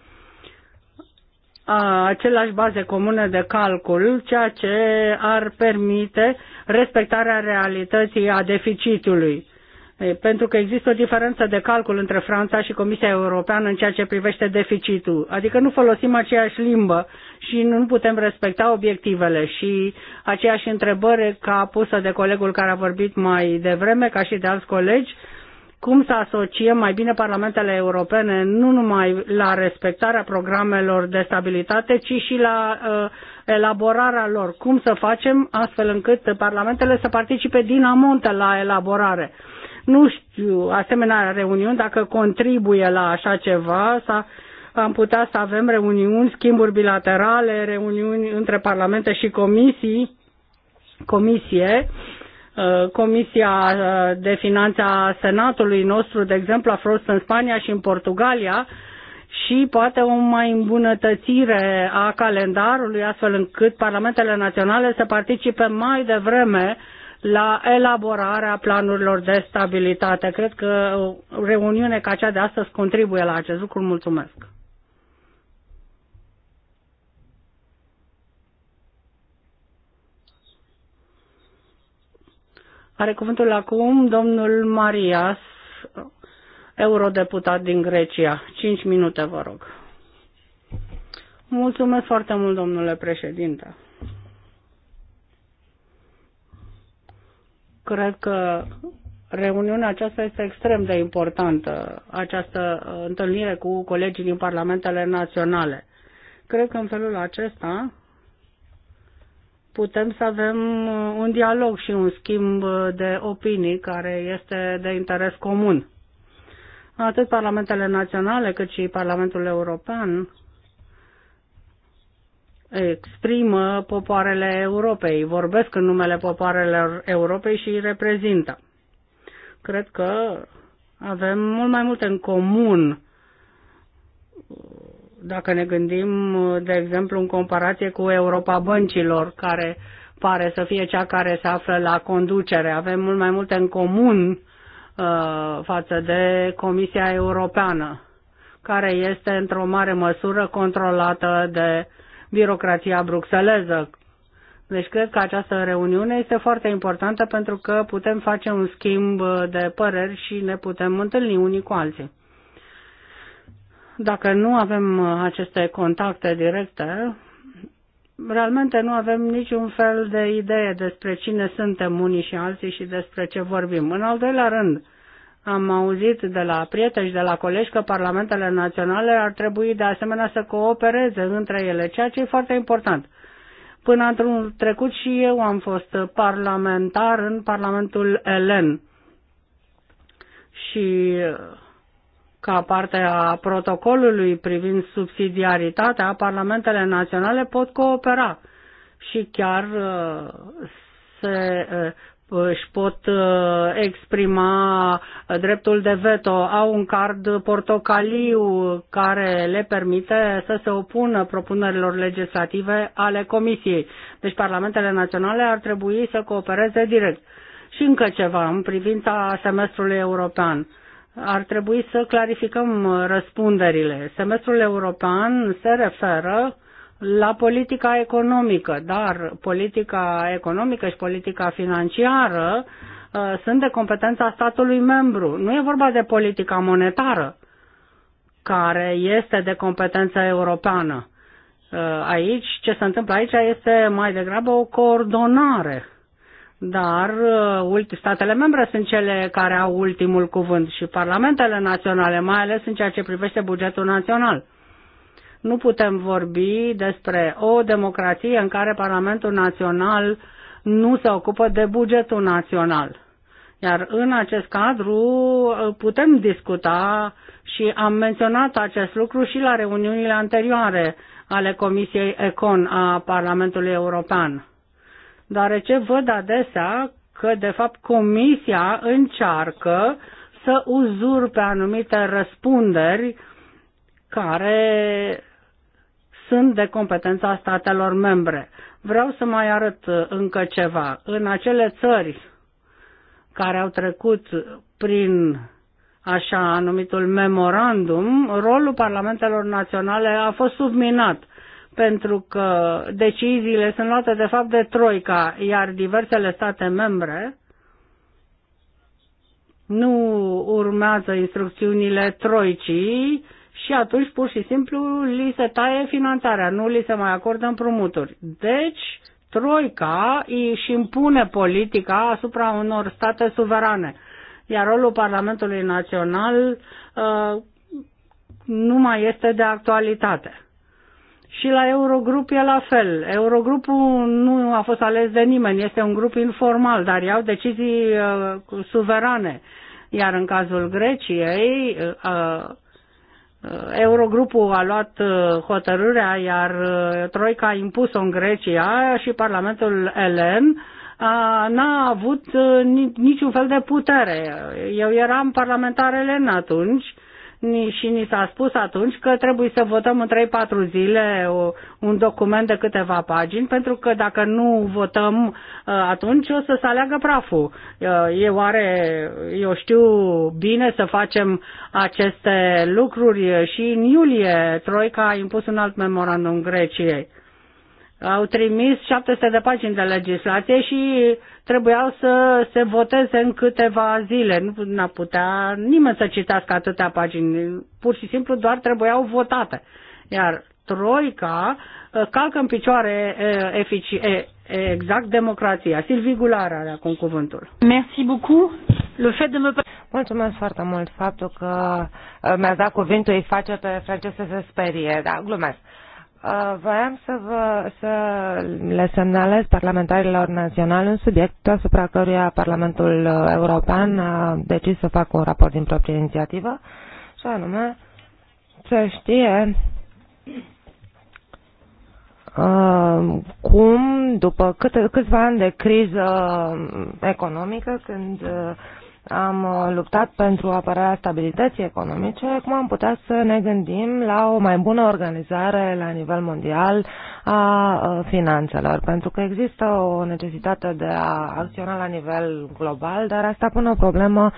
aceleași baze comune de calcul, ceea ce ar permite respectarea realității a deficitului. Pentru că există o diferență de calcul între Franța și Comisia Europeană în ceea ce privește deficitul. Adică nu folosim aceeași limbă și nu putem respecta obiectivele și aceeași întrebări ca pusă de colegul care a vorbit mai devreme, ca și de alți colegi, cum să asociem mai bine parlamentele europene nu numai la respectarea programelor de stabilitate, ci și la uh, elaborarea lor. Cum să facem astfel încât parlamentele să participe din amonte la elaborare. Nu știu, asemenea reuniuni, dacă contribuie la așa ceva, sau am putea să avem reuniuni, schimburi bilaterale, reuniuni între parlamente și comisii, comisie, Uh, Comisia uh, de Finanțe a Senatului nostru, de exemplu, a fost în Spania și în Portugalia și poate o mai îmbunătățire a calendarului, astfel încât parlamentele naționale să participe mai devreme la elaborarea planurilor de stabilitate. Cred că reuniune ca cea de astăzi contribuie la acest lucru. Mulțumesc! Are cuvântul acum domnul Marias, eurodeputat din Grecia. Cinci minute, vă rog. Mulțumesc foarte mult, domnule președinte. Cred că reuniunea aceasta este extrem de importantă, această uh, întâlnire cu colegii din parlamentele naționale. Cred că în felul acesta putem să avem uh, un dialog și un schimb uh, de opinii care este de interes comun. Atât parlamentele naționale cât și Parlamentul European exprimă popoarele Europei, vorbesc în numele popoarelor Europei și îi reprezintă. Cred că avem mult mai mult în comun uh, dacă ne gândim, de exemplu, în comparație cu Europa băncilor, care pare să fie cea care se află la conducere. Avem mult mai multe în comun uh, față de Comisia Europeană, care este într-o mare măsură controlată de birocrația bruxeleză. Deci cred că această reuniune este foarte importantă pentru că putem face un schimb de păreri și ne putem întâlni unii cu alții dacă nu avem uh, aceste contacte directe, realmente nu avem niciun fel de idee despre cine suntem unii și alții și despre ce vorbim. În al doilea rând, am auzit de la prieteni și de la colegi că parlamentele naționale ar trebui de asemenea să coopereze între ele, ceea ce e foarte important. Până într-un trecut și eu am fost parlamentar în Parlamentul Elen și uh, ca parte a protocolului privind subsidiaritatea, parlamentele naționale pot coopera și chiar uh, se, uh, își pot uh, exprima dreptul de veto. Au un card portocaliu care le permite să se opună propunerilor legislative ale Comisiei. Deci parlamentele naționale ar trebui să coopereze direct. Și încă ceva în privința semestrului european ar trebui să clarificăm răspunderile. Semestrul european se referă la politica economică, dar politica economică și politica financiară uh, sunt de competența statului membru. Nu e vorba de politica monetară, care este de competență europeană. Uh, aici, ce se întâmplă aici este mai degrabă o coordonare dar uh, statele membre sunt cele care au ultimul cuvânt și parlamentele naționale, mai ales în ceea ce privește bugetul național. Nu putem vorbi despre o democrație în care Parlamentul Național nu se ocupă de bugetul național. Iar în acest cadru uh, putem discuta și am menționat acest lucru și la reuniunile anterioare ale Comisiei Econ a Parlamentului European deoarece văd adesea că, de fapt, Comisia încearcă să uzurpe anumite răspunderi care sunt de competența statelor membre. Vreau să mai arăt uh, încă ceva. În acele țări care au trecut prin așa anumitul memorandum, rolul parlamentelor naționale a fost subminat pentru că deciziile sunt luate de fapt de Troica, iar diversele state membre nu urmează instrucțiunile Troicii și atunci pur și simplu li se taie finanțarea, nu li se mai acordă împrumuturi. Deci, Troica își impune politica asupra unor state suverane, iar rolul Parlamentului Național uh, nu mai este de actualitate. Și la Eurogrup e la fel. Eurogrupul nu a fost ales de nimeni, este un grup informal, dar iau decizii uh, suverane. Iar în cazul Greciei, uh, uh Eurogrupul a luat uh, hotărârea, iar uh, Troica a impus-o în Grecia și Parlamentul Elen n-a avut niciun fel de putere. Eu eram parlamentar elen atunci și ni s-a spus atunci că trebuie să votăm în 3-4 zile un document de câteva pagini, pentru că dacă nu votăm uh, atunci o să se aleagă praful. Uh, e oare, eu știu bine să facem aceste lucruri și în iulie Troica a impus un alt memorandum Greciei au trimis 700 de pagini de legislație și trebuiau să se voteze în câteva zile. Nu n-a putea nimeni să citească atâtea pagini, pur și simplu doar trebuiau votate. Iar Troica uh, calcă în picioare uh, efici, exact democrația. Silvi Gular are acum cuvântul. Merci beaucoup. Le fait de me... Mulțumesc foarte mult. Faptul că uh, mi a dat cuvântul îi face pe franceză să se sperie, da, glumesc. Voiam să, vă, să le semnalez parlamentarilor naționali un subiect asupra căruia Parlamentul European a decis să facă un raport din proprie inițiativă, și anume să știe cum, după câte, câțiva ani de criză economică, când am uh, luptat pentru apărarea stabilității economice, cum am putea să ne gândim la o mai bună organizare la nivel mondial a uh, finanțelor, pentru că există o necesitate de a acționa la nivel global, dar asta pune o problemă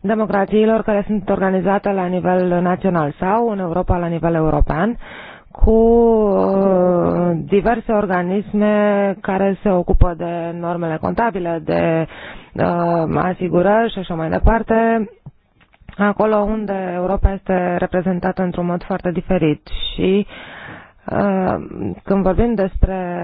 democrațiilor care sunt organizate la nivel național sau în Europa la nivel european cu uh, diverse organisme care se ocupă de normele contabile, de uh, asigurări și așa mai departe, acolo unde Europa este reprezentată într-un mod foarte diferit și uh, când vorbim despre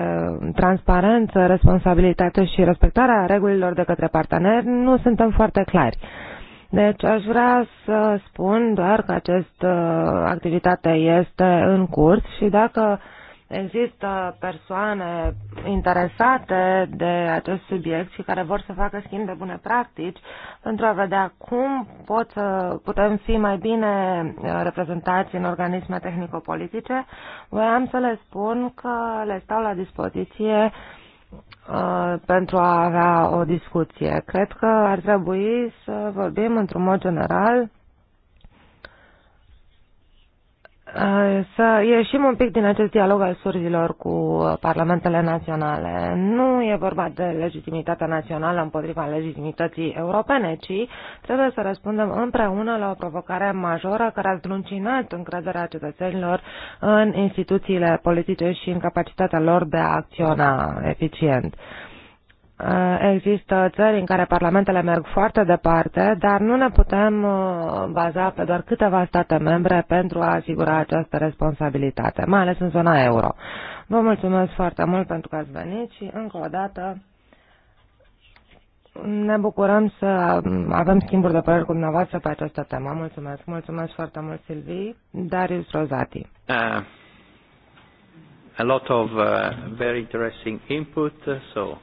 transparență, responsabilitate și respectarea regulilor de către parteneri, nu suntem foarte clari. Uh, deci aș vrea să spun doar că această uh, activitate este în curs și dacă există persoane interesate de acest subiect și care vor să facă schimb de bune practici pentru a vedea cum pot să putem fi mai bine uh, reprezentați în organisme tehnico-politice, voiam să le spun că le stau la dispoziție uh, Uh, pentru a avea o discuție. Cred că ar trebui să vorbim într-un mod general Eh, să ieșim un pic din acest dialog al surzilor cu parlamentele naționale. Nu e vorba de legitimitatea națională împotriva legitimității europene, ci trebuie să răspundem împreună la o provocare majoră care a zdruncinat încrederea cetățenilor în instituțiile politice și în capacitatea lor de a acționa eficient. Uh, Eh, există țări în care parlamentele merg foarte departe, dar nu ne putem eh, baza pe doar câteva state membre pentru a asigura această responsabilitate, mai ales în zona euro. Vă mulțumesc foarte mult pentru că ați venit și încă o dată ne bucurăm să avem schimburi de păreri cu dumneavoastră pe această temă. Mulțumesc, mulțumesc foarte mult, Silvii. Darius Rozati. Uh, a lot of uh, very interesting input, uh, so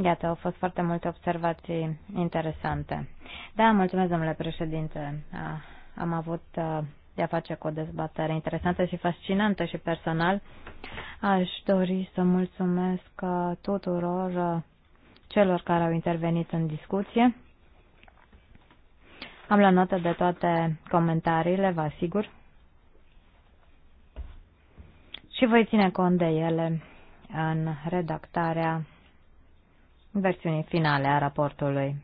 Iată, au fost foarte multe observații interesante. Da, mulțumesc, domnule președinte. Am avut de a face cu o dezbatere interesantă și fascinantă și personal. Aș dori să mulțumesc tuturor celor care au intervenit în discuție. Am la notă de toate comentariile, vă asigur. Și voi ține cont de ele în redactarea versiunii finale a raportului.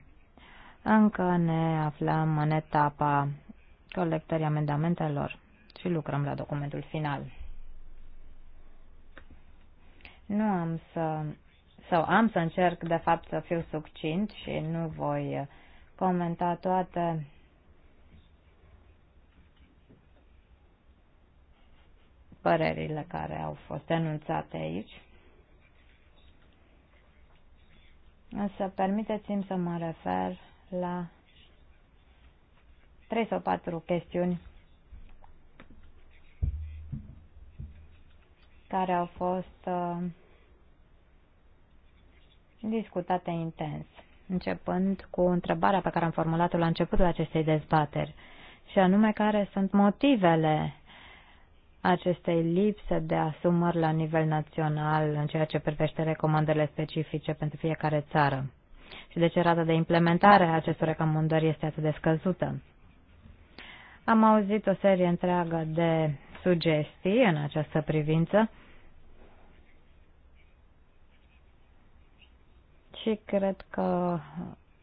Încă ne aflăm în etapa colectării amendamentelor și lucrăm la documentul final. Nu am să, sau am să încerc de fapt să fiu succint și nu voi comenta toate părerile care au fost enunțate aici. Însă permiteți-mi să mă refer la trei sau patru chestiuni care au fost uh, discutate intens, începând cu întrebarea pe care am formulat-o la începutul acestei dezbateri, și anume care sunt motivele acestei lipse de asumări la nivel național în ceea ce privește recomandările specifice pentru fiecare țară și de ce rata de implementare a acestor recomandări este atât de scăzută. Am auzit o serie întreagă de sugestii în această privință și cred că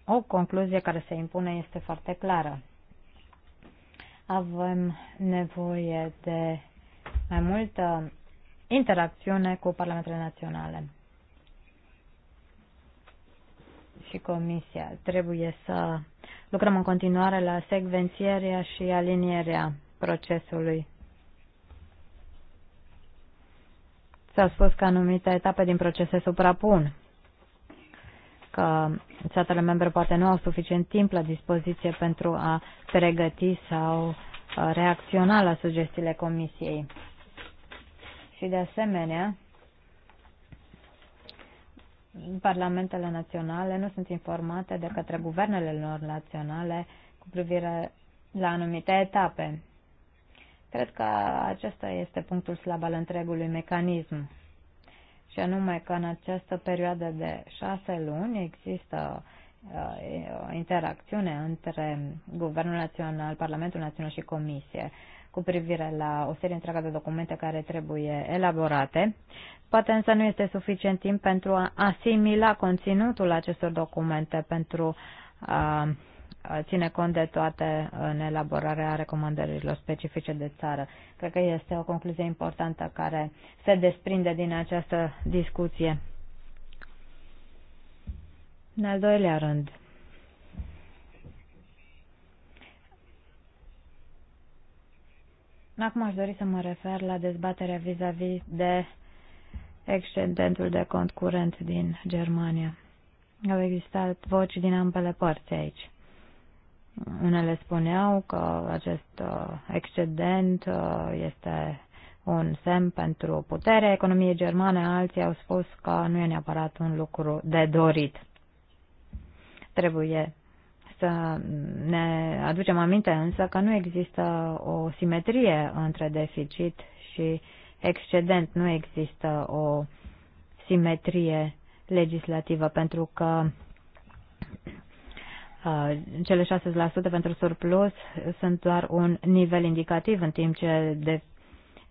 o concluzie care se impune este foarte clară. Avem nevoie de mai multă interacțiune cu parlamentele naționale. Și comisia trebuie să lucrăm în continuare la secvențierea și alinierea procesului. S-a spus că anumite etape din proces se suprapun, că statele membre poate nu au suficient timp la dispoziție pentru a pregăti sau uh, reacționa la sugestiile Comisiei și de asemenea parlamentele naționale nu sunt informate de către guvernele lor naționale cu privire la anumite etape. Cred că acesta este punctul slab al întregului mecanism. Și anume că în această perioadă de șase luni există uh, o interacțiune între Guvernul Național, Parlamentul Național și Comisie cu privire la o serie întreagă de documente care trebuie elaborate. Poate însă nu este suficient timp pentru a asimila conținutul acestor documente pentru a ține cont de toate în elaborarea recomandărilor specifice de țară. Cred că este o concluzie importantă care se desprinde din această discuție. În al doilea rând, Acum aș dori să mă refer la dezbaterea vis-a-vis -vis de excedentul de cont curent din Germania. Au existat voci din ambele părți aici. Unele spuneau că acest uh, excedent uh, este un semn pentru puterea economiei germane, alții au spus că nu e neapărat un lucru de dorit. Trebuie să ne aducem aminte însă că nu există o simetrie între deficit și excedent, nu există o simetrie legislativă pentru că cele 6% pentru surplus sunt doar un nivel indicativ, în timp ce de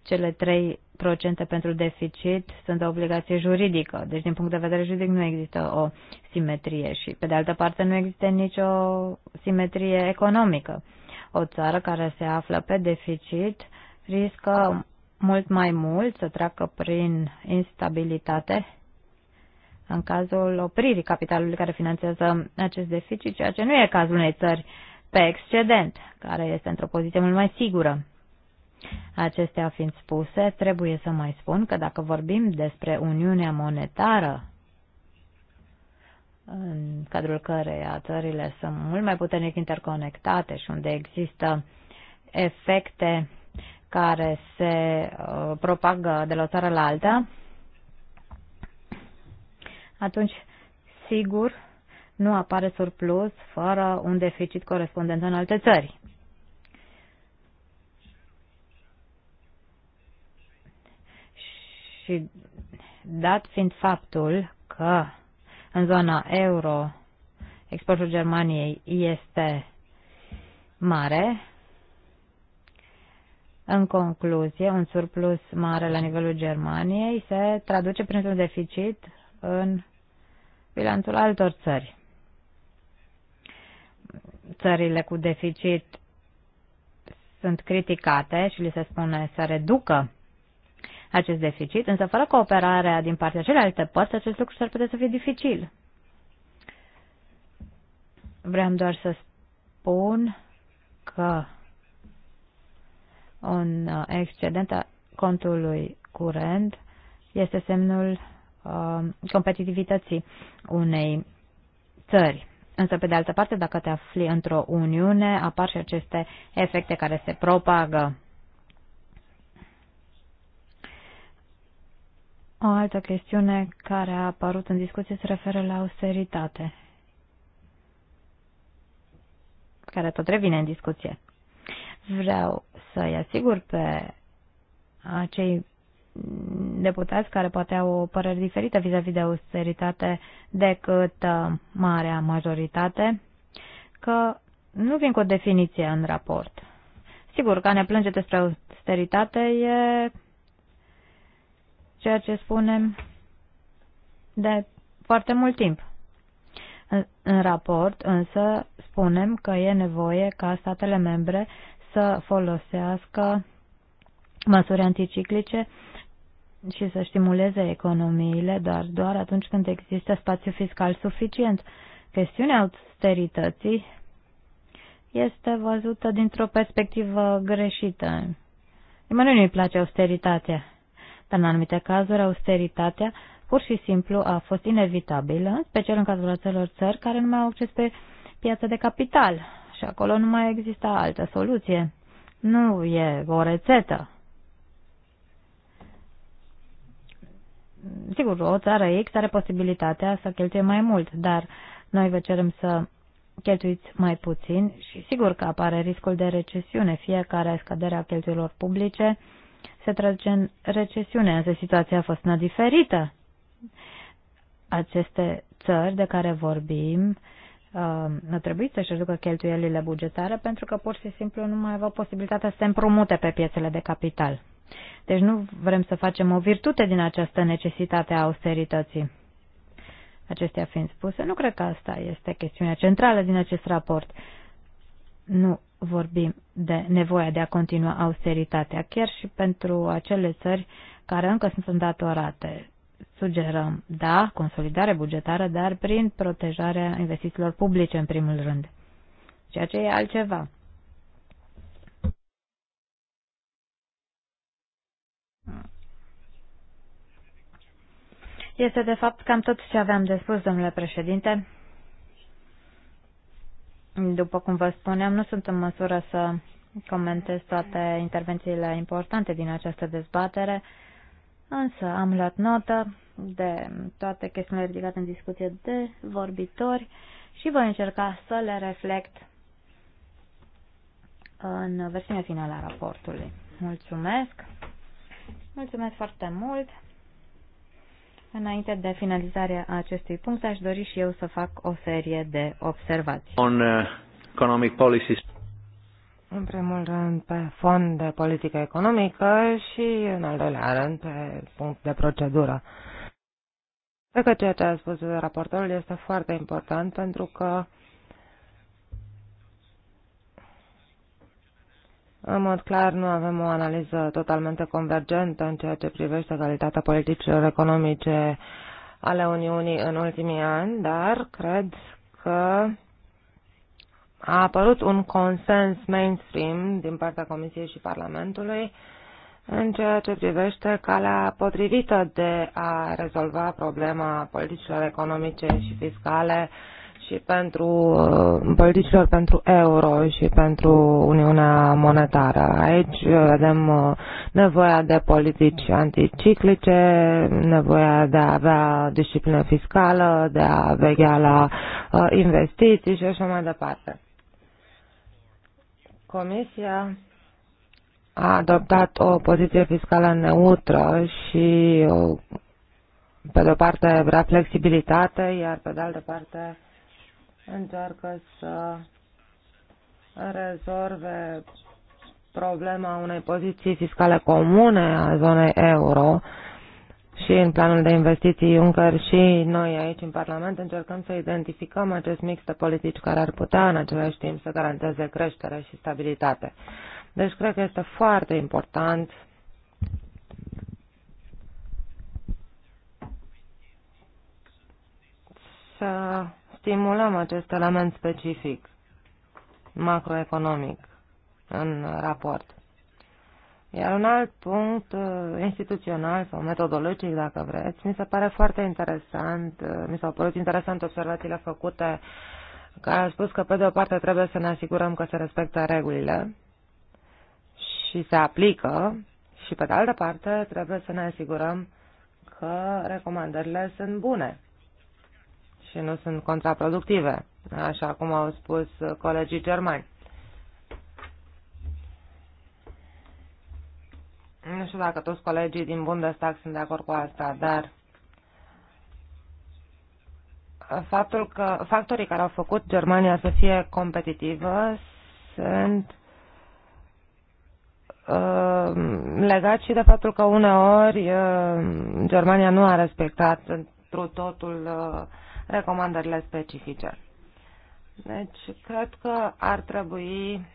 cele 3 procente pentru deficit sunt o obligație juridică. Deci, din punct de vedere juridic, nu există o simetrie și, pe de altă parte, nu există nicio simetrie economică. O țară care se află pe deficit riscă mult mai mult să treacă prin instabilitate în cazul opririi capitalului care finanțează acest deficit, ceea ce nu e cazul unei țări pe excedent, care este într-o poziție mult mai sigură. Acestea fiind spuse, trebuie să mai spun că dacă vorbim despre Uniunea Monetară, în cadrul căreia țările sunt mult mai puternic interconectate și unde există efecte care se uh, propagă de la o țară la alta, atunci, sigur, nu apare surplus fără un deficit corespondent în alte țări. Și dat fiind faptul că în zona euro exportul Germaniei este mare, în concluzie, un surplus mare la nivelul Germaniei se traduce printr-un deficit în bilanțul altor țări. Țările cu deficit sunt criticate și li se spune să reducă acest deficit, însă fără cooperarea din partea celelalte părți, acest lucru s-ar putea să fie dificil. Vreau doar să spun că un uh, excedent a contului curent este semnul uh, competitivității unei țări. Însă, pe de altă parte, dacă te afli într-o uniune, apar și aceste efecte care se propagă. O altă chestiune care a apărut în discuție se referă la austeritate, care tot revine în discuție. Vreau să-i asigur pe acei deputați care poate au o părere diferită vis-a-vis -vis de austeritate decât uh, marea majoritate, că nu vin cu o definiție în raport. Sigur, că ne plânge despre austeritate e ceea ce spunem de foarte mult timp. În, în raport, însă, spunem că e nevoie ca statele membre să folosească măsuri anticiclice și să stimuleze economiile doar, doar atunci când există spațiu fiscal suficient. Chestiunea austerității este văzută dintr-o perspectivă greșită. Nimănui nu-i place austeritatea. În anumite cazuri, austeritatea pur și simplu a fost inevitabilă, special în cazul acelor țări care nu mai au acces pe piața de capital și acolo nu mai exista altă soluție. Nu e o rețetă. Sigur, o țară X are posibilitatea să cheltuie mai mult, dar noi vă cerem să cheltuiți mai puțin și sigur că apare riscul de recesiune, fiecare scădere a cheltuielor publice uh, se trage în recesiune, însă situația a fost una diferită. Aceste țări de care vorbim nu uh, trebuie să-și reducă cheltuielile bugetare pentru că pur și simplu nu mai aveau posibilitatea să se împrumute pe piețele de capital. Deci nu vrem să facem o virtute din această necesitate a austerității. Acestea fiind spuse, nu cred că asta este chestiunea centrală din acest raport. Nu vorbim de nevoia de a continua austeritatea, chiar și pentru acele țări care încă sunt îndatorate. Sugerăm, da, consolidare bugetară, dar prin protejarea investițiilor publice, în primul rând, ceea ce e altceva. Este de fapt cam tot ce aveam de spus, domnule președinte. După cum vă spuneam, nu sunt în măsură să comentez toate intervențiile importante din această dezbatere, însă am luat notă de toate chestiunile ridicate în discuție de vorbitori și voi încerca să le reflect în versiunea finală a raportului. Mulțumesc! Mulțumesc foarte mult! Înainte de finalizarea acestui punct, aș dori și eu să fac o serie de observații. On uh, economic policies. În primul rând pe fond de politică economică și în al doilea rând pe punct de procedură. Cred că ceea ce a spus raportorul este foarte important pentru că În mod clar, nu avem o analiză totalmente convergentă în ceea ce privește calitatea politicilor economice ale Uniunii în ultimii ani, dar cred că a apărut un consens mainstream din partea Comisiei și Parlamentului în ceea ce privește calea potrivită de a rezolva problema politicilor economice și fiscale uh, și pentru uh, politicilor pentru euro și pentru Uniunea Monetară. Aici uh, vedem uh, nevoia de politici anticiclice, nevoia de a avea disciplină fiscală, de a veghea la investiții și așa mai departe. Comisia a adoptat o poziție fiscală neutră și pe de o parte vrea flexibilitate, iar pe de altă parte încearcă să rezolve problema unei poziții fiscale comune a zonei euro și în planul de investiții Juncker și noi aici în Parlament încercăm să identificăm acest mix de politici care ar putea în același timp să garanteze creștere și stabilitate. Deci cred că este foarte important să stimulăm acest element specific macroeconomic în raport. Iar un alt punct uh, instituțional sau metodologic, dacă vreți, mi se pare foarte interesant, uh, mi s-au părut interesant observațiile făcute care a spus că, pe de o parte, trebuie să ne asigurăm că se respectă regulile și se aplică și, pe de altă parte, trebuie să ne asigurăm că recomandările sunt bune și nu sunt contraproductive, așa cum au spus colegii germani. Nu știu dacă toți colegii din Bundestag sunt de acord cu asta, dar faptul că factorii care au făcut Germania să fie competitivă sunt uh, legat și de faptul că uneori uh, Germania nu a respectat întru totul uh, recomandările specifice. Deci, cred că ar trebui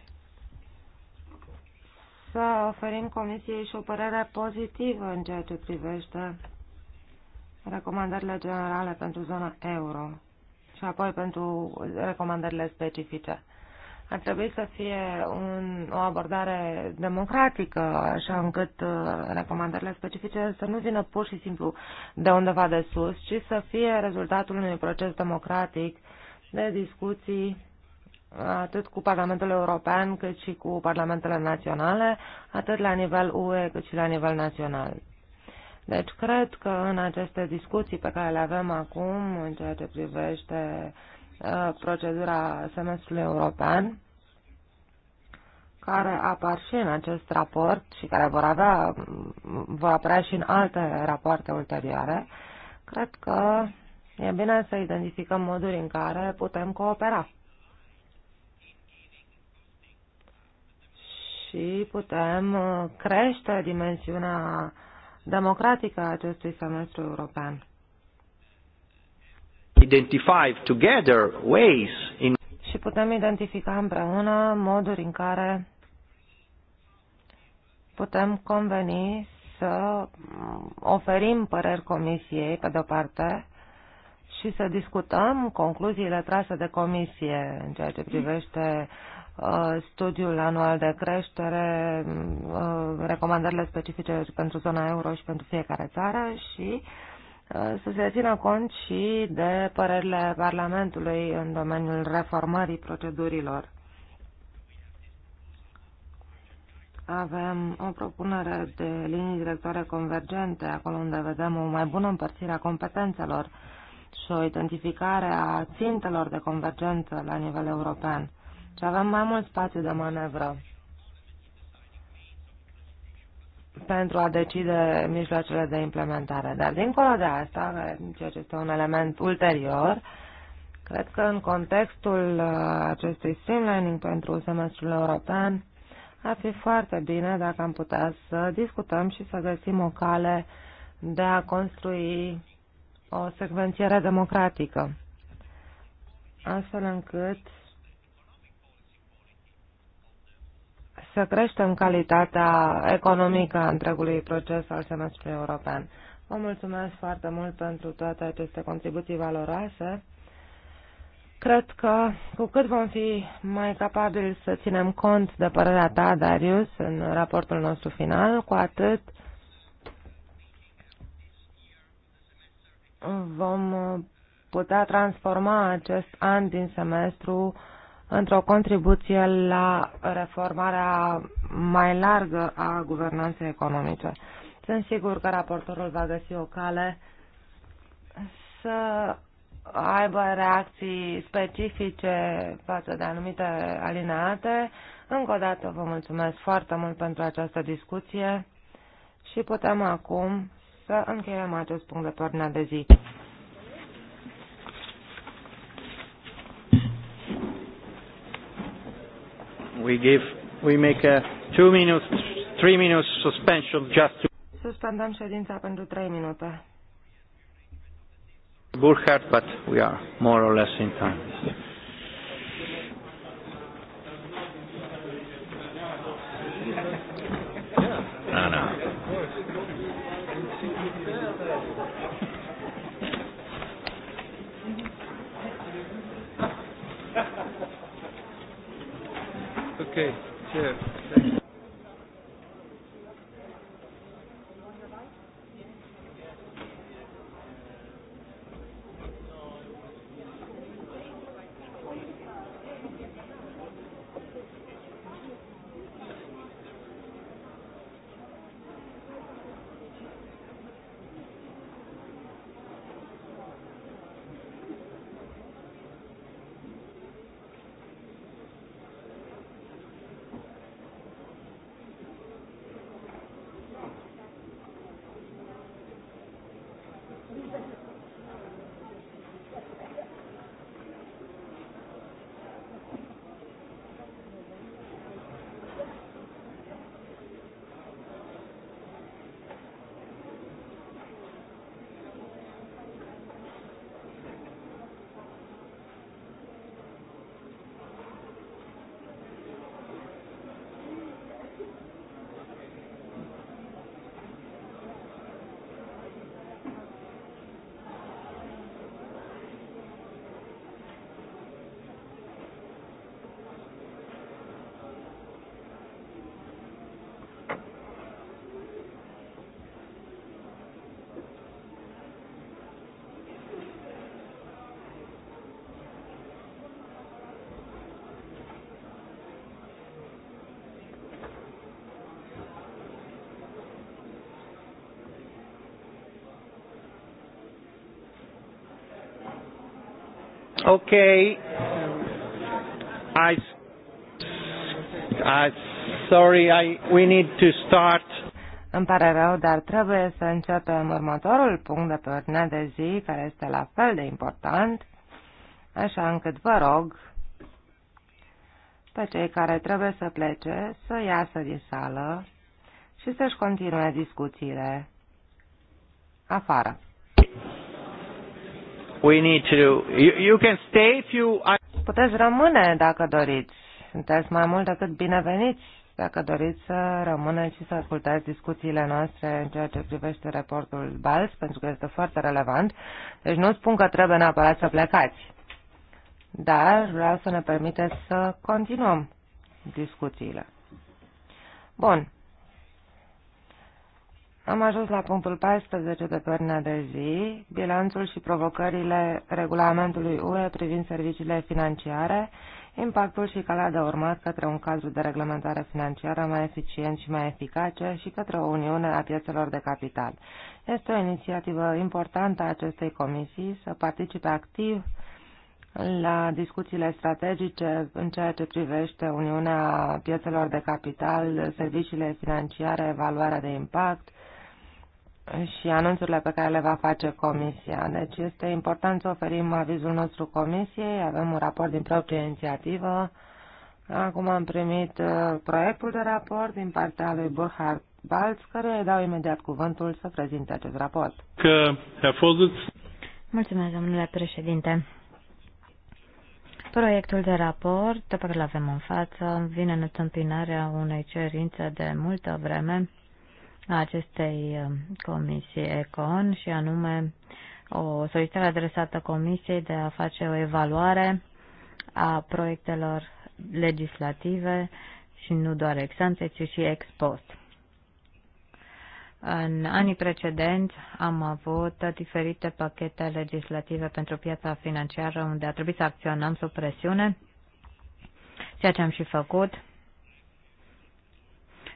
să oferim Comisiei și o părere pozitivă în ceea ce privește recomandările generale pentru zona euro și apoi pentru recomandările specifice. Ar trebui să fie un, o abordare democratică, așa încât uh, recomandările specifice să nu vină pur și simplu de undeva de sus, ci să fie rezultatul unui proces democratic de discuții atât cu Parlamentul European cât și cu Parlamentele Naționale, atât la nivel UE cât și la nivel național. Deci cred că în aceste discuții pe care le avem acum, în ceea ce privește Uh, procedura semestrului european, care apar și în acest raport și care vor, avea, vor apărea și în alte rapoarte ulterioare, cred că e bine să identificăm moduri în care putem coopera. Și putem uh, crește dimensiunea democratică a acestui semestru european identify together ways in și putem identifica împreună moduri în care putem conveni să oferim păreri comisiei, pe de-o parte, și să discutăm concluziile trase de comisie în ceea ce privește uh, studiul anual de creștere, uh, recomandările specifice pentru zona euro și pentru fiecare țară și uh, Uh, să se țină cont și de părerile Parlamentului în domeniul reformării procedurilor. Avem o propunere de linii directoare convergente, acolo unde vedem o mai bună împărțire a competențelor și o identificare a țintelor de convergență la nivel european. Și avem mai mult spațiu de manevră pentru a decide mijloacele de implementare. Dar dincolo de asta, ceea ce este un element ulterior, cred că în contextul uh, acestui streamlining pentru semestrul european, ar fi foarte bine dacă am putea să discutăm și să găsim o cale de a construi o secvențiere democratică, astfel încât să creștem calitatea economică a întregului proces al semestrului european. Vă mulțumesc foarte mult pentru toate aceste contribuții valoroase. Cred că cu cât vom fi mai capabili să ținem cont de părerea ta, Darius, în raportul nostru final, cu atât vom putea transforma acest an din semestru uh, într-o contribuție la reformarea mai largă a guvernanței economice. Sunt sigur că raportorul va găsi o cale să aibă reacții specifice față de anumite alineate. Încă o dată vă mulțumesc foarte mult pentru această discuție și putem acum să încheiem acest punct de pe de zi. we give, we make a two minutes, three minutes suspension just to... Suspendăm ședința pentru trei minute. Burkhardt, but we are more or less in time. Okay, Okay. I, I sorry, I, we need to start. Îmi pare rău, dar trebuie să începem următorul punct de pe ordinea de zi, care este la fel de important, așa încât vă rog pe cei care trebuie să plece să iasă din sală și să-și continue discuțiile afară we need to do. You, you can stay if you... Puteți rămâne dacă doriți. Sunteți mai mult decât bineveniți dacă doriți să rămâneți și să ascultați discuțiile noastre în ceea ce privește raportul BALS, pentru că este foarte relevant. Deci nu spun că trebuie neapărat să plecați, dar vreau să ne permiteți să continuăm discuțiile. Bun. Am ajuns la punctul 14 de pernă de zi, bilanțul și provocările regulamentului UE privind serviciile financiare, impactul și calea de urmat către un cadru de reglementare financiară mai eficient și mai eficace și către o uniune a piețelor de capital. Este o inițiativă importantă a acestei comisii să participe activ la discuțiile strategice în ceea ce privește Uniunea Piețelor de Capital, serviciile financiare, evaluarea de impact, și anunțurile pe care le va face Comisia. Deci este important să oferim avizul nostru Comisiei, avem un raport din proprie inițiativă. Acum am primit uh, proiectul de raport din partea lui Burhard Balz care îi dau imediat cuvântul să prezinte acest raport. Că a fost... Mulțumesc, domnule președinte. Proiectul de raport pe care îl avem în față vine în întâmpinarea unei cerințe de multă vreme a acestei uh, comisii ECON și anume o solicitare adresată comisiei de a face o evaluare a proiectelor legislative și nu doar ex ante, ci și ex post. În anii precedenți am avut diferite pachete legislative pentru piața financiară unde a trebuit să acționăm sub presiune, ceea ce am și făcut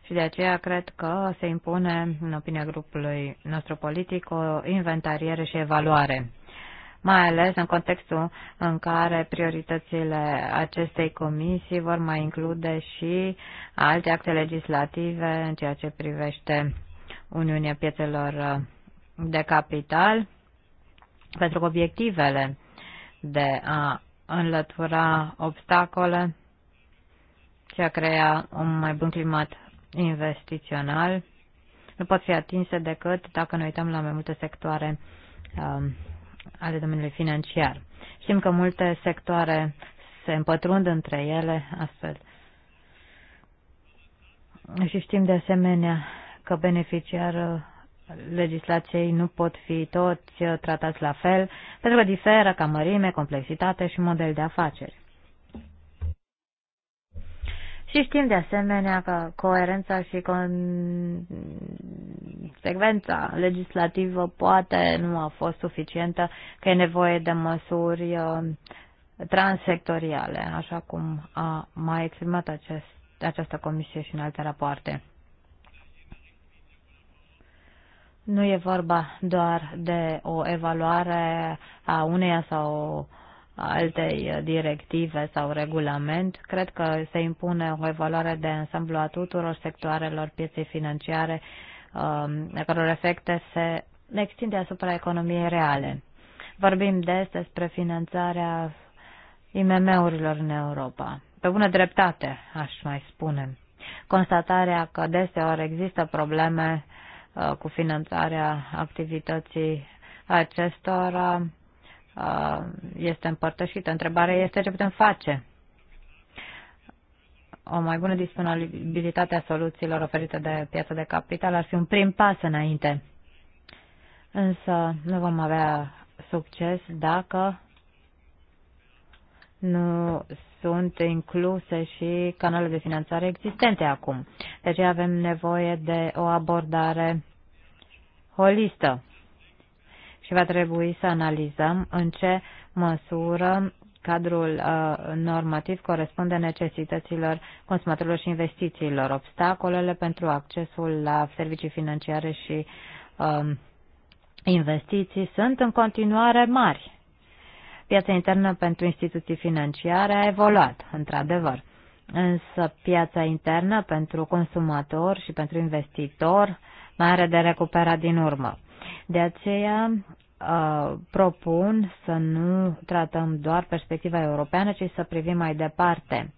și de aceea cred că se impune, în opinia grupului nostru politic, o inventariere și evaluare mai ales în contextul în care prioritățile acestei comisii vor mai include și alte acte legislative în ceea ce privește Uniunea Piețelor de Capital, pentru că obiectivele de a înlătura obstacole și a crea un mai bun climat investițional nu pot fi atinse decât dacă ne uităm la mai multe sectoare um, ale domeniului financiar. Știm că multe sectoare se împătrund între ele astfel. Și știm de asemenea că beneficiar legislației nu pot fi toți uh, tratați la fel, pentru că diferă ca mărime, complexitate și model de afaceri. Și știm de asemenea că coerența și consecvența legislativă poate nu a fost suficientă, că e nevoie de măsuri uh, transsectoriale, așa cum a mai exprimat acest, această comisie și în alte rapoarte. Nu e vorba doar de o evaluare a uneia sau altei uh, directive sau regulament, cred că se impune o evaluare de ansamblu a tuturor sectoarelor pieței financiare, um, a căror efecte se extinde asupra economiei reale. Vorbim des despre finanțarea IMM-urilor în Europa. Pe bună dreptate, aș mai spune. Constatarea că deseori există probleme uh, cu finanțarea activității acestora Uh, este împărtășită. Întrebarea este ce putem face. O mai bună disponibilitate a soluțiilor oferite de piața de capital ar fi un prim pas înainte. Însă nu vom avea succes dacă nu sunt incluse și canalele de finanțare existente acum. Deci avem nevoie de o abordare holistă și va trebui să analizăm în ce măsură cadrul uh, normativ corespunde necesităților consumatorilor și investițiilor, obstacolele pentru accesul la servicii financiare și uh, investiții sunt în continuare mari. Piața internă pentru instituții financiare a evoluat, într-adevăr, însă piața internă pentru consumator și pentru investitor mai are de recuperat din urmă. De aceea ă, propun să nu tratăm doar perspectiva europeană, ci să privim mai departe.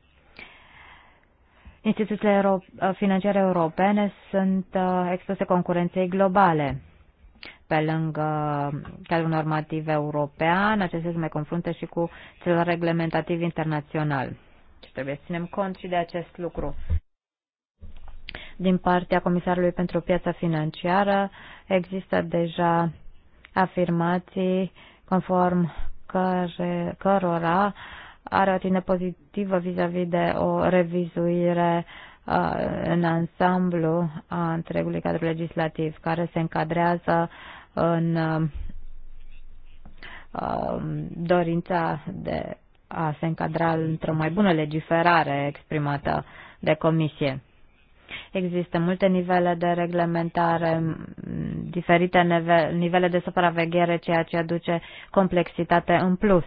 Instituțiile euro financiare europene sunt ă, expuse concurenței globale. Pe lângă cadrul normativ european, acestea se mai confruntă și cu cel reglementativ internațional. Și trebuie să ținem cont și de acest lucru. Din partea Comisarului pentru Piața Financiară, uh, Există deja afirmații conform care, cărora are o atitudine pozitivă vis-a-vis -vis de o revizuire uh, în ansamblu a întregului cadru legislativ care se încadrează în uh, dorința de a se încadra într-o mai bună legiferare exprimată de comisie. Există multe nivele de reglementare, diferite nivele de supraveghere, ceea ce aduce complexitate în plus.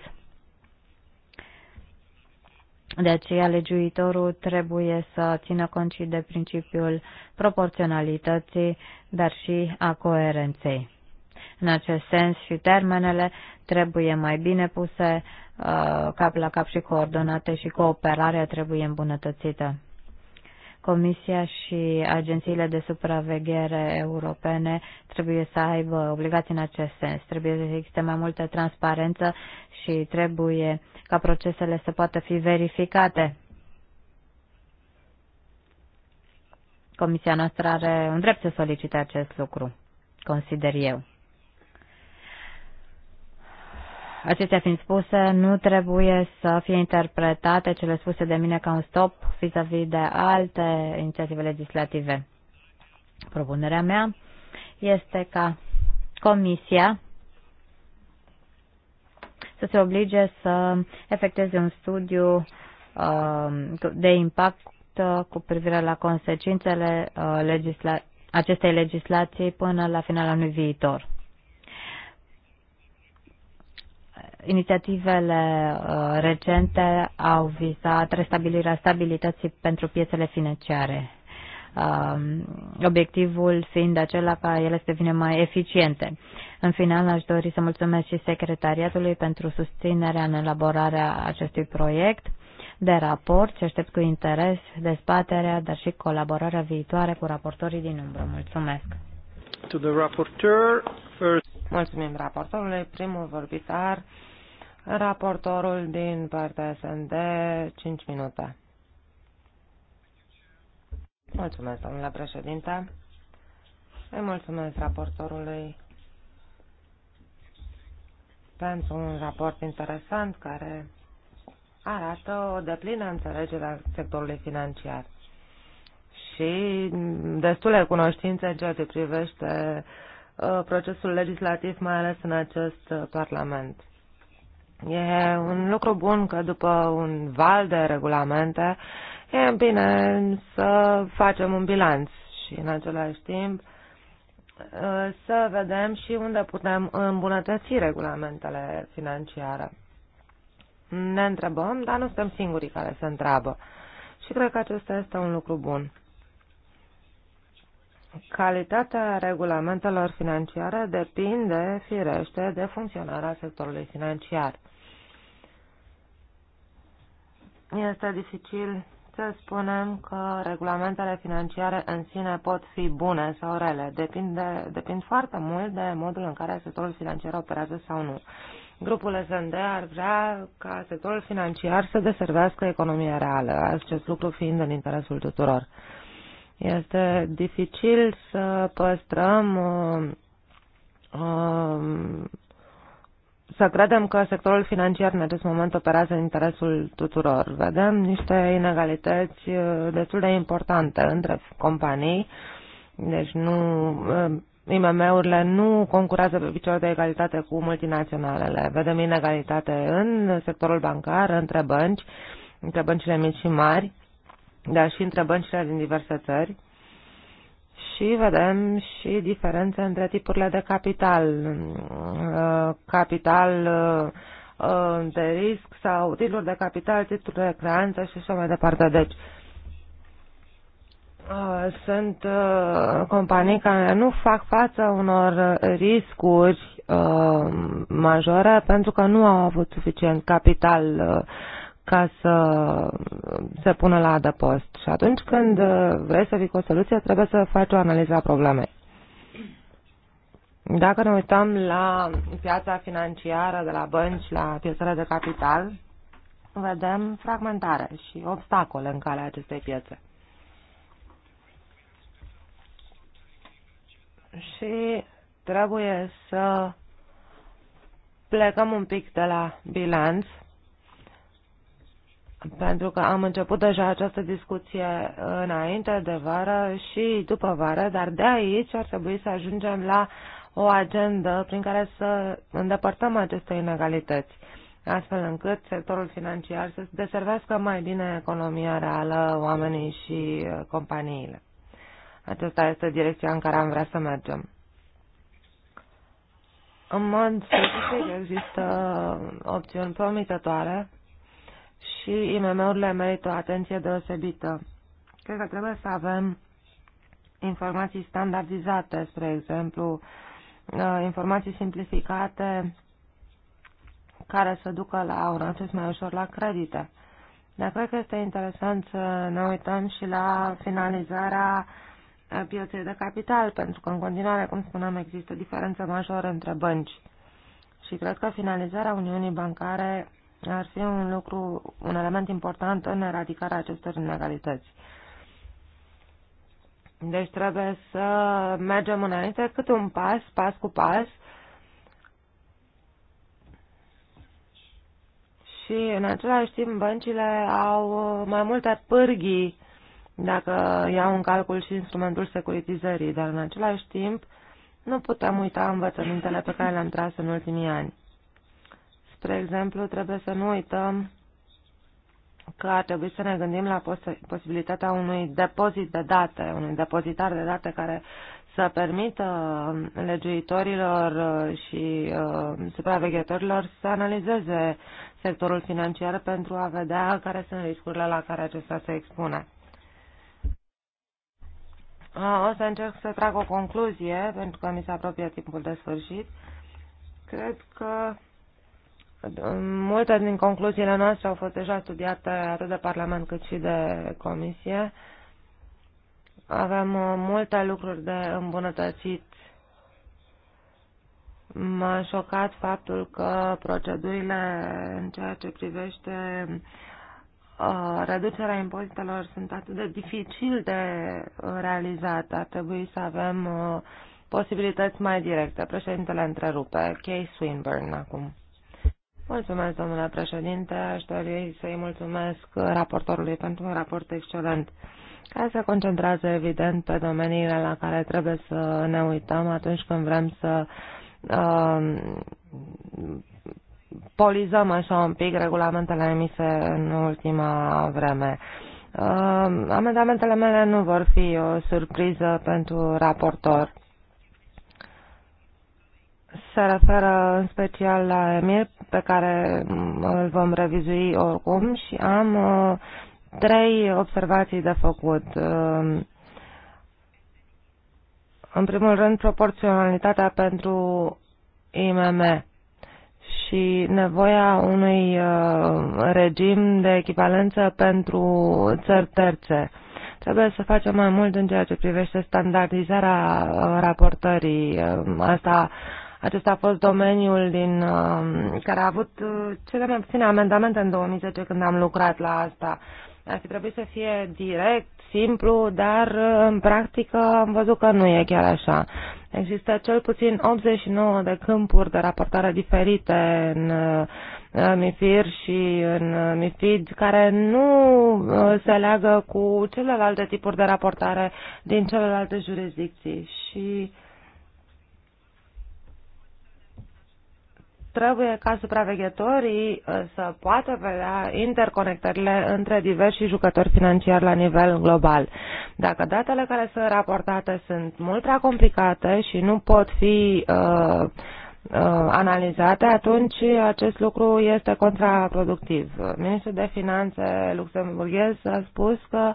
De aceea, legiuitorul trebuie să țină cont și de principiul proporționalității, dar și a coerenței. În acest sens și termenele trebuie mai bine puse uh, cap la cap și coordonate și cooperarea trebuie îmbunătățită. Comisia și agențiile de supraveghere europene trebuie să aibă obligații în acest sens. Trebuie să existe mai multă transparență și trebuie ca procesele să poată fi verificate. Comisia noastră are un drept să solicite acest lucru, consider eu acestea fiind spuse, nu trebuie să fie interpretate cele spuse de mine ca un stop vis-a-vis de alte inițiative legislative. Propunerea mea este ca Comisia să se oblige să efecteze un studiu um, de impact uh, cu privire la consecințele uh, legisla- acestei legislații până la finalul anului viitor inițiativele uh, recente au vizat restabilirea stabilității pentru piețele financiare, um, obiectivul fiind acela ca ele să devină mai eficiente. În final, aș dori să mulțumesc și secretariatului pentru susținerea în elaborarea acestui proiect de raport și aștept cu interes dezbaterea, dar și colaborarea viitoare cu raportorii din umbră. Mulțumesc! To the rapporteur, first... Mulțumim raportorului, primul vorbitar, raportorul din partea SND, 5 minute. Mulțumesc, domnule președinte. Îi mulțumesc raportorului pentru un raport interesant care arată o deplină înțelegere a sectorului financiar și destule cunoștințe în ceea ce privește uh, Uh, procesul legislativ, mai ales în acest uh, Parlament. E un lucru bun că după un val de regulamente e bine să facem un bilanț și în același timp uh, să vedem și unde putem îmbunătăți regulamentele financiare. Ne întrebăm, dar nu suntem singurii care se întreabă. Și cred că acesta este un lucru bun. Calitatea regulamentelor financiare depinde, firește, de funcționarea sectorului financiar. Este dificil să spunem că regulamentele financiare în sine pot fi bune sau rele. Depinde, depind foarte mult de modul în care sectorul financiar operează sau nu. Grupul SND ar vrea ca sectorul financiar să deservească economia reală, acest lucru fiind în interesul tuturor. Este dificil să păstrăm, uh, um, să credem că sectorul financiar în acest moment operează în interesul tuturor. Vedem niște inegalități uh, destul de importante între companii, deci nu, uh, IMM-urile nu concurează pe picior de egalitate cu multinaționalele. Vedem inegalitate în sectorul bancar, între bănci, între băncile mici și mari, dar și între băncile din diverse țări și vedem și diferențe între tipurile de capital. Uh, capital uh, de risc sau titluri de capital, titluri de creanță și așa mai departe. Deci, uh, sunt companii care nu fac față unor riscuri majore pentru că nu au avut suficient capital ca să se pună la adăpost. Și atunci când uh, vrei să vii cu o soluție, trebuie să faci o analiză a problemei. Dacă ne uităm la piața financiară, de la bănci, la piețele de capital, vedem fragmentare și obstacole în calea acestei piețe. Și trebuie să plecăm un pic de la bilanț pentru că am început deja această discuție înainte de vară și după vară, dar de aici ar trebui să ajungem la o agendă prin care să îndepărtăm aceste inegalități, astfel încât sectorul financiar să deservească mai bine economia reală, oamenii și uh, companiile. Aceasta este direcția în care am vrea să mergem. În mod specific există opțiuni promitătoare și IMM-urile merită o atenție deosebită. Cred că trebuie să avem informații standardizate, spre exemplu, uh, informații simplificate care să ducă la un acces mai ușor la credite. Dar cred că este interesant să ne uităm și la finalizarea uh, pieței de capital, pentru că în continuare, cum spuneam, există diferențe majore între bănci. Și cred că finalizarea Uniunii Bancare ar fi un lucru, un element important în eradicarea acestor inegalități. Deci trebuie să mergem înainte cât un pas, pas cu pas, și în același timp băncile au mai multe pârghii dacă iau în calcul și instrumentul securitizării, dar în același timp nu putem uita învățămintele pe care le-am tras în ultimii ani. Spre exemplu, trebuie să nu uităm că ar trebui să ne gândim la pos posibilitatea unui depozit de date, unui depozitar de date care să permită legiuitorilor uh, și uh, supraveghetorilor să analizeze sectorul financiar pentru a vedea care sunt riscurile la care acesta se expune. Uh, o să încerc să trag o concluzie, pentru că mi se apropie timpul de sfârșit. Cred că Multe din concluziile noastre au fost deja studiate atât de Parlament cât și de Comisie. Avem uh, multe lucruri de îmbunătățit. M-a șocat faptul că procedurile în ceea ce privește uh, reducerea impozitelor sunt atât de dificil de realizat. Ar trebui să avem uh, posibilități mai directe. Președintele întrerupe. case Swinburne acum. Mulțumesc, domnule președinte. Aș dori să-i mulțumesc raportorului pentru un raport excelent care se concentrează, evident, pe domeniile la care trebuie să ne uităm atunci când vrem să uh, polizăm așa un pic regulamentele emise în ultima vreme. Uh, amendamentele mele nu vor fi o surpriză pentru raportor se referă în special la EMIR, pe care mm, îl vom revizui oricum și am uh, trei observații de făcut. Uh, în primul rând, proporționalitatea pentru IMM și nevoia unui uh, regim de echivalență pentru țări terțe. Trebuie să facem mai mult în ceea ce privește standardizarea raportării. Asta acesta a fost domeniul din, um, care a avut uh, cele mai puține amendamente în 2010 când am lucrat la asta. Ar fi trebuit să fie direct, simplu, dar uh, în practică am văzut că nu e chiar așa. Există cel puțin 89 de câmpuri de raportare diferite în uh, MIFIR și în MIFID care nu se leagă cu celelalte tipuri de raportare din celelalte jurisdicții și uh, Trebuie ca supraveghetorii uh, să poată vedea interconectările între diversi jucători financiari la nivel global. Dacă datele care sunt raportate sunt mult prea complicate și nu pot fi uh, Uh, analizate, atunci acest lucru este contraproductiv. Ministrul de Finanțe luxemburghez a spus că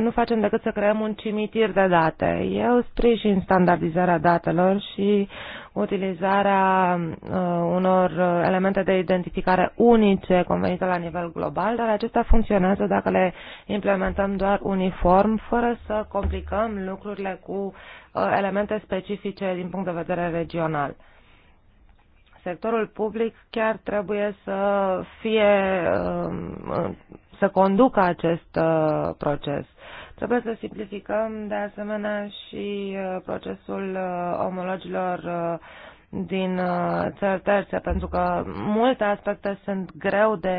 nu facem decât să creăm un cimitir de date. Eu sprijin standardizarea datelor și utilizarea uh, unor elemente de identificare unice convenite la nivel global, dar acestea funcționează dacă le implementăm doar uniform, fără să complicăm lucrurile cu uh, elemente specifice din punct de vedere regional sectorul public chiar trebuie să fie, um, să conducă acest uh, proces. Trebuie să simplificăm de asemenea și uh, procesul uh, omologilor din țări terțe, pentru că multe aspecte sunt greu de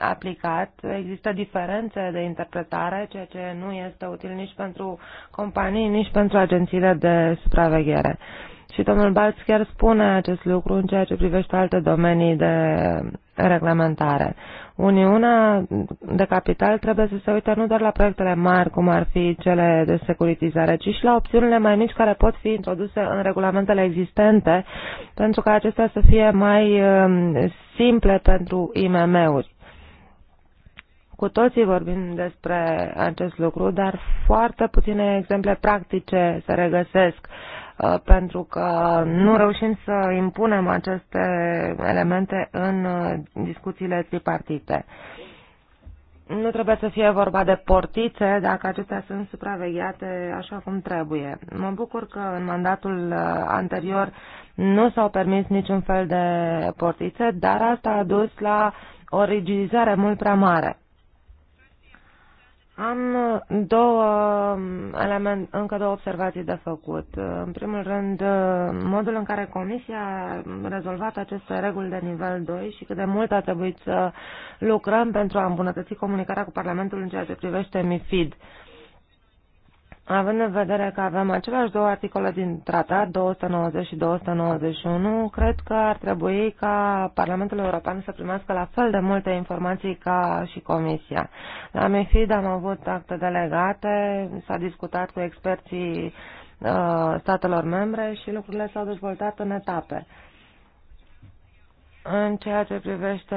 aplicat, există diferențe de interpretare, ceea ce nu este util nici pentru companii, nici pentru agențiile de supraveghere. Uh, și domnul Balț chiar spune acest lucru în ceea ce privește alte domenii de reglementare. Uniunea de capital trebuie să se uite nu doar la proiectele mari, cum ar fi cele de securitizare, ci și la opțiunile mai mici care pot fi introduse în regulamentele existente, pentru ca acestea să fie mai um, simple pentru IMM-uri. Cu toții vorbim despre acest lucru, dar foarte puține exemple practice se regăsesc Uh, pentru că nu reușim să impunem aceste elemente în uh, discuțiile tripartite. Nu trebuie să fie vorba de portițe dacă acestea sunt supravegheate așa cum trebuie. Mă bucur că în mandatul uh, anterior nu s-au permis niciun fel de portițe, dar asta a dus la o rigidizare mult prea mare. Am două um, element, încă două observații de făcut. În primul rând, uh, modul în care Comisia a rezolvat aceste reguli de nivel 2 și cât de mult a trebuit să lucrăm pentru a îmbunătăți comunicarea cu Parlamentul în ceea ce privește MIFID. Având în vedere că avem aceleași două articole din tratat, 290 și 291, cred că ar trebui ca Parlamentul European să primească la fel de multe informații ca și Comisia. La MIFID am avut acte delegate, s-a discutat cu experții uh, statelor membre și lucrurile s-au dezvoltat în etape. În ceea ce privește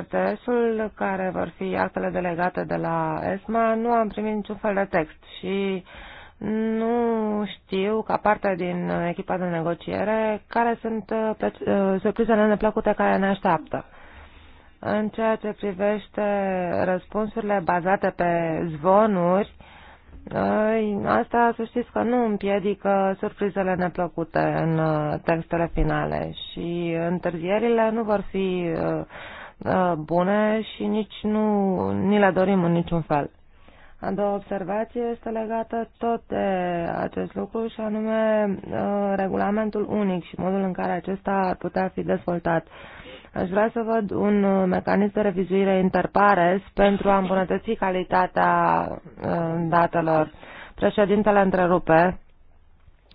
RTS-ul, care vor fi actele delegate de la ESMA, nu am primit niciun fel de text și nu știu, ca parte din echipa de negociere, care sunt uh, uh, surprizele neplăcute care ne așteaptă. În ceea ce privește răspunsurile bazate pe zvonuri, Asta să știți că nu împiedică surprizele neplăcute în uh, textele finale și întârzierile nu vor fi uh, uh, bune și nici nu ni le dorim în niciun fel. A doua observație este legată tot de acest lucru și anume regulamentul unic și modul în care acesta ar putea fi dezvoltat. Uh, Aș vrea să văd un uh, mecanism de revizuire interpares pentru a îmbunătăți calitatea uh, datelor. Președintele întrerupe.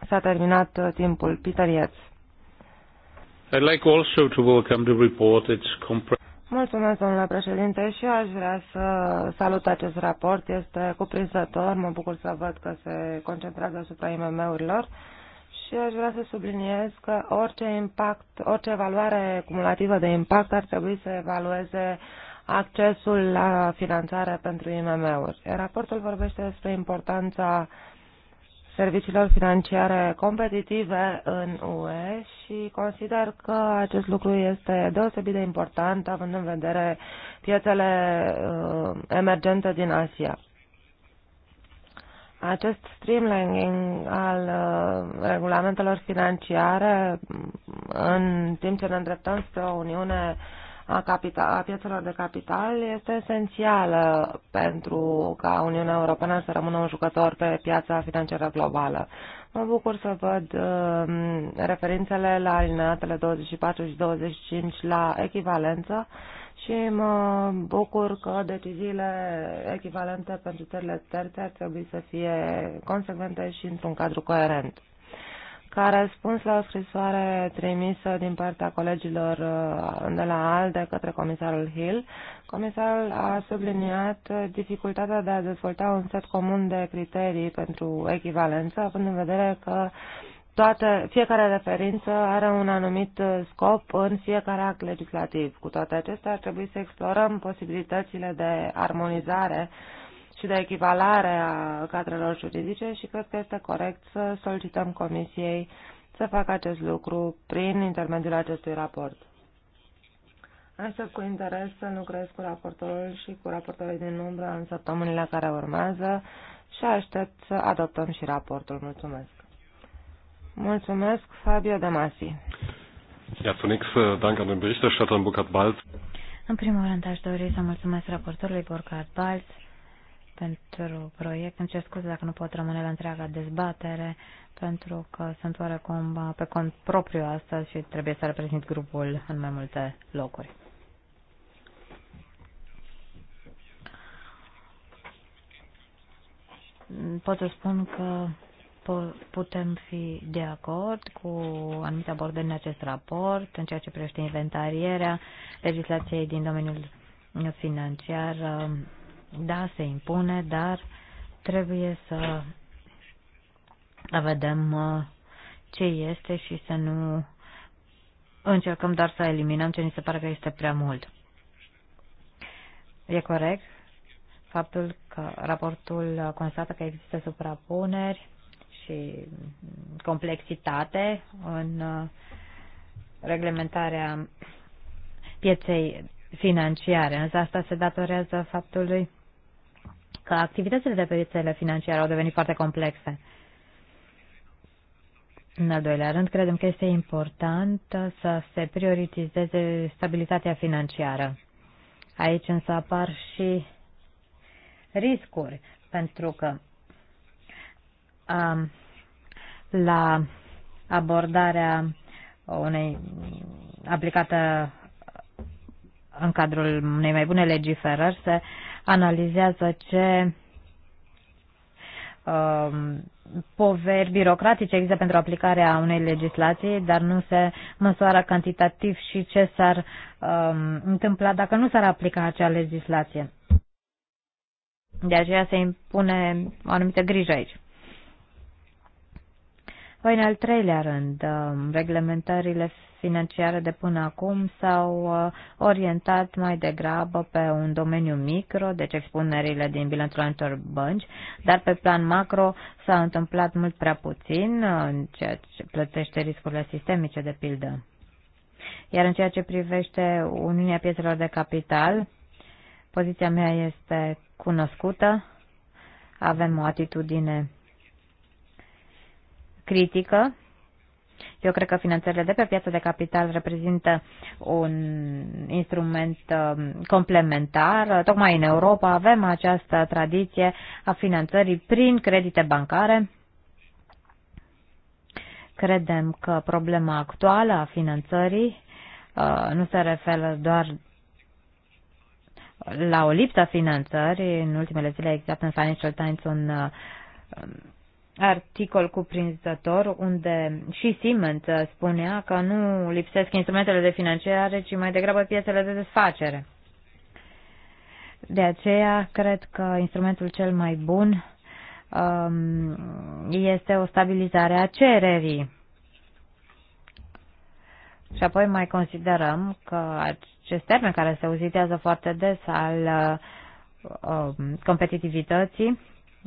S-a terminat uh, timpul. Peter Yates. I'd like also to welcome the report. It's Mulțumesc, domnule președinte, și eu aș vrea să salut acest raport. Este cuprinzător, mă bucur să văd că se concentrează asupra IMM-urilor. Și aș vrea să subliniez că orice impact, orice evaluare cumulativă de impact ar trebui să evalueze accesul la finanțare pentru IMM-uri. Raportul vorbește despre importanța serviciilor financiare competitive în UE și consider că acest lucru este deosebit de important având în vedere piețele uh, emergente din Asia acest streamlining al uh, regulamentelor financiare, în timp ce ne îndreptăm spre o uniune a, capital, a piețelor de capital, este esențială pentru ca Uniunea Europeană să rămână un jucător pe piața financiară globală. Mă bucur să văd um, referințele la alineatele 24 și 25 la echivalență și mă bucur că deciziile echivalente pentru țările terțe ar trebui să fie consecvente și într-un cadru coerent. Ca răspuns la o scrisoare trimisă din partea colegilor uh, de la ALDE către comisarul Hill, comisarul a subliniat dificultatea de a dezvolta un set comun de criterii pentru echivalență, având în vedere că uh, toate, fiecare referință are un anumit uh, scop în fiecare act legislativ. Cu toate acestea, ar trebui să explorăm posibilitățile de armonizare și de echivalare a cadrelor juridice și cred că este corect să solicităm Comisiei să facă acest lucru prin intermediul acestui raport. Aștept cu interes să lucrez cu raportorul și cu raportorii din umbră în săptămânile care urmează și aștept să adoptăm și raportul. Mulțumesc! Mulțumesc, Fabio Damasi. Ja, zunächst uh, Dank an den Berichterstatter Burkhard Balz. În primul rând aș dori să mulțumesc raportorului Burkhard Balz pentru proiect. Îmi cer scuze dacă nu pot rămâne la întreaga dezbatere, pentru că sunt oarecum uh, pe cont propriu astăzi și trebuie să reprezint grupul în mai multe locuri. Pot să spun că putem fi de acord cu anumite abordări în acest raport, în ceea ce privește inventarierea legislației din domeniul financiar. Da, se impune, dar trebuie să vedem uh, ce este și să nu încercăm doar să eliminăm ce ni se pare că este prea mult. E corect faptul că raportul constată că există suprapuneri și complexitate în uh, reglementarea pieței financiare. Însă asta se datorează faptului că activitățile de pe piețele financiare au devenit foarte complexe. În al doilea rând, credem că este important să se prioritizeze stabilitatea financiară. Aici însă apar și riscuri, pentru că Um, la abordarea unei aplicată în cadrul unei mai bune legiferări, se analizează ce um, poveri birocratice există pentru aplicarea unei legislații, dar nu se măsoară cantitativ și ce s-ar um, întâmpla dacă nu s-ar aplica acea legislație. De aceea se impune o anumită grijă aici. Păi, în al treilea rând, um, reglementările financiare de până acum s-au uh, orientat mai degrabă pe un domeniu micro, deci expunerile din bilanțul anumitor bănci, dar pe plan macro s-a întâmplat mult prea puțin uh, în ceea ce plătește riscurile sistemice, de pildă. Iar în ceea ce privește Uniunea Piețelor de Capital, poziția mea este cunoscută, avem o atitudine critică. Eu cred că finanțările de pe piața de capital reprezintă un instrument um, complementar. Tocmai în Europa avem această tradiție a finanțării prin credite bancare. Credem că problema actuală a finanțării uh, nu se referă doar la o lipsă finanțării. În ultimele zile a existat în Financial Times un uh, articol cuprinzător unde și Siemens spunea că nu lipsesc instrumentele de finanțare, ci mai degrabă piețele de desfacere. De aceea, cred că instrumentul cel mai bun um, este o stabilizare a cererii. Și apoi mai considerăm că acest termen care se uzitează foarte des al uh, competitivității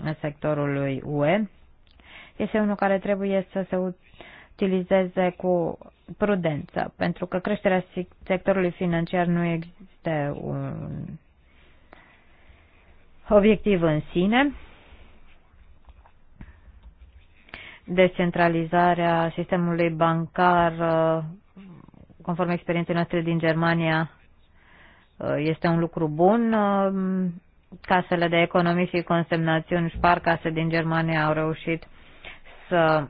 în sectorului UE, este unul care trebuie să se utilizeze cu prudență, pentru că creșterea sectorului financiar nu există un obiectiv în sine. Decentralizarea sistemului bancar, uh, conform experienței noastre din Germania, uh, este un lucru bun. Um, Casele de economii și consemnațiuni, șparcase din Germania au reușit să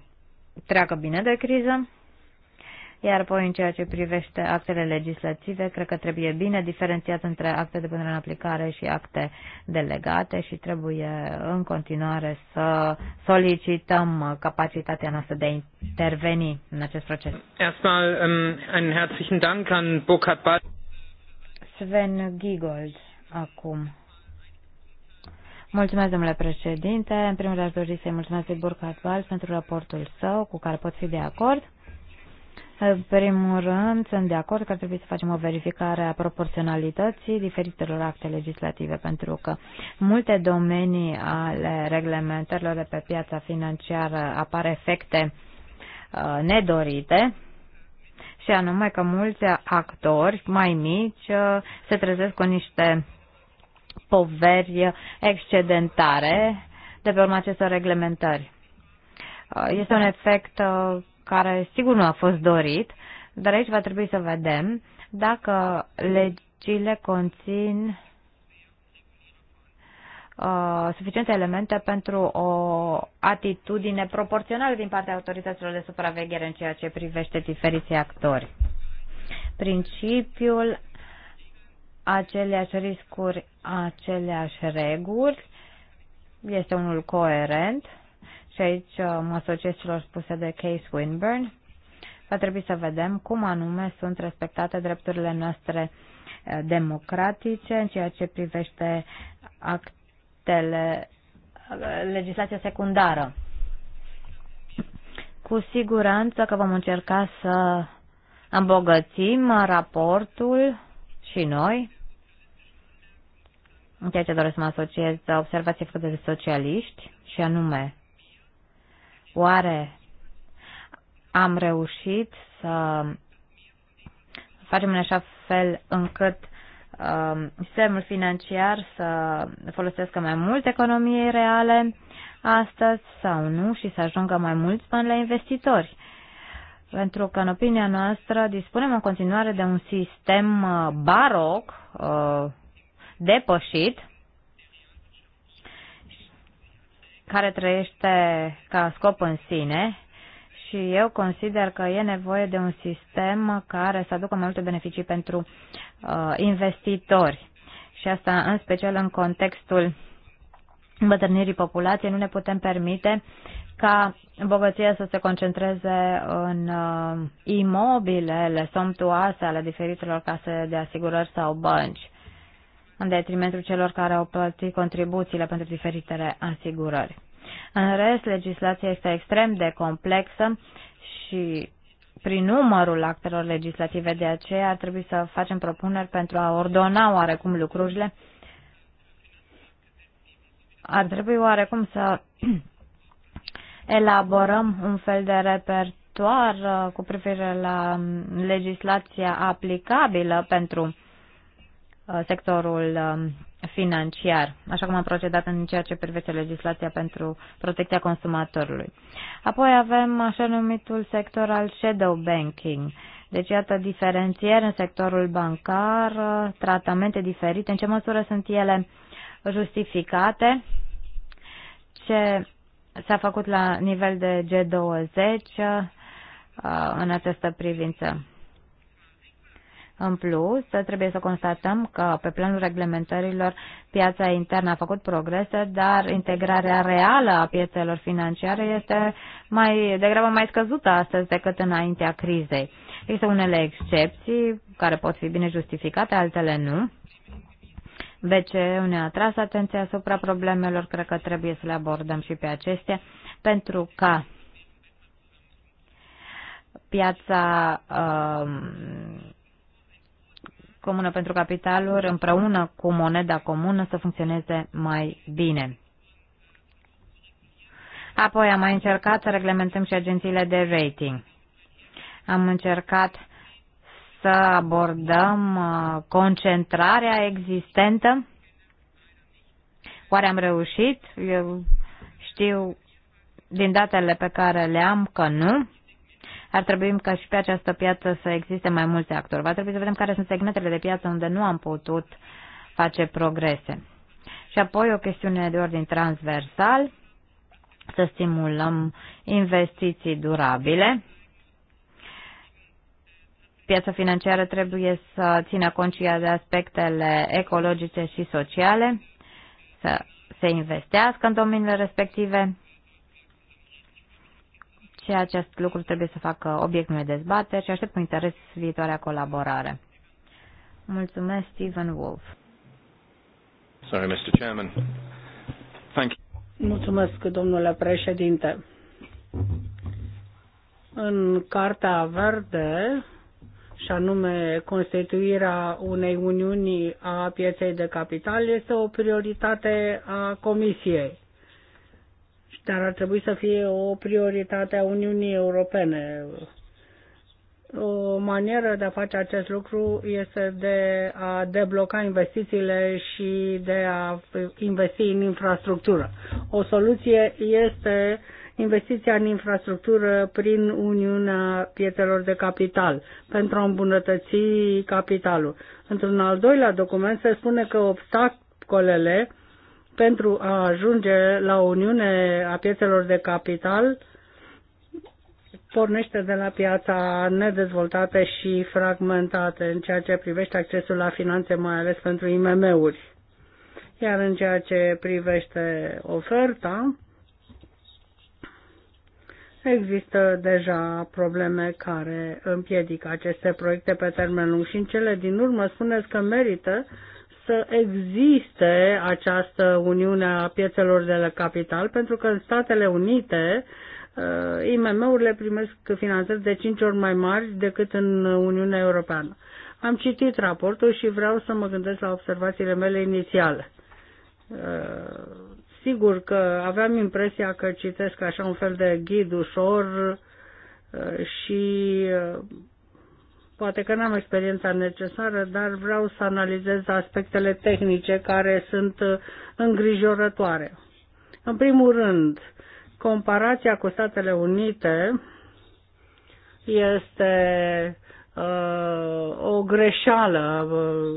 treacă bine de criză. Iar apoi, în ceea ce privește actele legislative, cred că trebuie bine diferențiat între acte de punere în aplicare și acte delegate și trebuie în continuare să solicităm capacitatea noastră de a interveni în acest proces. Erstmal um, einen herzlichen Dank an Burkhard Sven Giegold acum. Mulțumesc, domnule președinte. În primul rând, aș dori să-i mulțumesc lui Burkhard pentru raportul său, cu care pot fi de acord. În primul rând, sunt de acord că ar trebui să facem o verificare a proporționalității diferitelor acte legislative, pentru că multe domenii ale reglementărilor de pe piața financiară apar efecte uh, nedorite, și anume că mulți actori mai mici uh, se trezesc cu niște poveri excedentare de pe urma acestor reglementări. Uh, este un efect uh, care sigur nu a fost dorit, dar aici va trebui să vedem dacă legile conțin uh, suficiente elemente pentru o atitudine proporțională din partea autorităților de supraveghere în ceea ce privește diferiții actori. Principiul aceleași riscuri, aceleași reguli. Este unul coerent și aici uh, mă asociez celor spuse de Case Winburn. Va trebui să vedem cum anume sunt respectate drepturile noastre uh, democratice în ceea ce privește actele, uh, legislația secundară. Cu siguranță că vom încerca să îmbogățim raportul și noi, în ceea ce doresc să mă asociez observație făcută de socialiști, și anume, oare am reușit să facem în așa fel încât uh, sistemul financiar să folosească mai mult economiei reale astăzi sau nu și să ajungă mai mulți bani la investitori. Uh, pentru că, în opinia noastră, dispunem în continuare de un sistem uh, baroc, uh, depășit, care trăiește ca scop în sine și eu consider că e nevoie de un sistem care să aducă mai multe beneficii pentru uh, investitori. Și asta în special în contextul îmbătrânirii populației, nu ne putem permite ca bogăția să se concentreze în uh, imobilele somptuoase ale diferitelor case de asigurări sau bănci, în detrimentul celor care au plătit contribuțiile pentru diferitele asigurări. În rest, legislația este extrem de complexă și prin numărul actelor legislative, de aceea ar trebui să facem propuneri pentru a ordona oarecum lucrurile. Ar trebui oarecum să <clears throat> elaborăm un fel de repertoar uh, cu privire la um, legislația aplicabilă pentru uh, sectorul um, financiar, așa cum am procedat în ceea ce privește legislația pentru protecția consumatorului. Apoi avem așa numitul sector al shadow banking. Deci, iată, diferențieri în sectorul bancar, uh, tratamente diferite, în ce măsură sunt ele justificate, ce s-a făcut la nivel de G20 uh, în această privință. În plus, trebuie să constatăm că pe planul reglementărilor piața internă a făcut progrese, dar integrarea reală a piețelor financiare este mai degrabă mai scăzută astăzi decât înaintea crizei. Există unele excepții care pot fi bine justificate, altele nu. BCE ne-a atras atenția asupra problemelor, cred că trebuie să le abordăm și pe acestea, pentru ca piața uh, comună pentru capitaluri împreună cu moneda comună să funcționeze mai bine. Apoi am mai încercat să reglementăm și agențiile de rating. Am încercat să abordăm uh, concentrarea existentă? Oare am reușit? Eu știu din datele pe care le am că nu. Ar trebui ca și pe această piață să existe mai mulți actori. Va trebui să vedem care sunt segmentele de piață unde nu am putut face progrese. Și apoi o chestiune de ordin transversal, să stimulăm investiții durabile piața financiară trebuie să țină concia de aspectele ecologice și sociale, să se investească în domeniile respective și acest lucru trebuie să facă obiectul de dezbateri și aștept cu interes viitoarea colaborare. Mulțumesc, Stephen Wolf. Sorry, Mr. Chairman. Thank you. Mulțumesc, domnule președinte. În Cartea Verde și anume constituirea unei uniuni a pieței de capital, este o prioritate a Comisiei. Dar ar trebui să fie o prioritate a Uniunii Europene. O manieră de a face acest lucru este de a debloca investițiile și de a investi în infrastructură. O soluție este uh, investiția în infrastructură prin Uniunea Pietelor de Capital pentru a îmbunătăți capitalul. Într-un al doilea document se spune că obstacolele pentru a ajunge la Uniune a Pietelor de Capital pornește de la piața nedezvoltată și fragmentată în ceea ce privește accesul la finanțe, mai ales pentru IMM-uri. Iar în ceea ce privește oferta, Există deja probleme care împiedică aceste proiecte pe termen lung și în cele din urmă spuneți că merită să existe această uniune a piețelor de la capital, pentru că în Statele Unite uh, IMM-urile primesc finanțări de 5 ori mai mari decât în Uniunea Europeană. Am citit raportul și vreau să mă gândesc la observațiile mele inițiale uh, Sigur că aveam impresia că citesc așa un fel de ghid ușor uh, și uh, poate că n-am experiența necesară, dar vreau să analizez aspectele tehnice care sunt uh, îngrijorătoare. În primul rând, comparația cu Statele Unite este uh, o greșeală.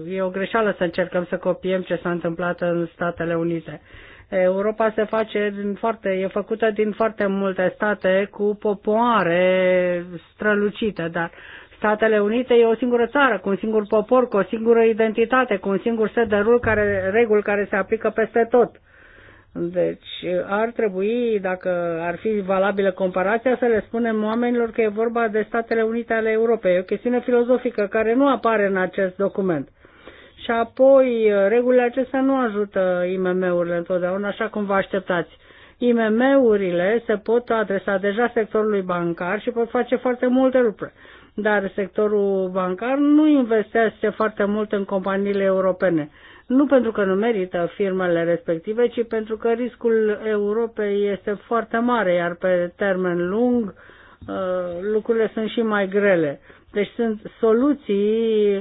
E o greșeală să încercăm să copiem ce s-a întâmplat în Statele Unite. Europa se face din foarte, e făcută din foarte multe state cu popoare strălucite, dar Statele Unite e o singură țară, cu un singur popor, cu o singură identitate, cu un singur set de care, reguli care se aplică peste tot. Deci ar trebui, dacă ar fi valabilă comparația, să le spunem oamenilor că e vorba de Statele Unite ale Europei. E o chestiune filozofică care nu apare în acest document. Și apoi, uh, regulile acestea nu ajută IMM-urile întotdeauna, așa cum vă așteptați. IMM-urile se pot adresa deja sectorului bancar și pot face foarte multe lucruri. Dar sectorul bancar nu investește foarte mult în companiile europene. Nu pentru că nu merită firmele respective, ci pentru că riscul Europei este foarte mare, iar pe termen lung uh, lucrurile sunt și mai grele. Deci sunt soluții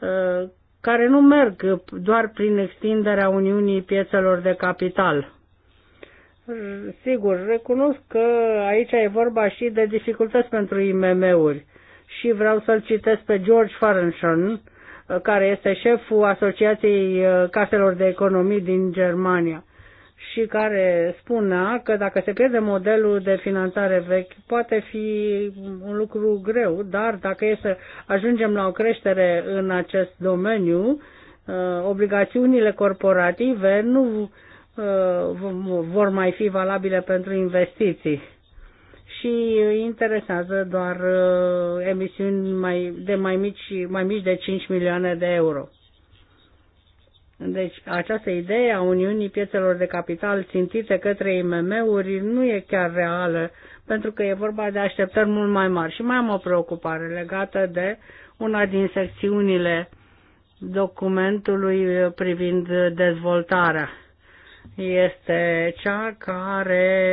uh, care nu merg doar prin extinderea Uniunii piețelor de capital. Sigur, recunosc că aici e vorba și de dificultăți pentru IMM-uri și vreau să-l citesc pe George Farenson, care este șeful Asociației Caselor de Economii din Germania și care spunea că dacă se pierde modelul de finanțare vechi, poate fi un lucru greu, dar dacă e să ajungem la o creștere în acest domeniu, uh, obligațiunile corporative nu uh, vor mai fi valabile pentru investiții și interesează doar uh, emisiuni mai, de mai mici, mai mici de 5 milioane de euro. Deci această idee a Uniunii Piețelor de Capital țintite către IMM-uri nu e chiar reală, pentru că e vorba de așteptări mult mai mari. Și mai am o preocupare legată de una din secțiunile documentului privind dezvoltarea. Este cea care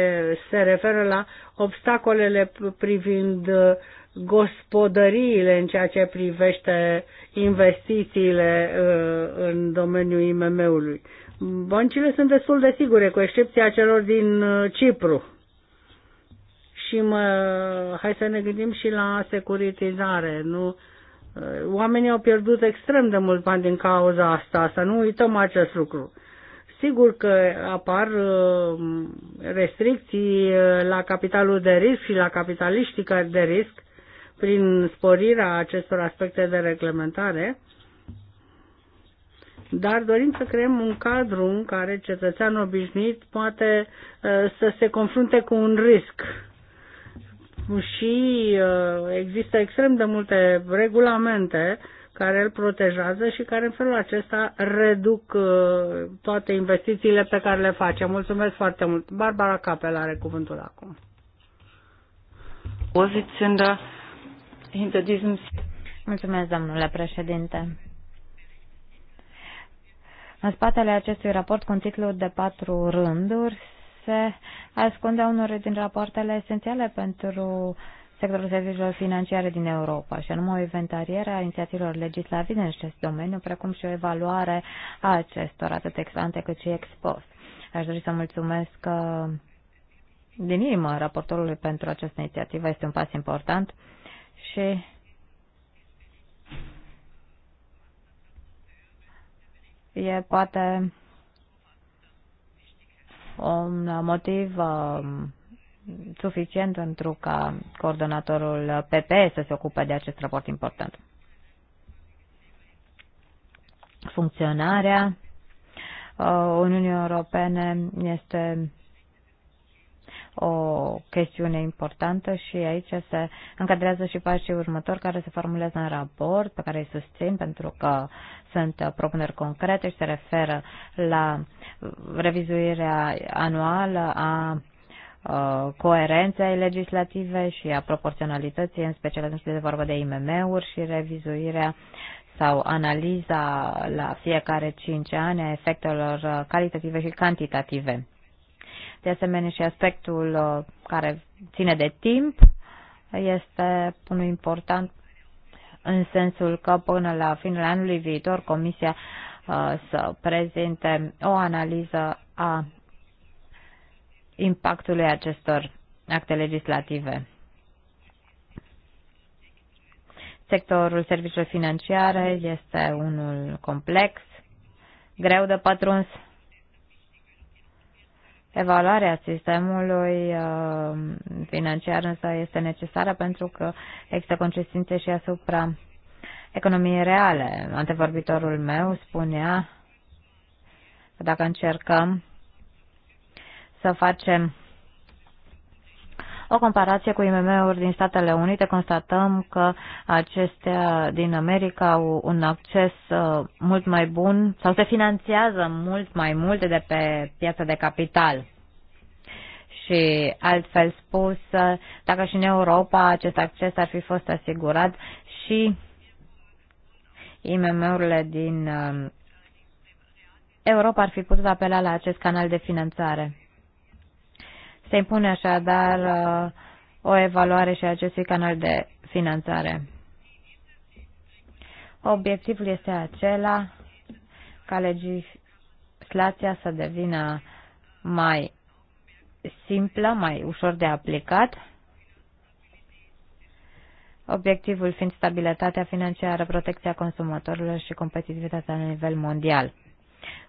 se referă la obstacolele privind gospodăriile în ceea ce privește investițiile uh, în domeniul IMM-ului. Băncile sunt destul de sigure, cu excepția celor din uh, Cipru. Și mă, hai să ne gândim și la securitizare. Nu? Uh, oamenii au pierdut extrem de mult bani din cauza asta, să nu uităm acest lucru. Sigur că apar restricții la capitalul de risc și la capitaliștii de risc, prin sporirea acestor aspecte de reglementare, dar dorim să creăm un cadru în care cetățeanul obișnuit poate uh, să se confrunte cu un risc. Și uh, există extrem de multe regulamente care îl protejează și care în felul acesta reduc uh, toate investițiile pe care le face. Mulțumesc foarte mult. Barbara Capel are cuvântul acum. Poziționda hinter diesem. Mulțumesc, domnule președinte. În spatele acestui raport cu un titlu de patru rânduri se ascunde unul din rapoartele esențiale pentru sectorul serviciilor financiare din Europa, și anume o inventariere a inițiativelor legislative în acest domeniu, precum și o evaluare a acestor, atât ex ante cât și ex Aș dori să mulțumesc uh, din inimă raportorului pentru această inițiativă. Este un pas important și e poate un motiv um, suficient pentru ca coordonatorul PP să se ocupe de acest raport important. Funcționarea uh, Uniunii Europene este o chestiune importantă și aici se încadrează și pașii următori care se formulează în raport, pe care îi susțin pentru că sunt propuneri concrete și se referă la revizuirea anuală a coerenței legislative și a proporționalității, în special atunci când vorba de IMM-uri și revizuirea sau analiza la fiecare 5 ani a efectelor calitative și cantitative de asemenea și aspectul uh, care ține de timp este unul important în sensul că până la finele anului viitor Comisia uh, să prezinte o analiză a impactului acestor acte legislative. Sectorul serviciilor financiare este unul complex, greu de pătruns Evaluarea sistemului uh, financiar însă este necesară pentru că există consecințe și asupra economiei reale. Antevorbitorul meu spunea că dacă încercăm să facem o comparație cu IMM-uri din Statele Unite, constatăm că acestea din America au un acces uh, mult mai bun sau se finanțează mult mai mult de pe piața de capital. Și altfel spus, uh, dacă și în Europa acest acces ar fi fost asigurat și IMM-urile din uh, Europa ar fi putut apela la acest canal de finanțare. Se impune așadar uh, o evaluare și a acestui canal de finanțare. Obiectivul este acela ca legislația să devină mai simplă, mai ușor de aplicat, obiectivul fiind stabilitatea financiară, protecția consumatorilor și competitivitatea la nivel mondial.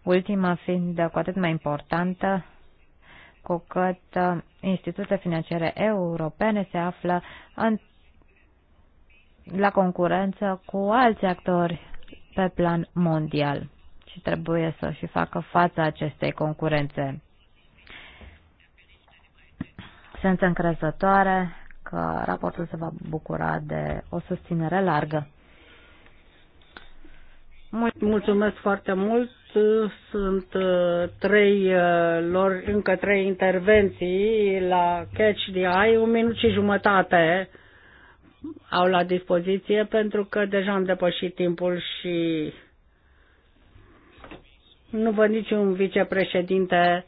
Ultima fiind cu atât mai importantă cu cât uh, instituții financiare europene se află în, la concurență cu alți actori pe plan mondial și trebuie să și facă fața acestei concurențe. Sunt încrezătoare că raportul se va bucura de o susținere largă. Mulțumesc foarte mult sunt uh, trei uh, lor, încă trei intervenții la Catch the Eye, un minut și jumătate au la dispoziție pentru că deja am depășit timpul și nu văd niciun vicepreședinte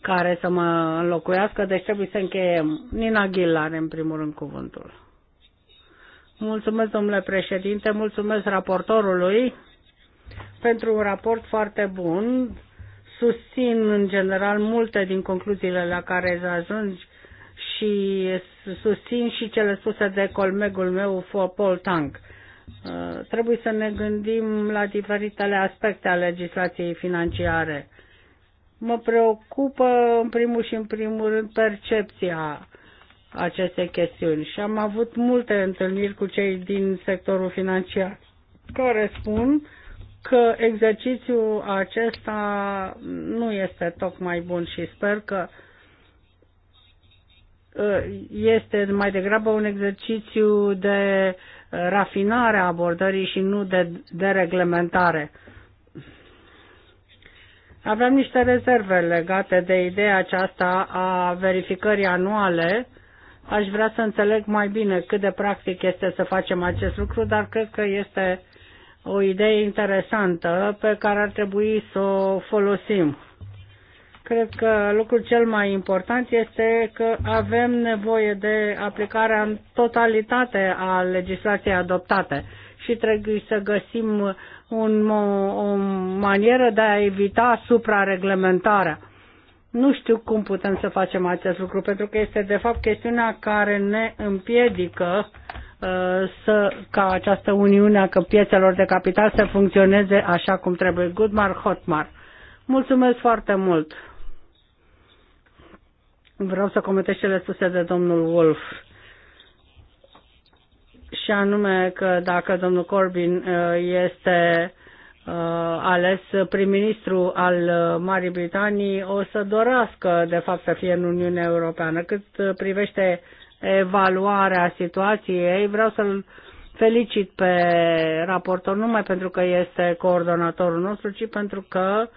care să mă înlocuiască, deci trebuie să încheiem. Nina Ghil are în primul rând cuvântul. Mulțumesc, domnule președinte, mulțumesc raportorului pentru un raport foarte bun. Susțin în general multe din concluziile la care ajungi și susțin și cele spuse de colmegul meu, Paul Tank. Uh, trebuie să ne gândim la diferitele aspecte ale legislației financiare. Mă preocupă, în primul și în primul rând, percepția acestei chestiuni și am avut multe întâlniri cu cei din sectorul financiar care spun că exercițiul acesta nu este tocmai bun și sper că uh, este mai degrabă un exercițiu de rafinare a abordării și nu de dereglementare. Avem niște rezerve legate de ideea aceasta a verificării anuale. Aș vrea să înțeleg mai bine cât de practic este să facem acest lucru, dar cred că este uh, o idee interesantă pe care ar trebui să o folosim. Cred că lucrul cel mai important este că avem nevoie de aplicarea în totalitate a legislației adoptate și trebuie să găsim un, o manieră de a evita suprareglementarea. Nu știu cum putem să facem acest lucru, pentru că este de fapt chestiunea care ne împiedică uh, Uh, să, ca această uniune a piețelor de capital să funcționeze așa cum trebuie. Goodmar Hotmar. Mulțumesc foarte mult. Vreau să comentez cele spuse de domnul Wolf și anume că dacă domnul Corbyn uh, este uh, ales prim-ministru al Marii Britanii, o să dorească, de fapt, să fie în Uniunea Europeană. Cât privește evaluarea situației. Vreau să-l felicit pe raportor, numai pentru că este coordonatorul nostru, ci pentru că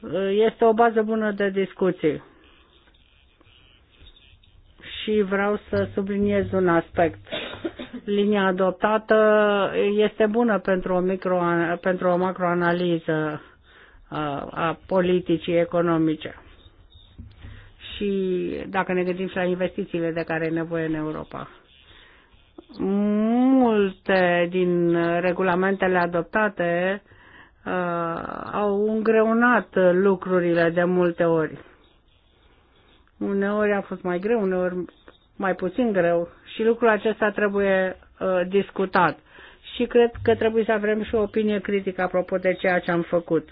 uh, este o bază bună de discuții. Și vreau să subliniez un aspect. Linia adoptată este bună pentru o, micro, pentru o macroanaliză a, uh, a politicii economice și dacă ne gândim și la investițiile de care e nevoie în Europa. Multe din regulamentele adoptate uh, au îngreunat lucrurile de multe ori. Uneori a fost mai greu, uneori mai puțin greu și lucrul acesta trebuie uh, discutat. Și cred că trebuie să avem și o opinie critică apropo de ceea ce am făcut.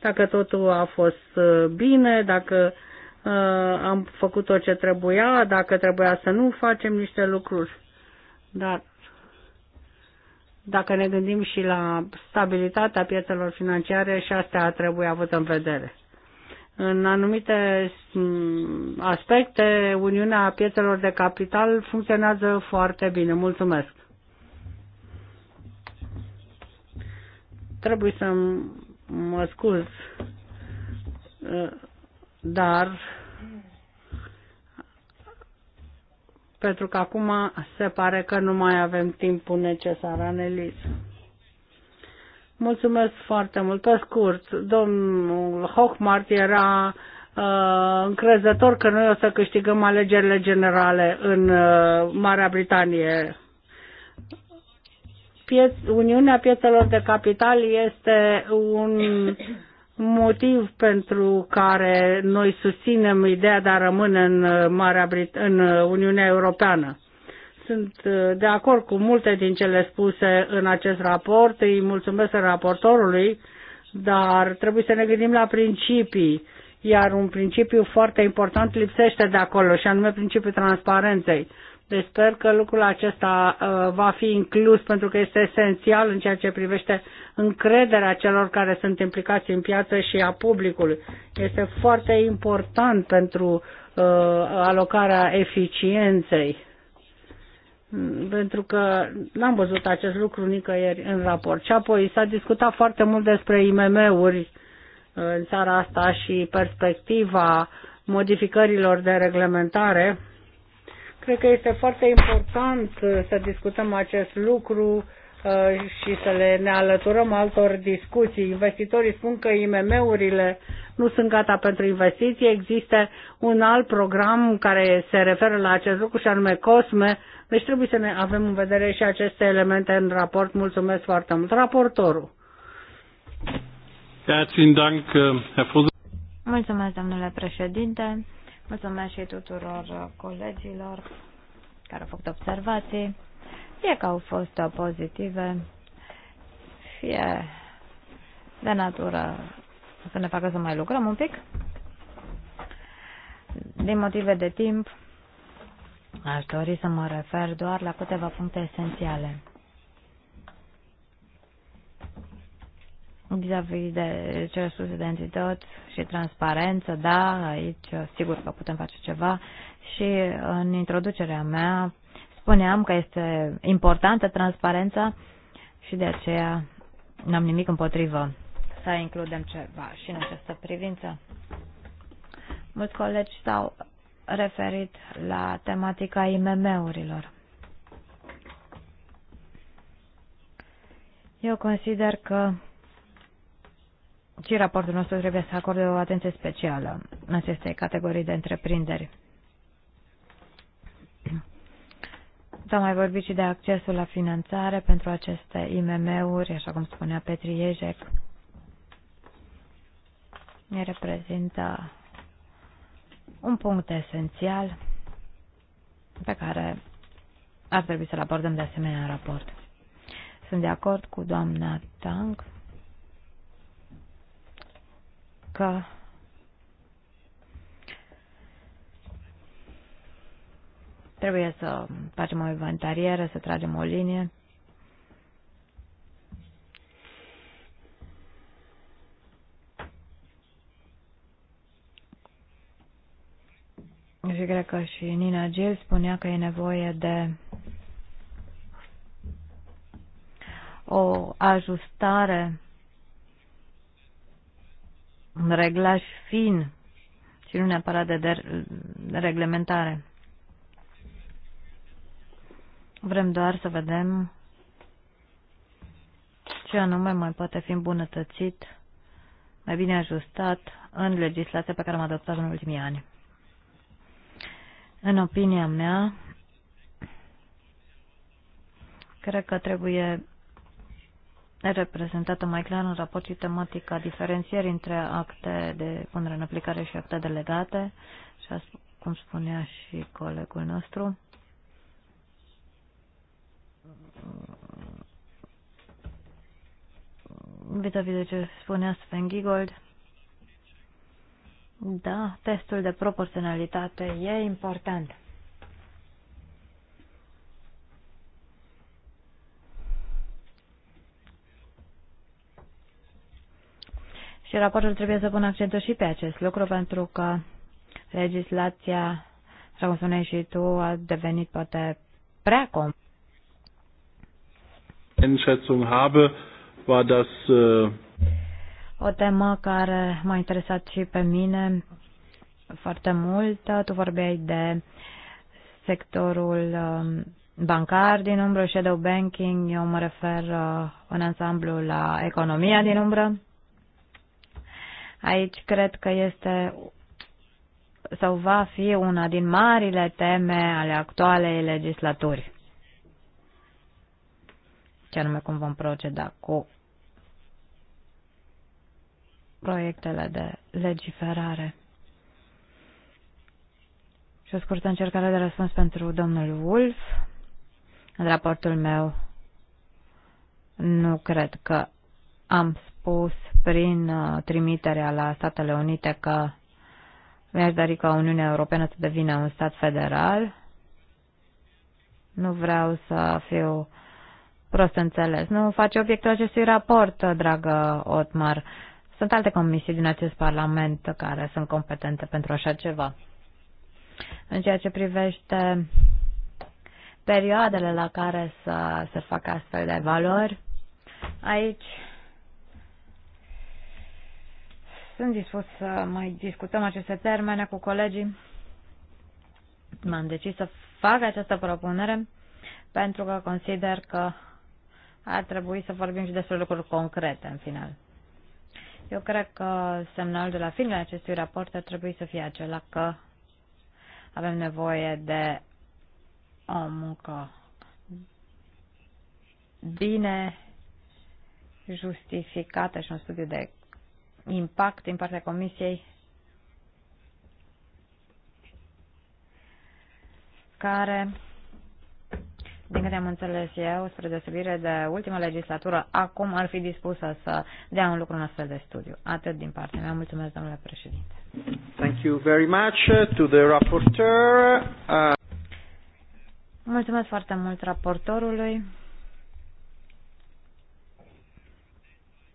Dacă totul a fost uh, bine, dacă uh, Uh, am făcut tot ce trebuia, dacă trebuia să nu facem niște lucruri. Dar dacă ne gândim și la stabilitatea piețelor financiare și astea trebuit avut în vedere. În anumite mm, aspecte, Uniunea Piețelor de Capital funcționează foarte bine. Mulțumesc! Trebuie să mă scuz uh, dar pentru că acum se pare că nu mai avem timpul necesar, Anelis. Mulțumesc foarte mult. Pe scurt, domnul Hochmart era uh, încrezător că noi o să câștigăm alegerile generale în uh, Marea Britanie. Pieț- Uniunea Piețelor de Capital este un motiv pentru care noi susținem ideea de a rămâne în, uh, Marea Brit- în uh, Uniunea Europeană. Sunt uh, de acord cu multe din cele spuse în acest raport, îi mulțumesc raportorului, dar trebuie să ne gândim la principii, iar un principiu foarte important lipsește de acolo, și anume principiul transparenței deci sper că lucrul acesta uh, va fi inclus pentru că este esențial în ceea ce privește încrederea celor care sunt implicați în piață și a publicului. Este foarte important pentru uh, alocarea eficienței pentru că n-am văzut acest lucru nicăieri în raport. Și apoi s-a discutat foarte mult despre IMM-uri uh, în țara asta și perspectiva modificărilor de reglementare Cred că este foarte important uh, să discutăm acest lucru uh, și să le ne alăturăm altor discuții. Investitorii spun că IMM-urile nu sunt gata pentru investiții. Există un alt program care se referă la acest lucru și anume COSME. Deci trebuie să ne avem în vedere și aceste elemente în raport. Mulțumesc foarte mult. Raportorul. Mulțumesc, domnule președinte. Mulțumesc și tuturor uh, colegilor care au făcut observații, fie că au fost uh, pozitive, fie de natură să ne facă să mai lucrăm un pic. Din motive de timp, aș dori să mă refer doar la câteva puncte esențiale. vis-a-vis de ce resurse de entități și transparență, da, aici sigur că putem face ceva și în introducerea mea spuneam că este importantă transparența și de aceea n-am nimic împotrivă să includem ceva și în această privință. Mulți colegi s-au referit la tematica IMM-urilor. Eu consider că și raportul nostru trebuie să acorde o atenție specială acestei categorii de întreprinderi. <clears throat> S-a mai vorbit și de accesul la finanțare pentru aceste IMM-uri, așa cum spunea Petri Iejec. Ne reprezintă un punct esențial pe care ar trebui să-l abordăm de asemenea în raport. Sunt de acord cu doamna Tang ca trebuie să facem o inventarieră, să tragem o linie. Și cred că și Nina Gil spunea că e nevoie de o ajustare un reglaj fin și nu neapărat de, de, reglementare. Vrem doar să vedem ce anume mai poate fi îmbunătățit, mai bine ajustat în legislația pe care am adoptat în ultimii ani. În opinia mea, cred că trebuie reprezentată mai clar în raport și tematica diferențierii între acte de punere în aplicare și acte delegate, și cum spunea și colegul nostru. vis a de ce spunea Sven Giegold, da, testul de proporționalitate e important. Și raportul trebuie să pună accentul și pe acest lucru, pentru că legislația, așa cum spuneai și tu, a devenit poate prea com. habe, war das äh, o temă care m-a interesat și pe mine foarte mult. Tu vorbeai de sectorul um, bancar din umbră, shadow banking, eu mă refer uh, în ansamblu la economia din umbră. Aici cred că este sau va fi una din marile teme ale actualei legislaturi. Ce anume cum vom proceda cu proiectele de legiferare. Și o scurtă încercare de răspuns pentru domnul Wolf. În raportul meu nu cred că am spus prin uh, trimiterea la Statele Unite că mi-aș dori ca Uniunea Europeană să devină un stat federal. Nu vreau să fiu prost înțeles. Nu face obiectul acestui raport, dragă Otmar. Sunt alte comisii din acest Parlament care sunt competente pentru așa ceva. În ceea ce privește perioadele la care să se facă astfel de valori, aici Sunt dispus să mai discutăm aceste termene cu colegii. M-am decis să fac această propunere pentru că consider că ar trebui să vorbim și despre lucruri concrete în final. Eu cred că semnalul de la finele acestui raport ar trebui să fie acela că avem nevoie de o muncă bine justificată și un studiu de impact din partea Comisiei care, din câte am înțeles eu, spre deosebire de ultima legislatură, acum ar fi dispusă să dea un lucru în astfel de studiu. Atât din partea mea. Mulțumesc, domnule președinte. Thank you very much uh, to the rapporteur. Uh... Mulțumesc foarte mult raportorului.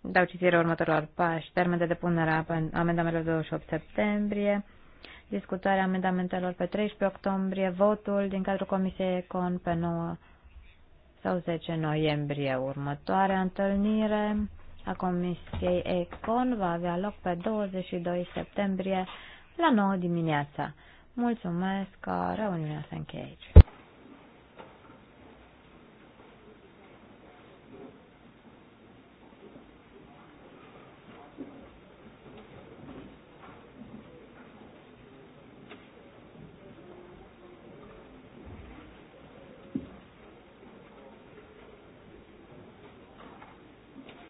dau citire următorilor pași. Termen de depunere a amendamentelor 28 septembrie, discutarea amendamentelor pe 13 octombrie, votul din cadrul Comisiei Econ pe 9 sau 10 noiembrie. Următoarea întâlnire a Comisiei Econ va avea loc pe 22 septembrie la 9 dimineața. Mulțumesc că reuniunea se încheie aici.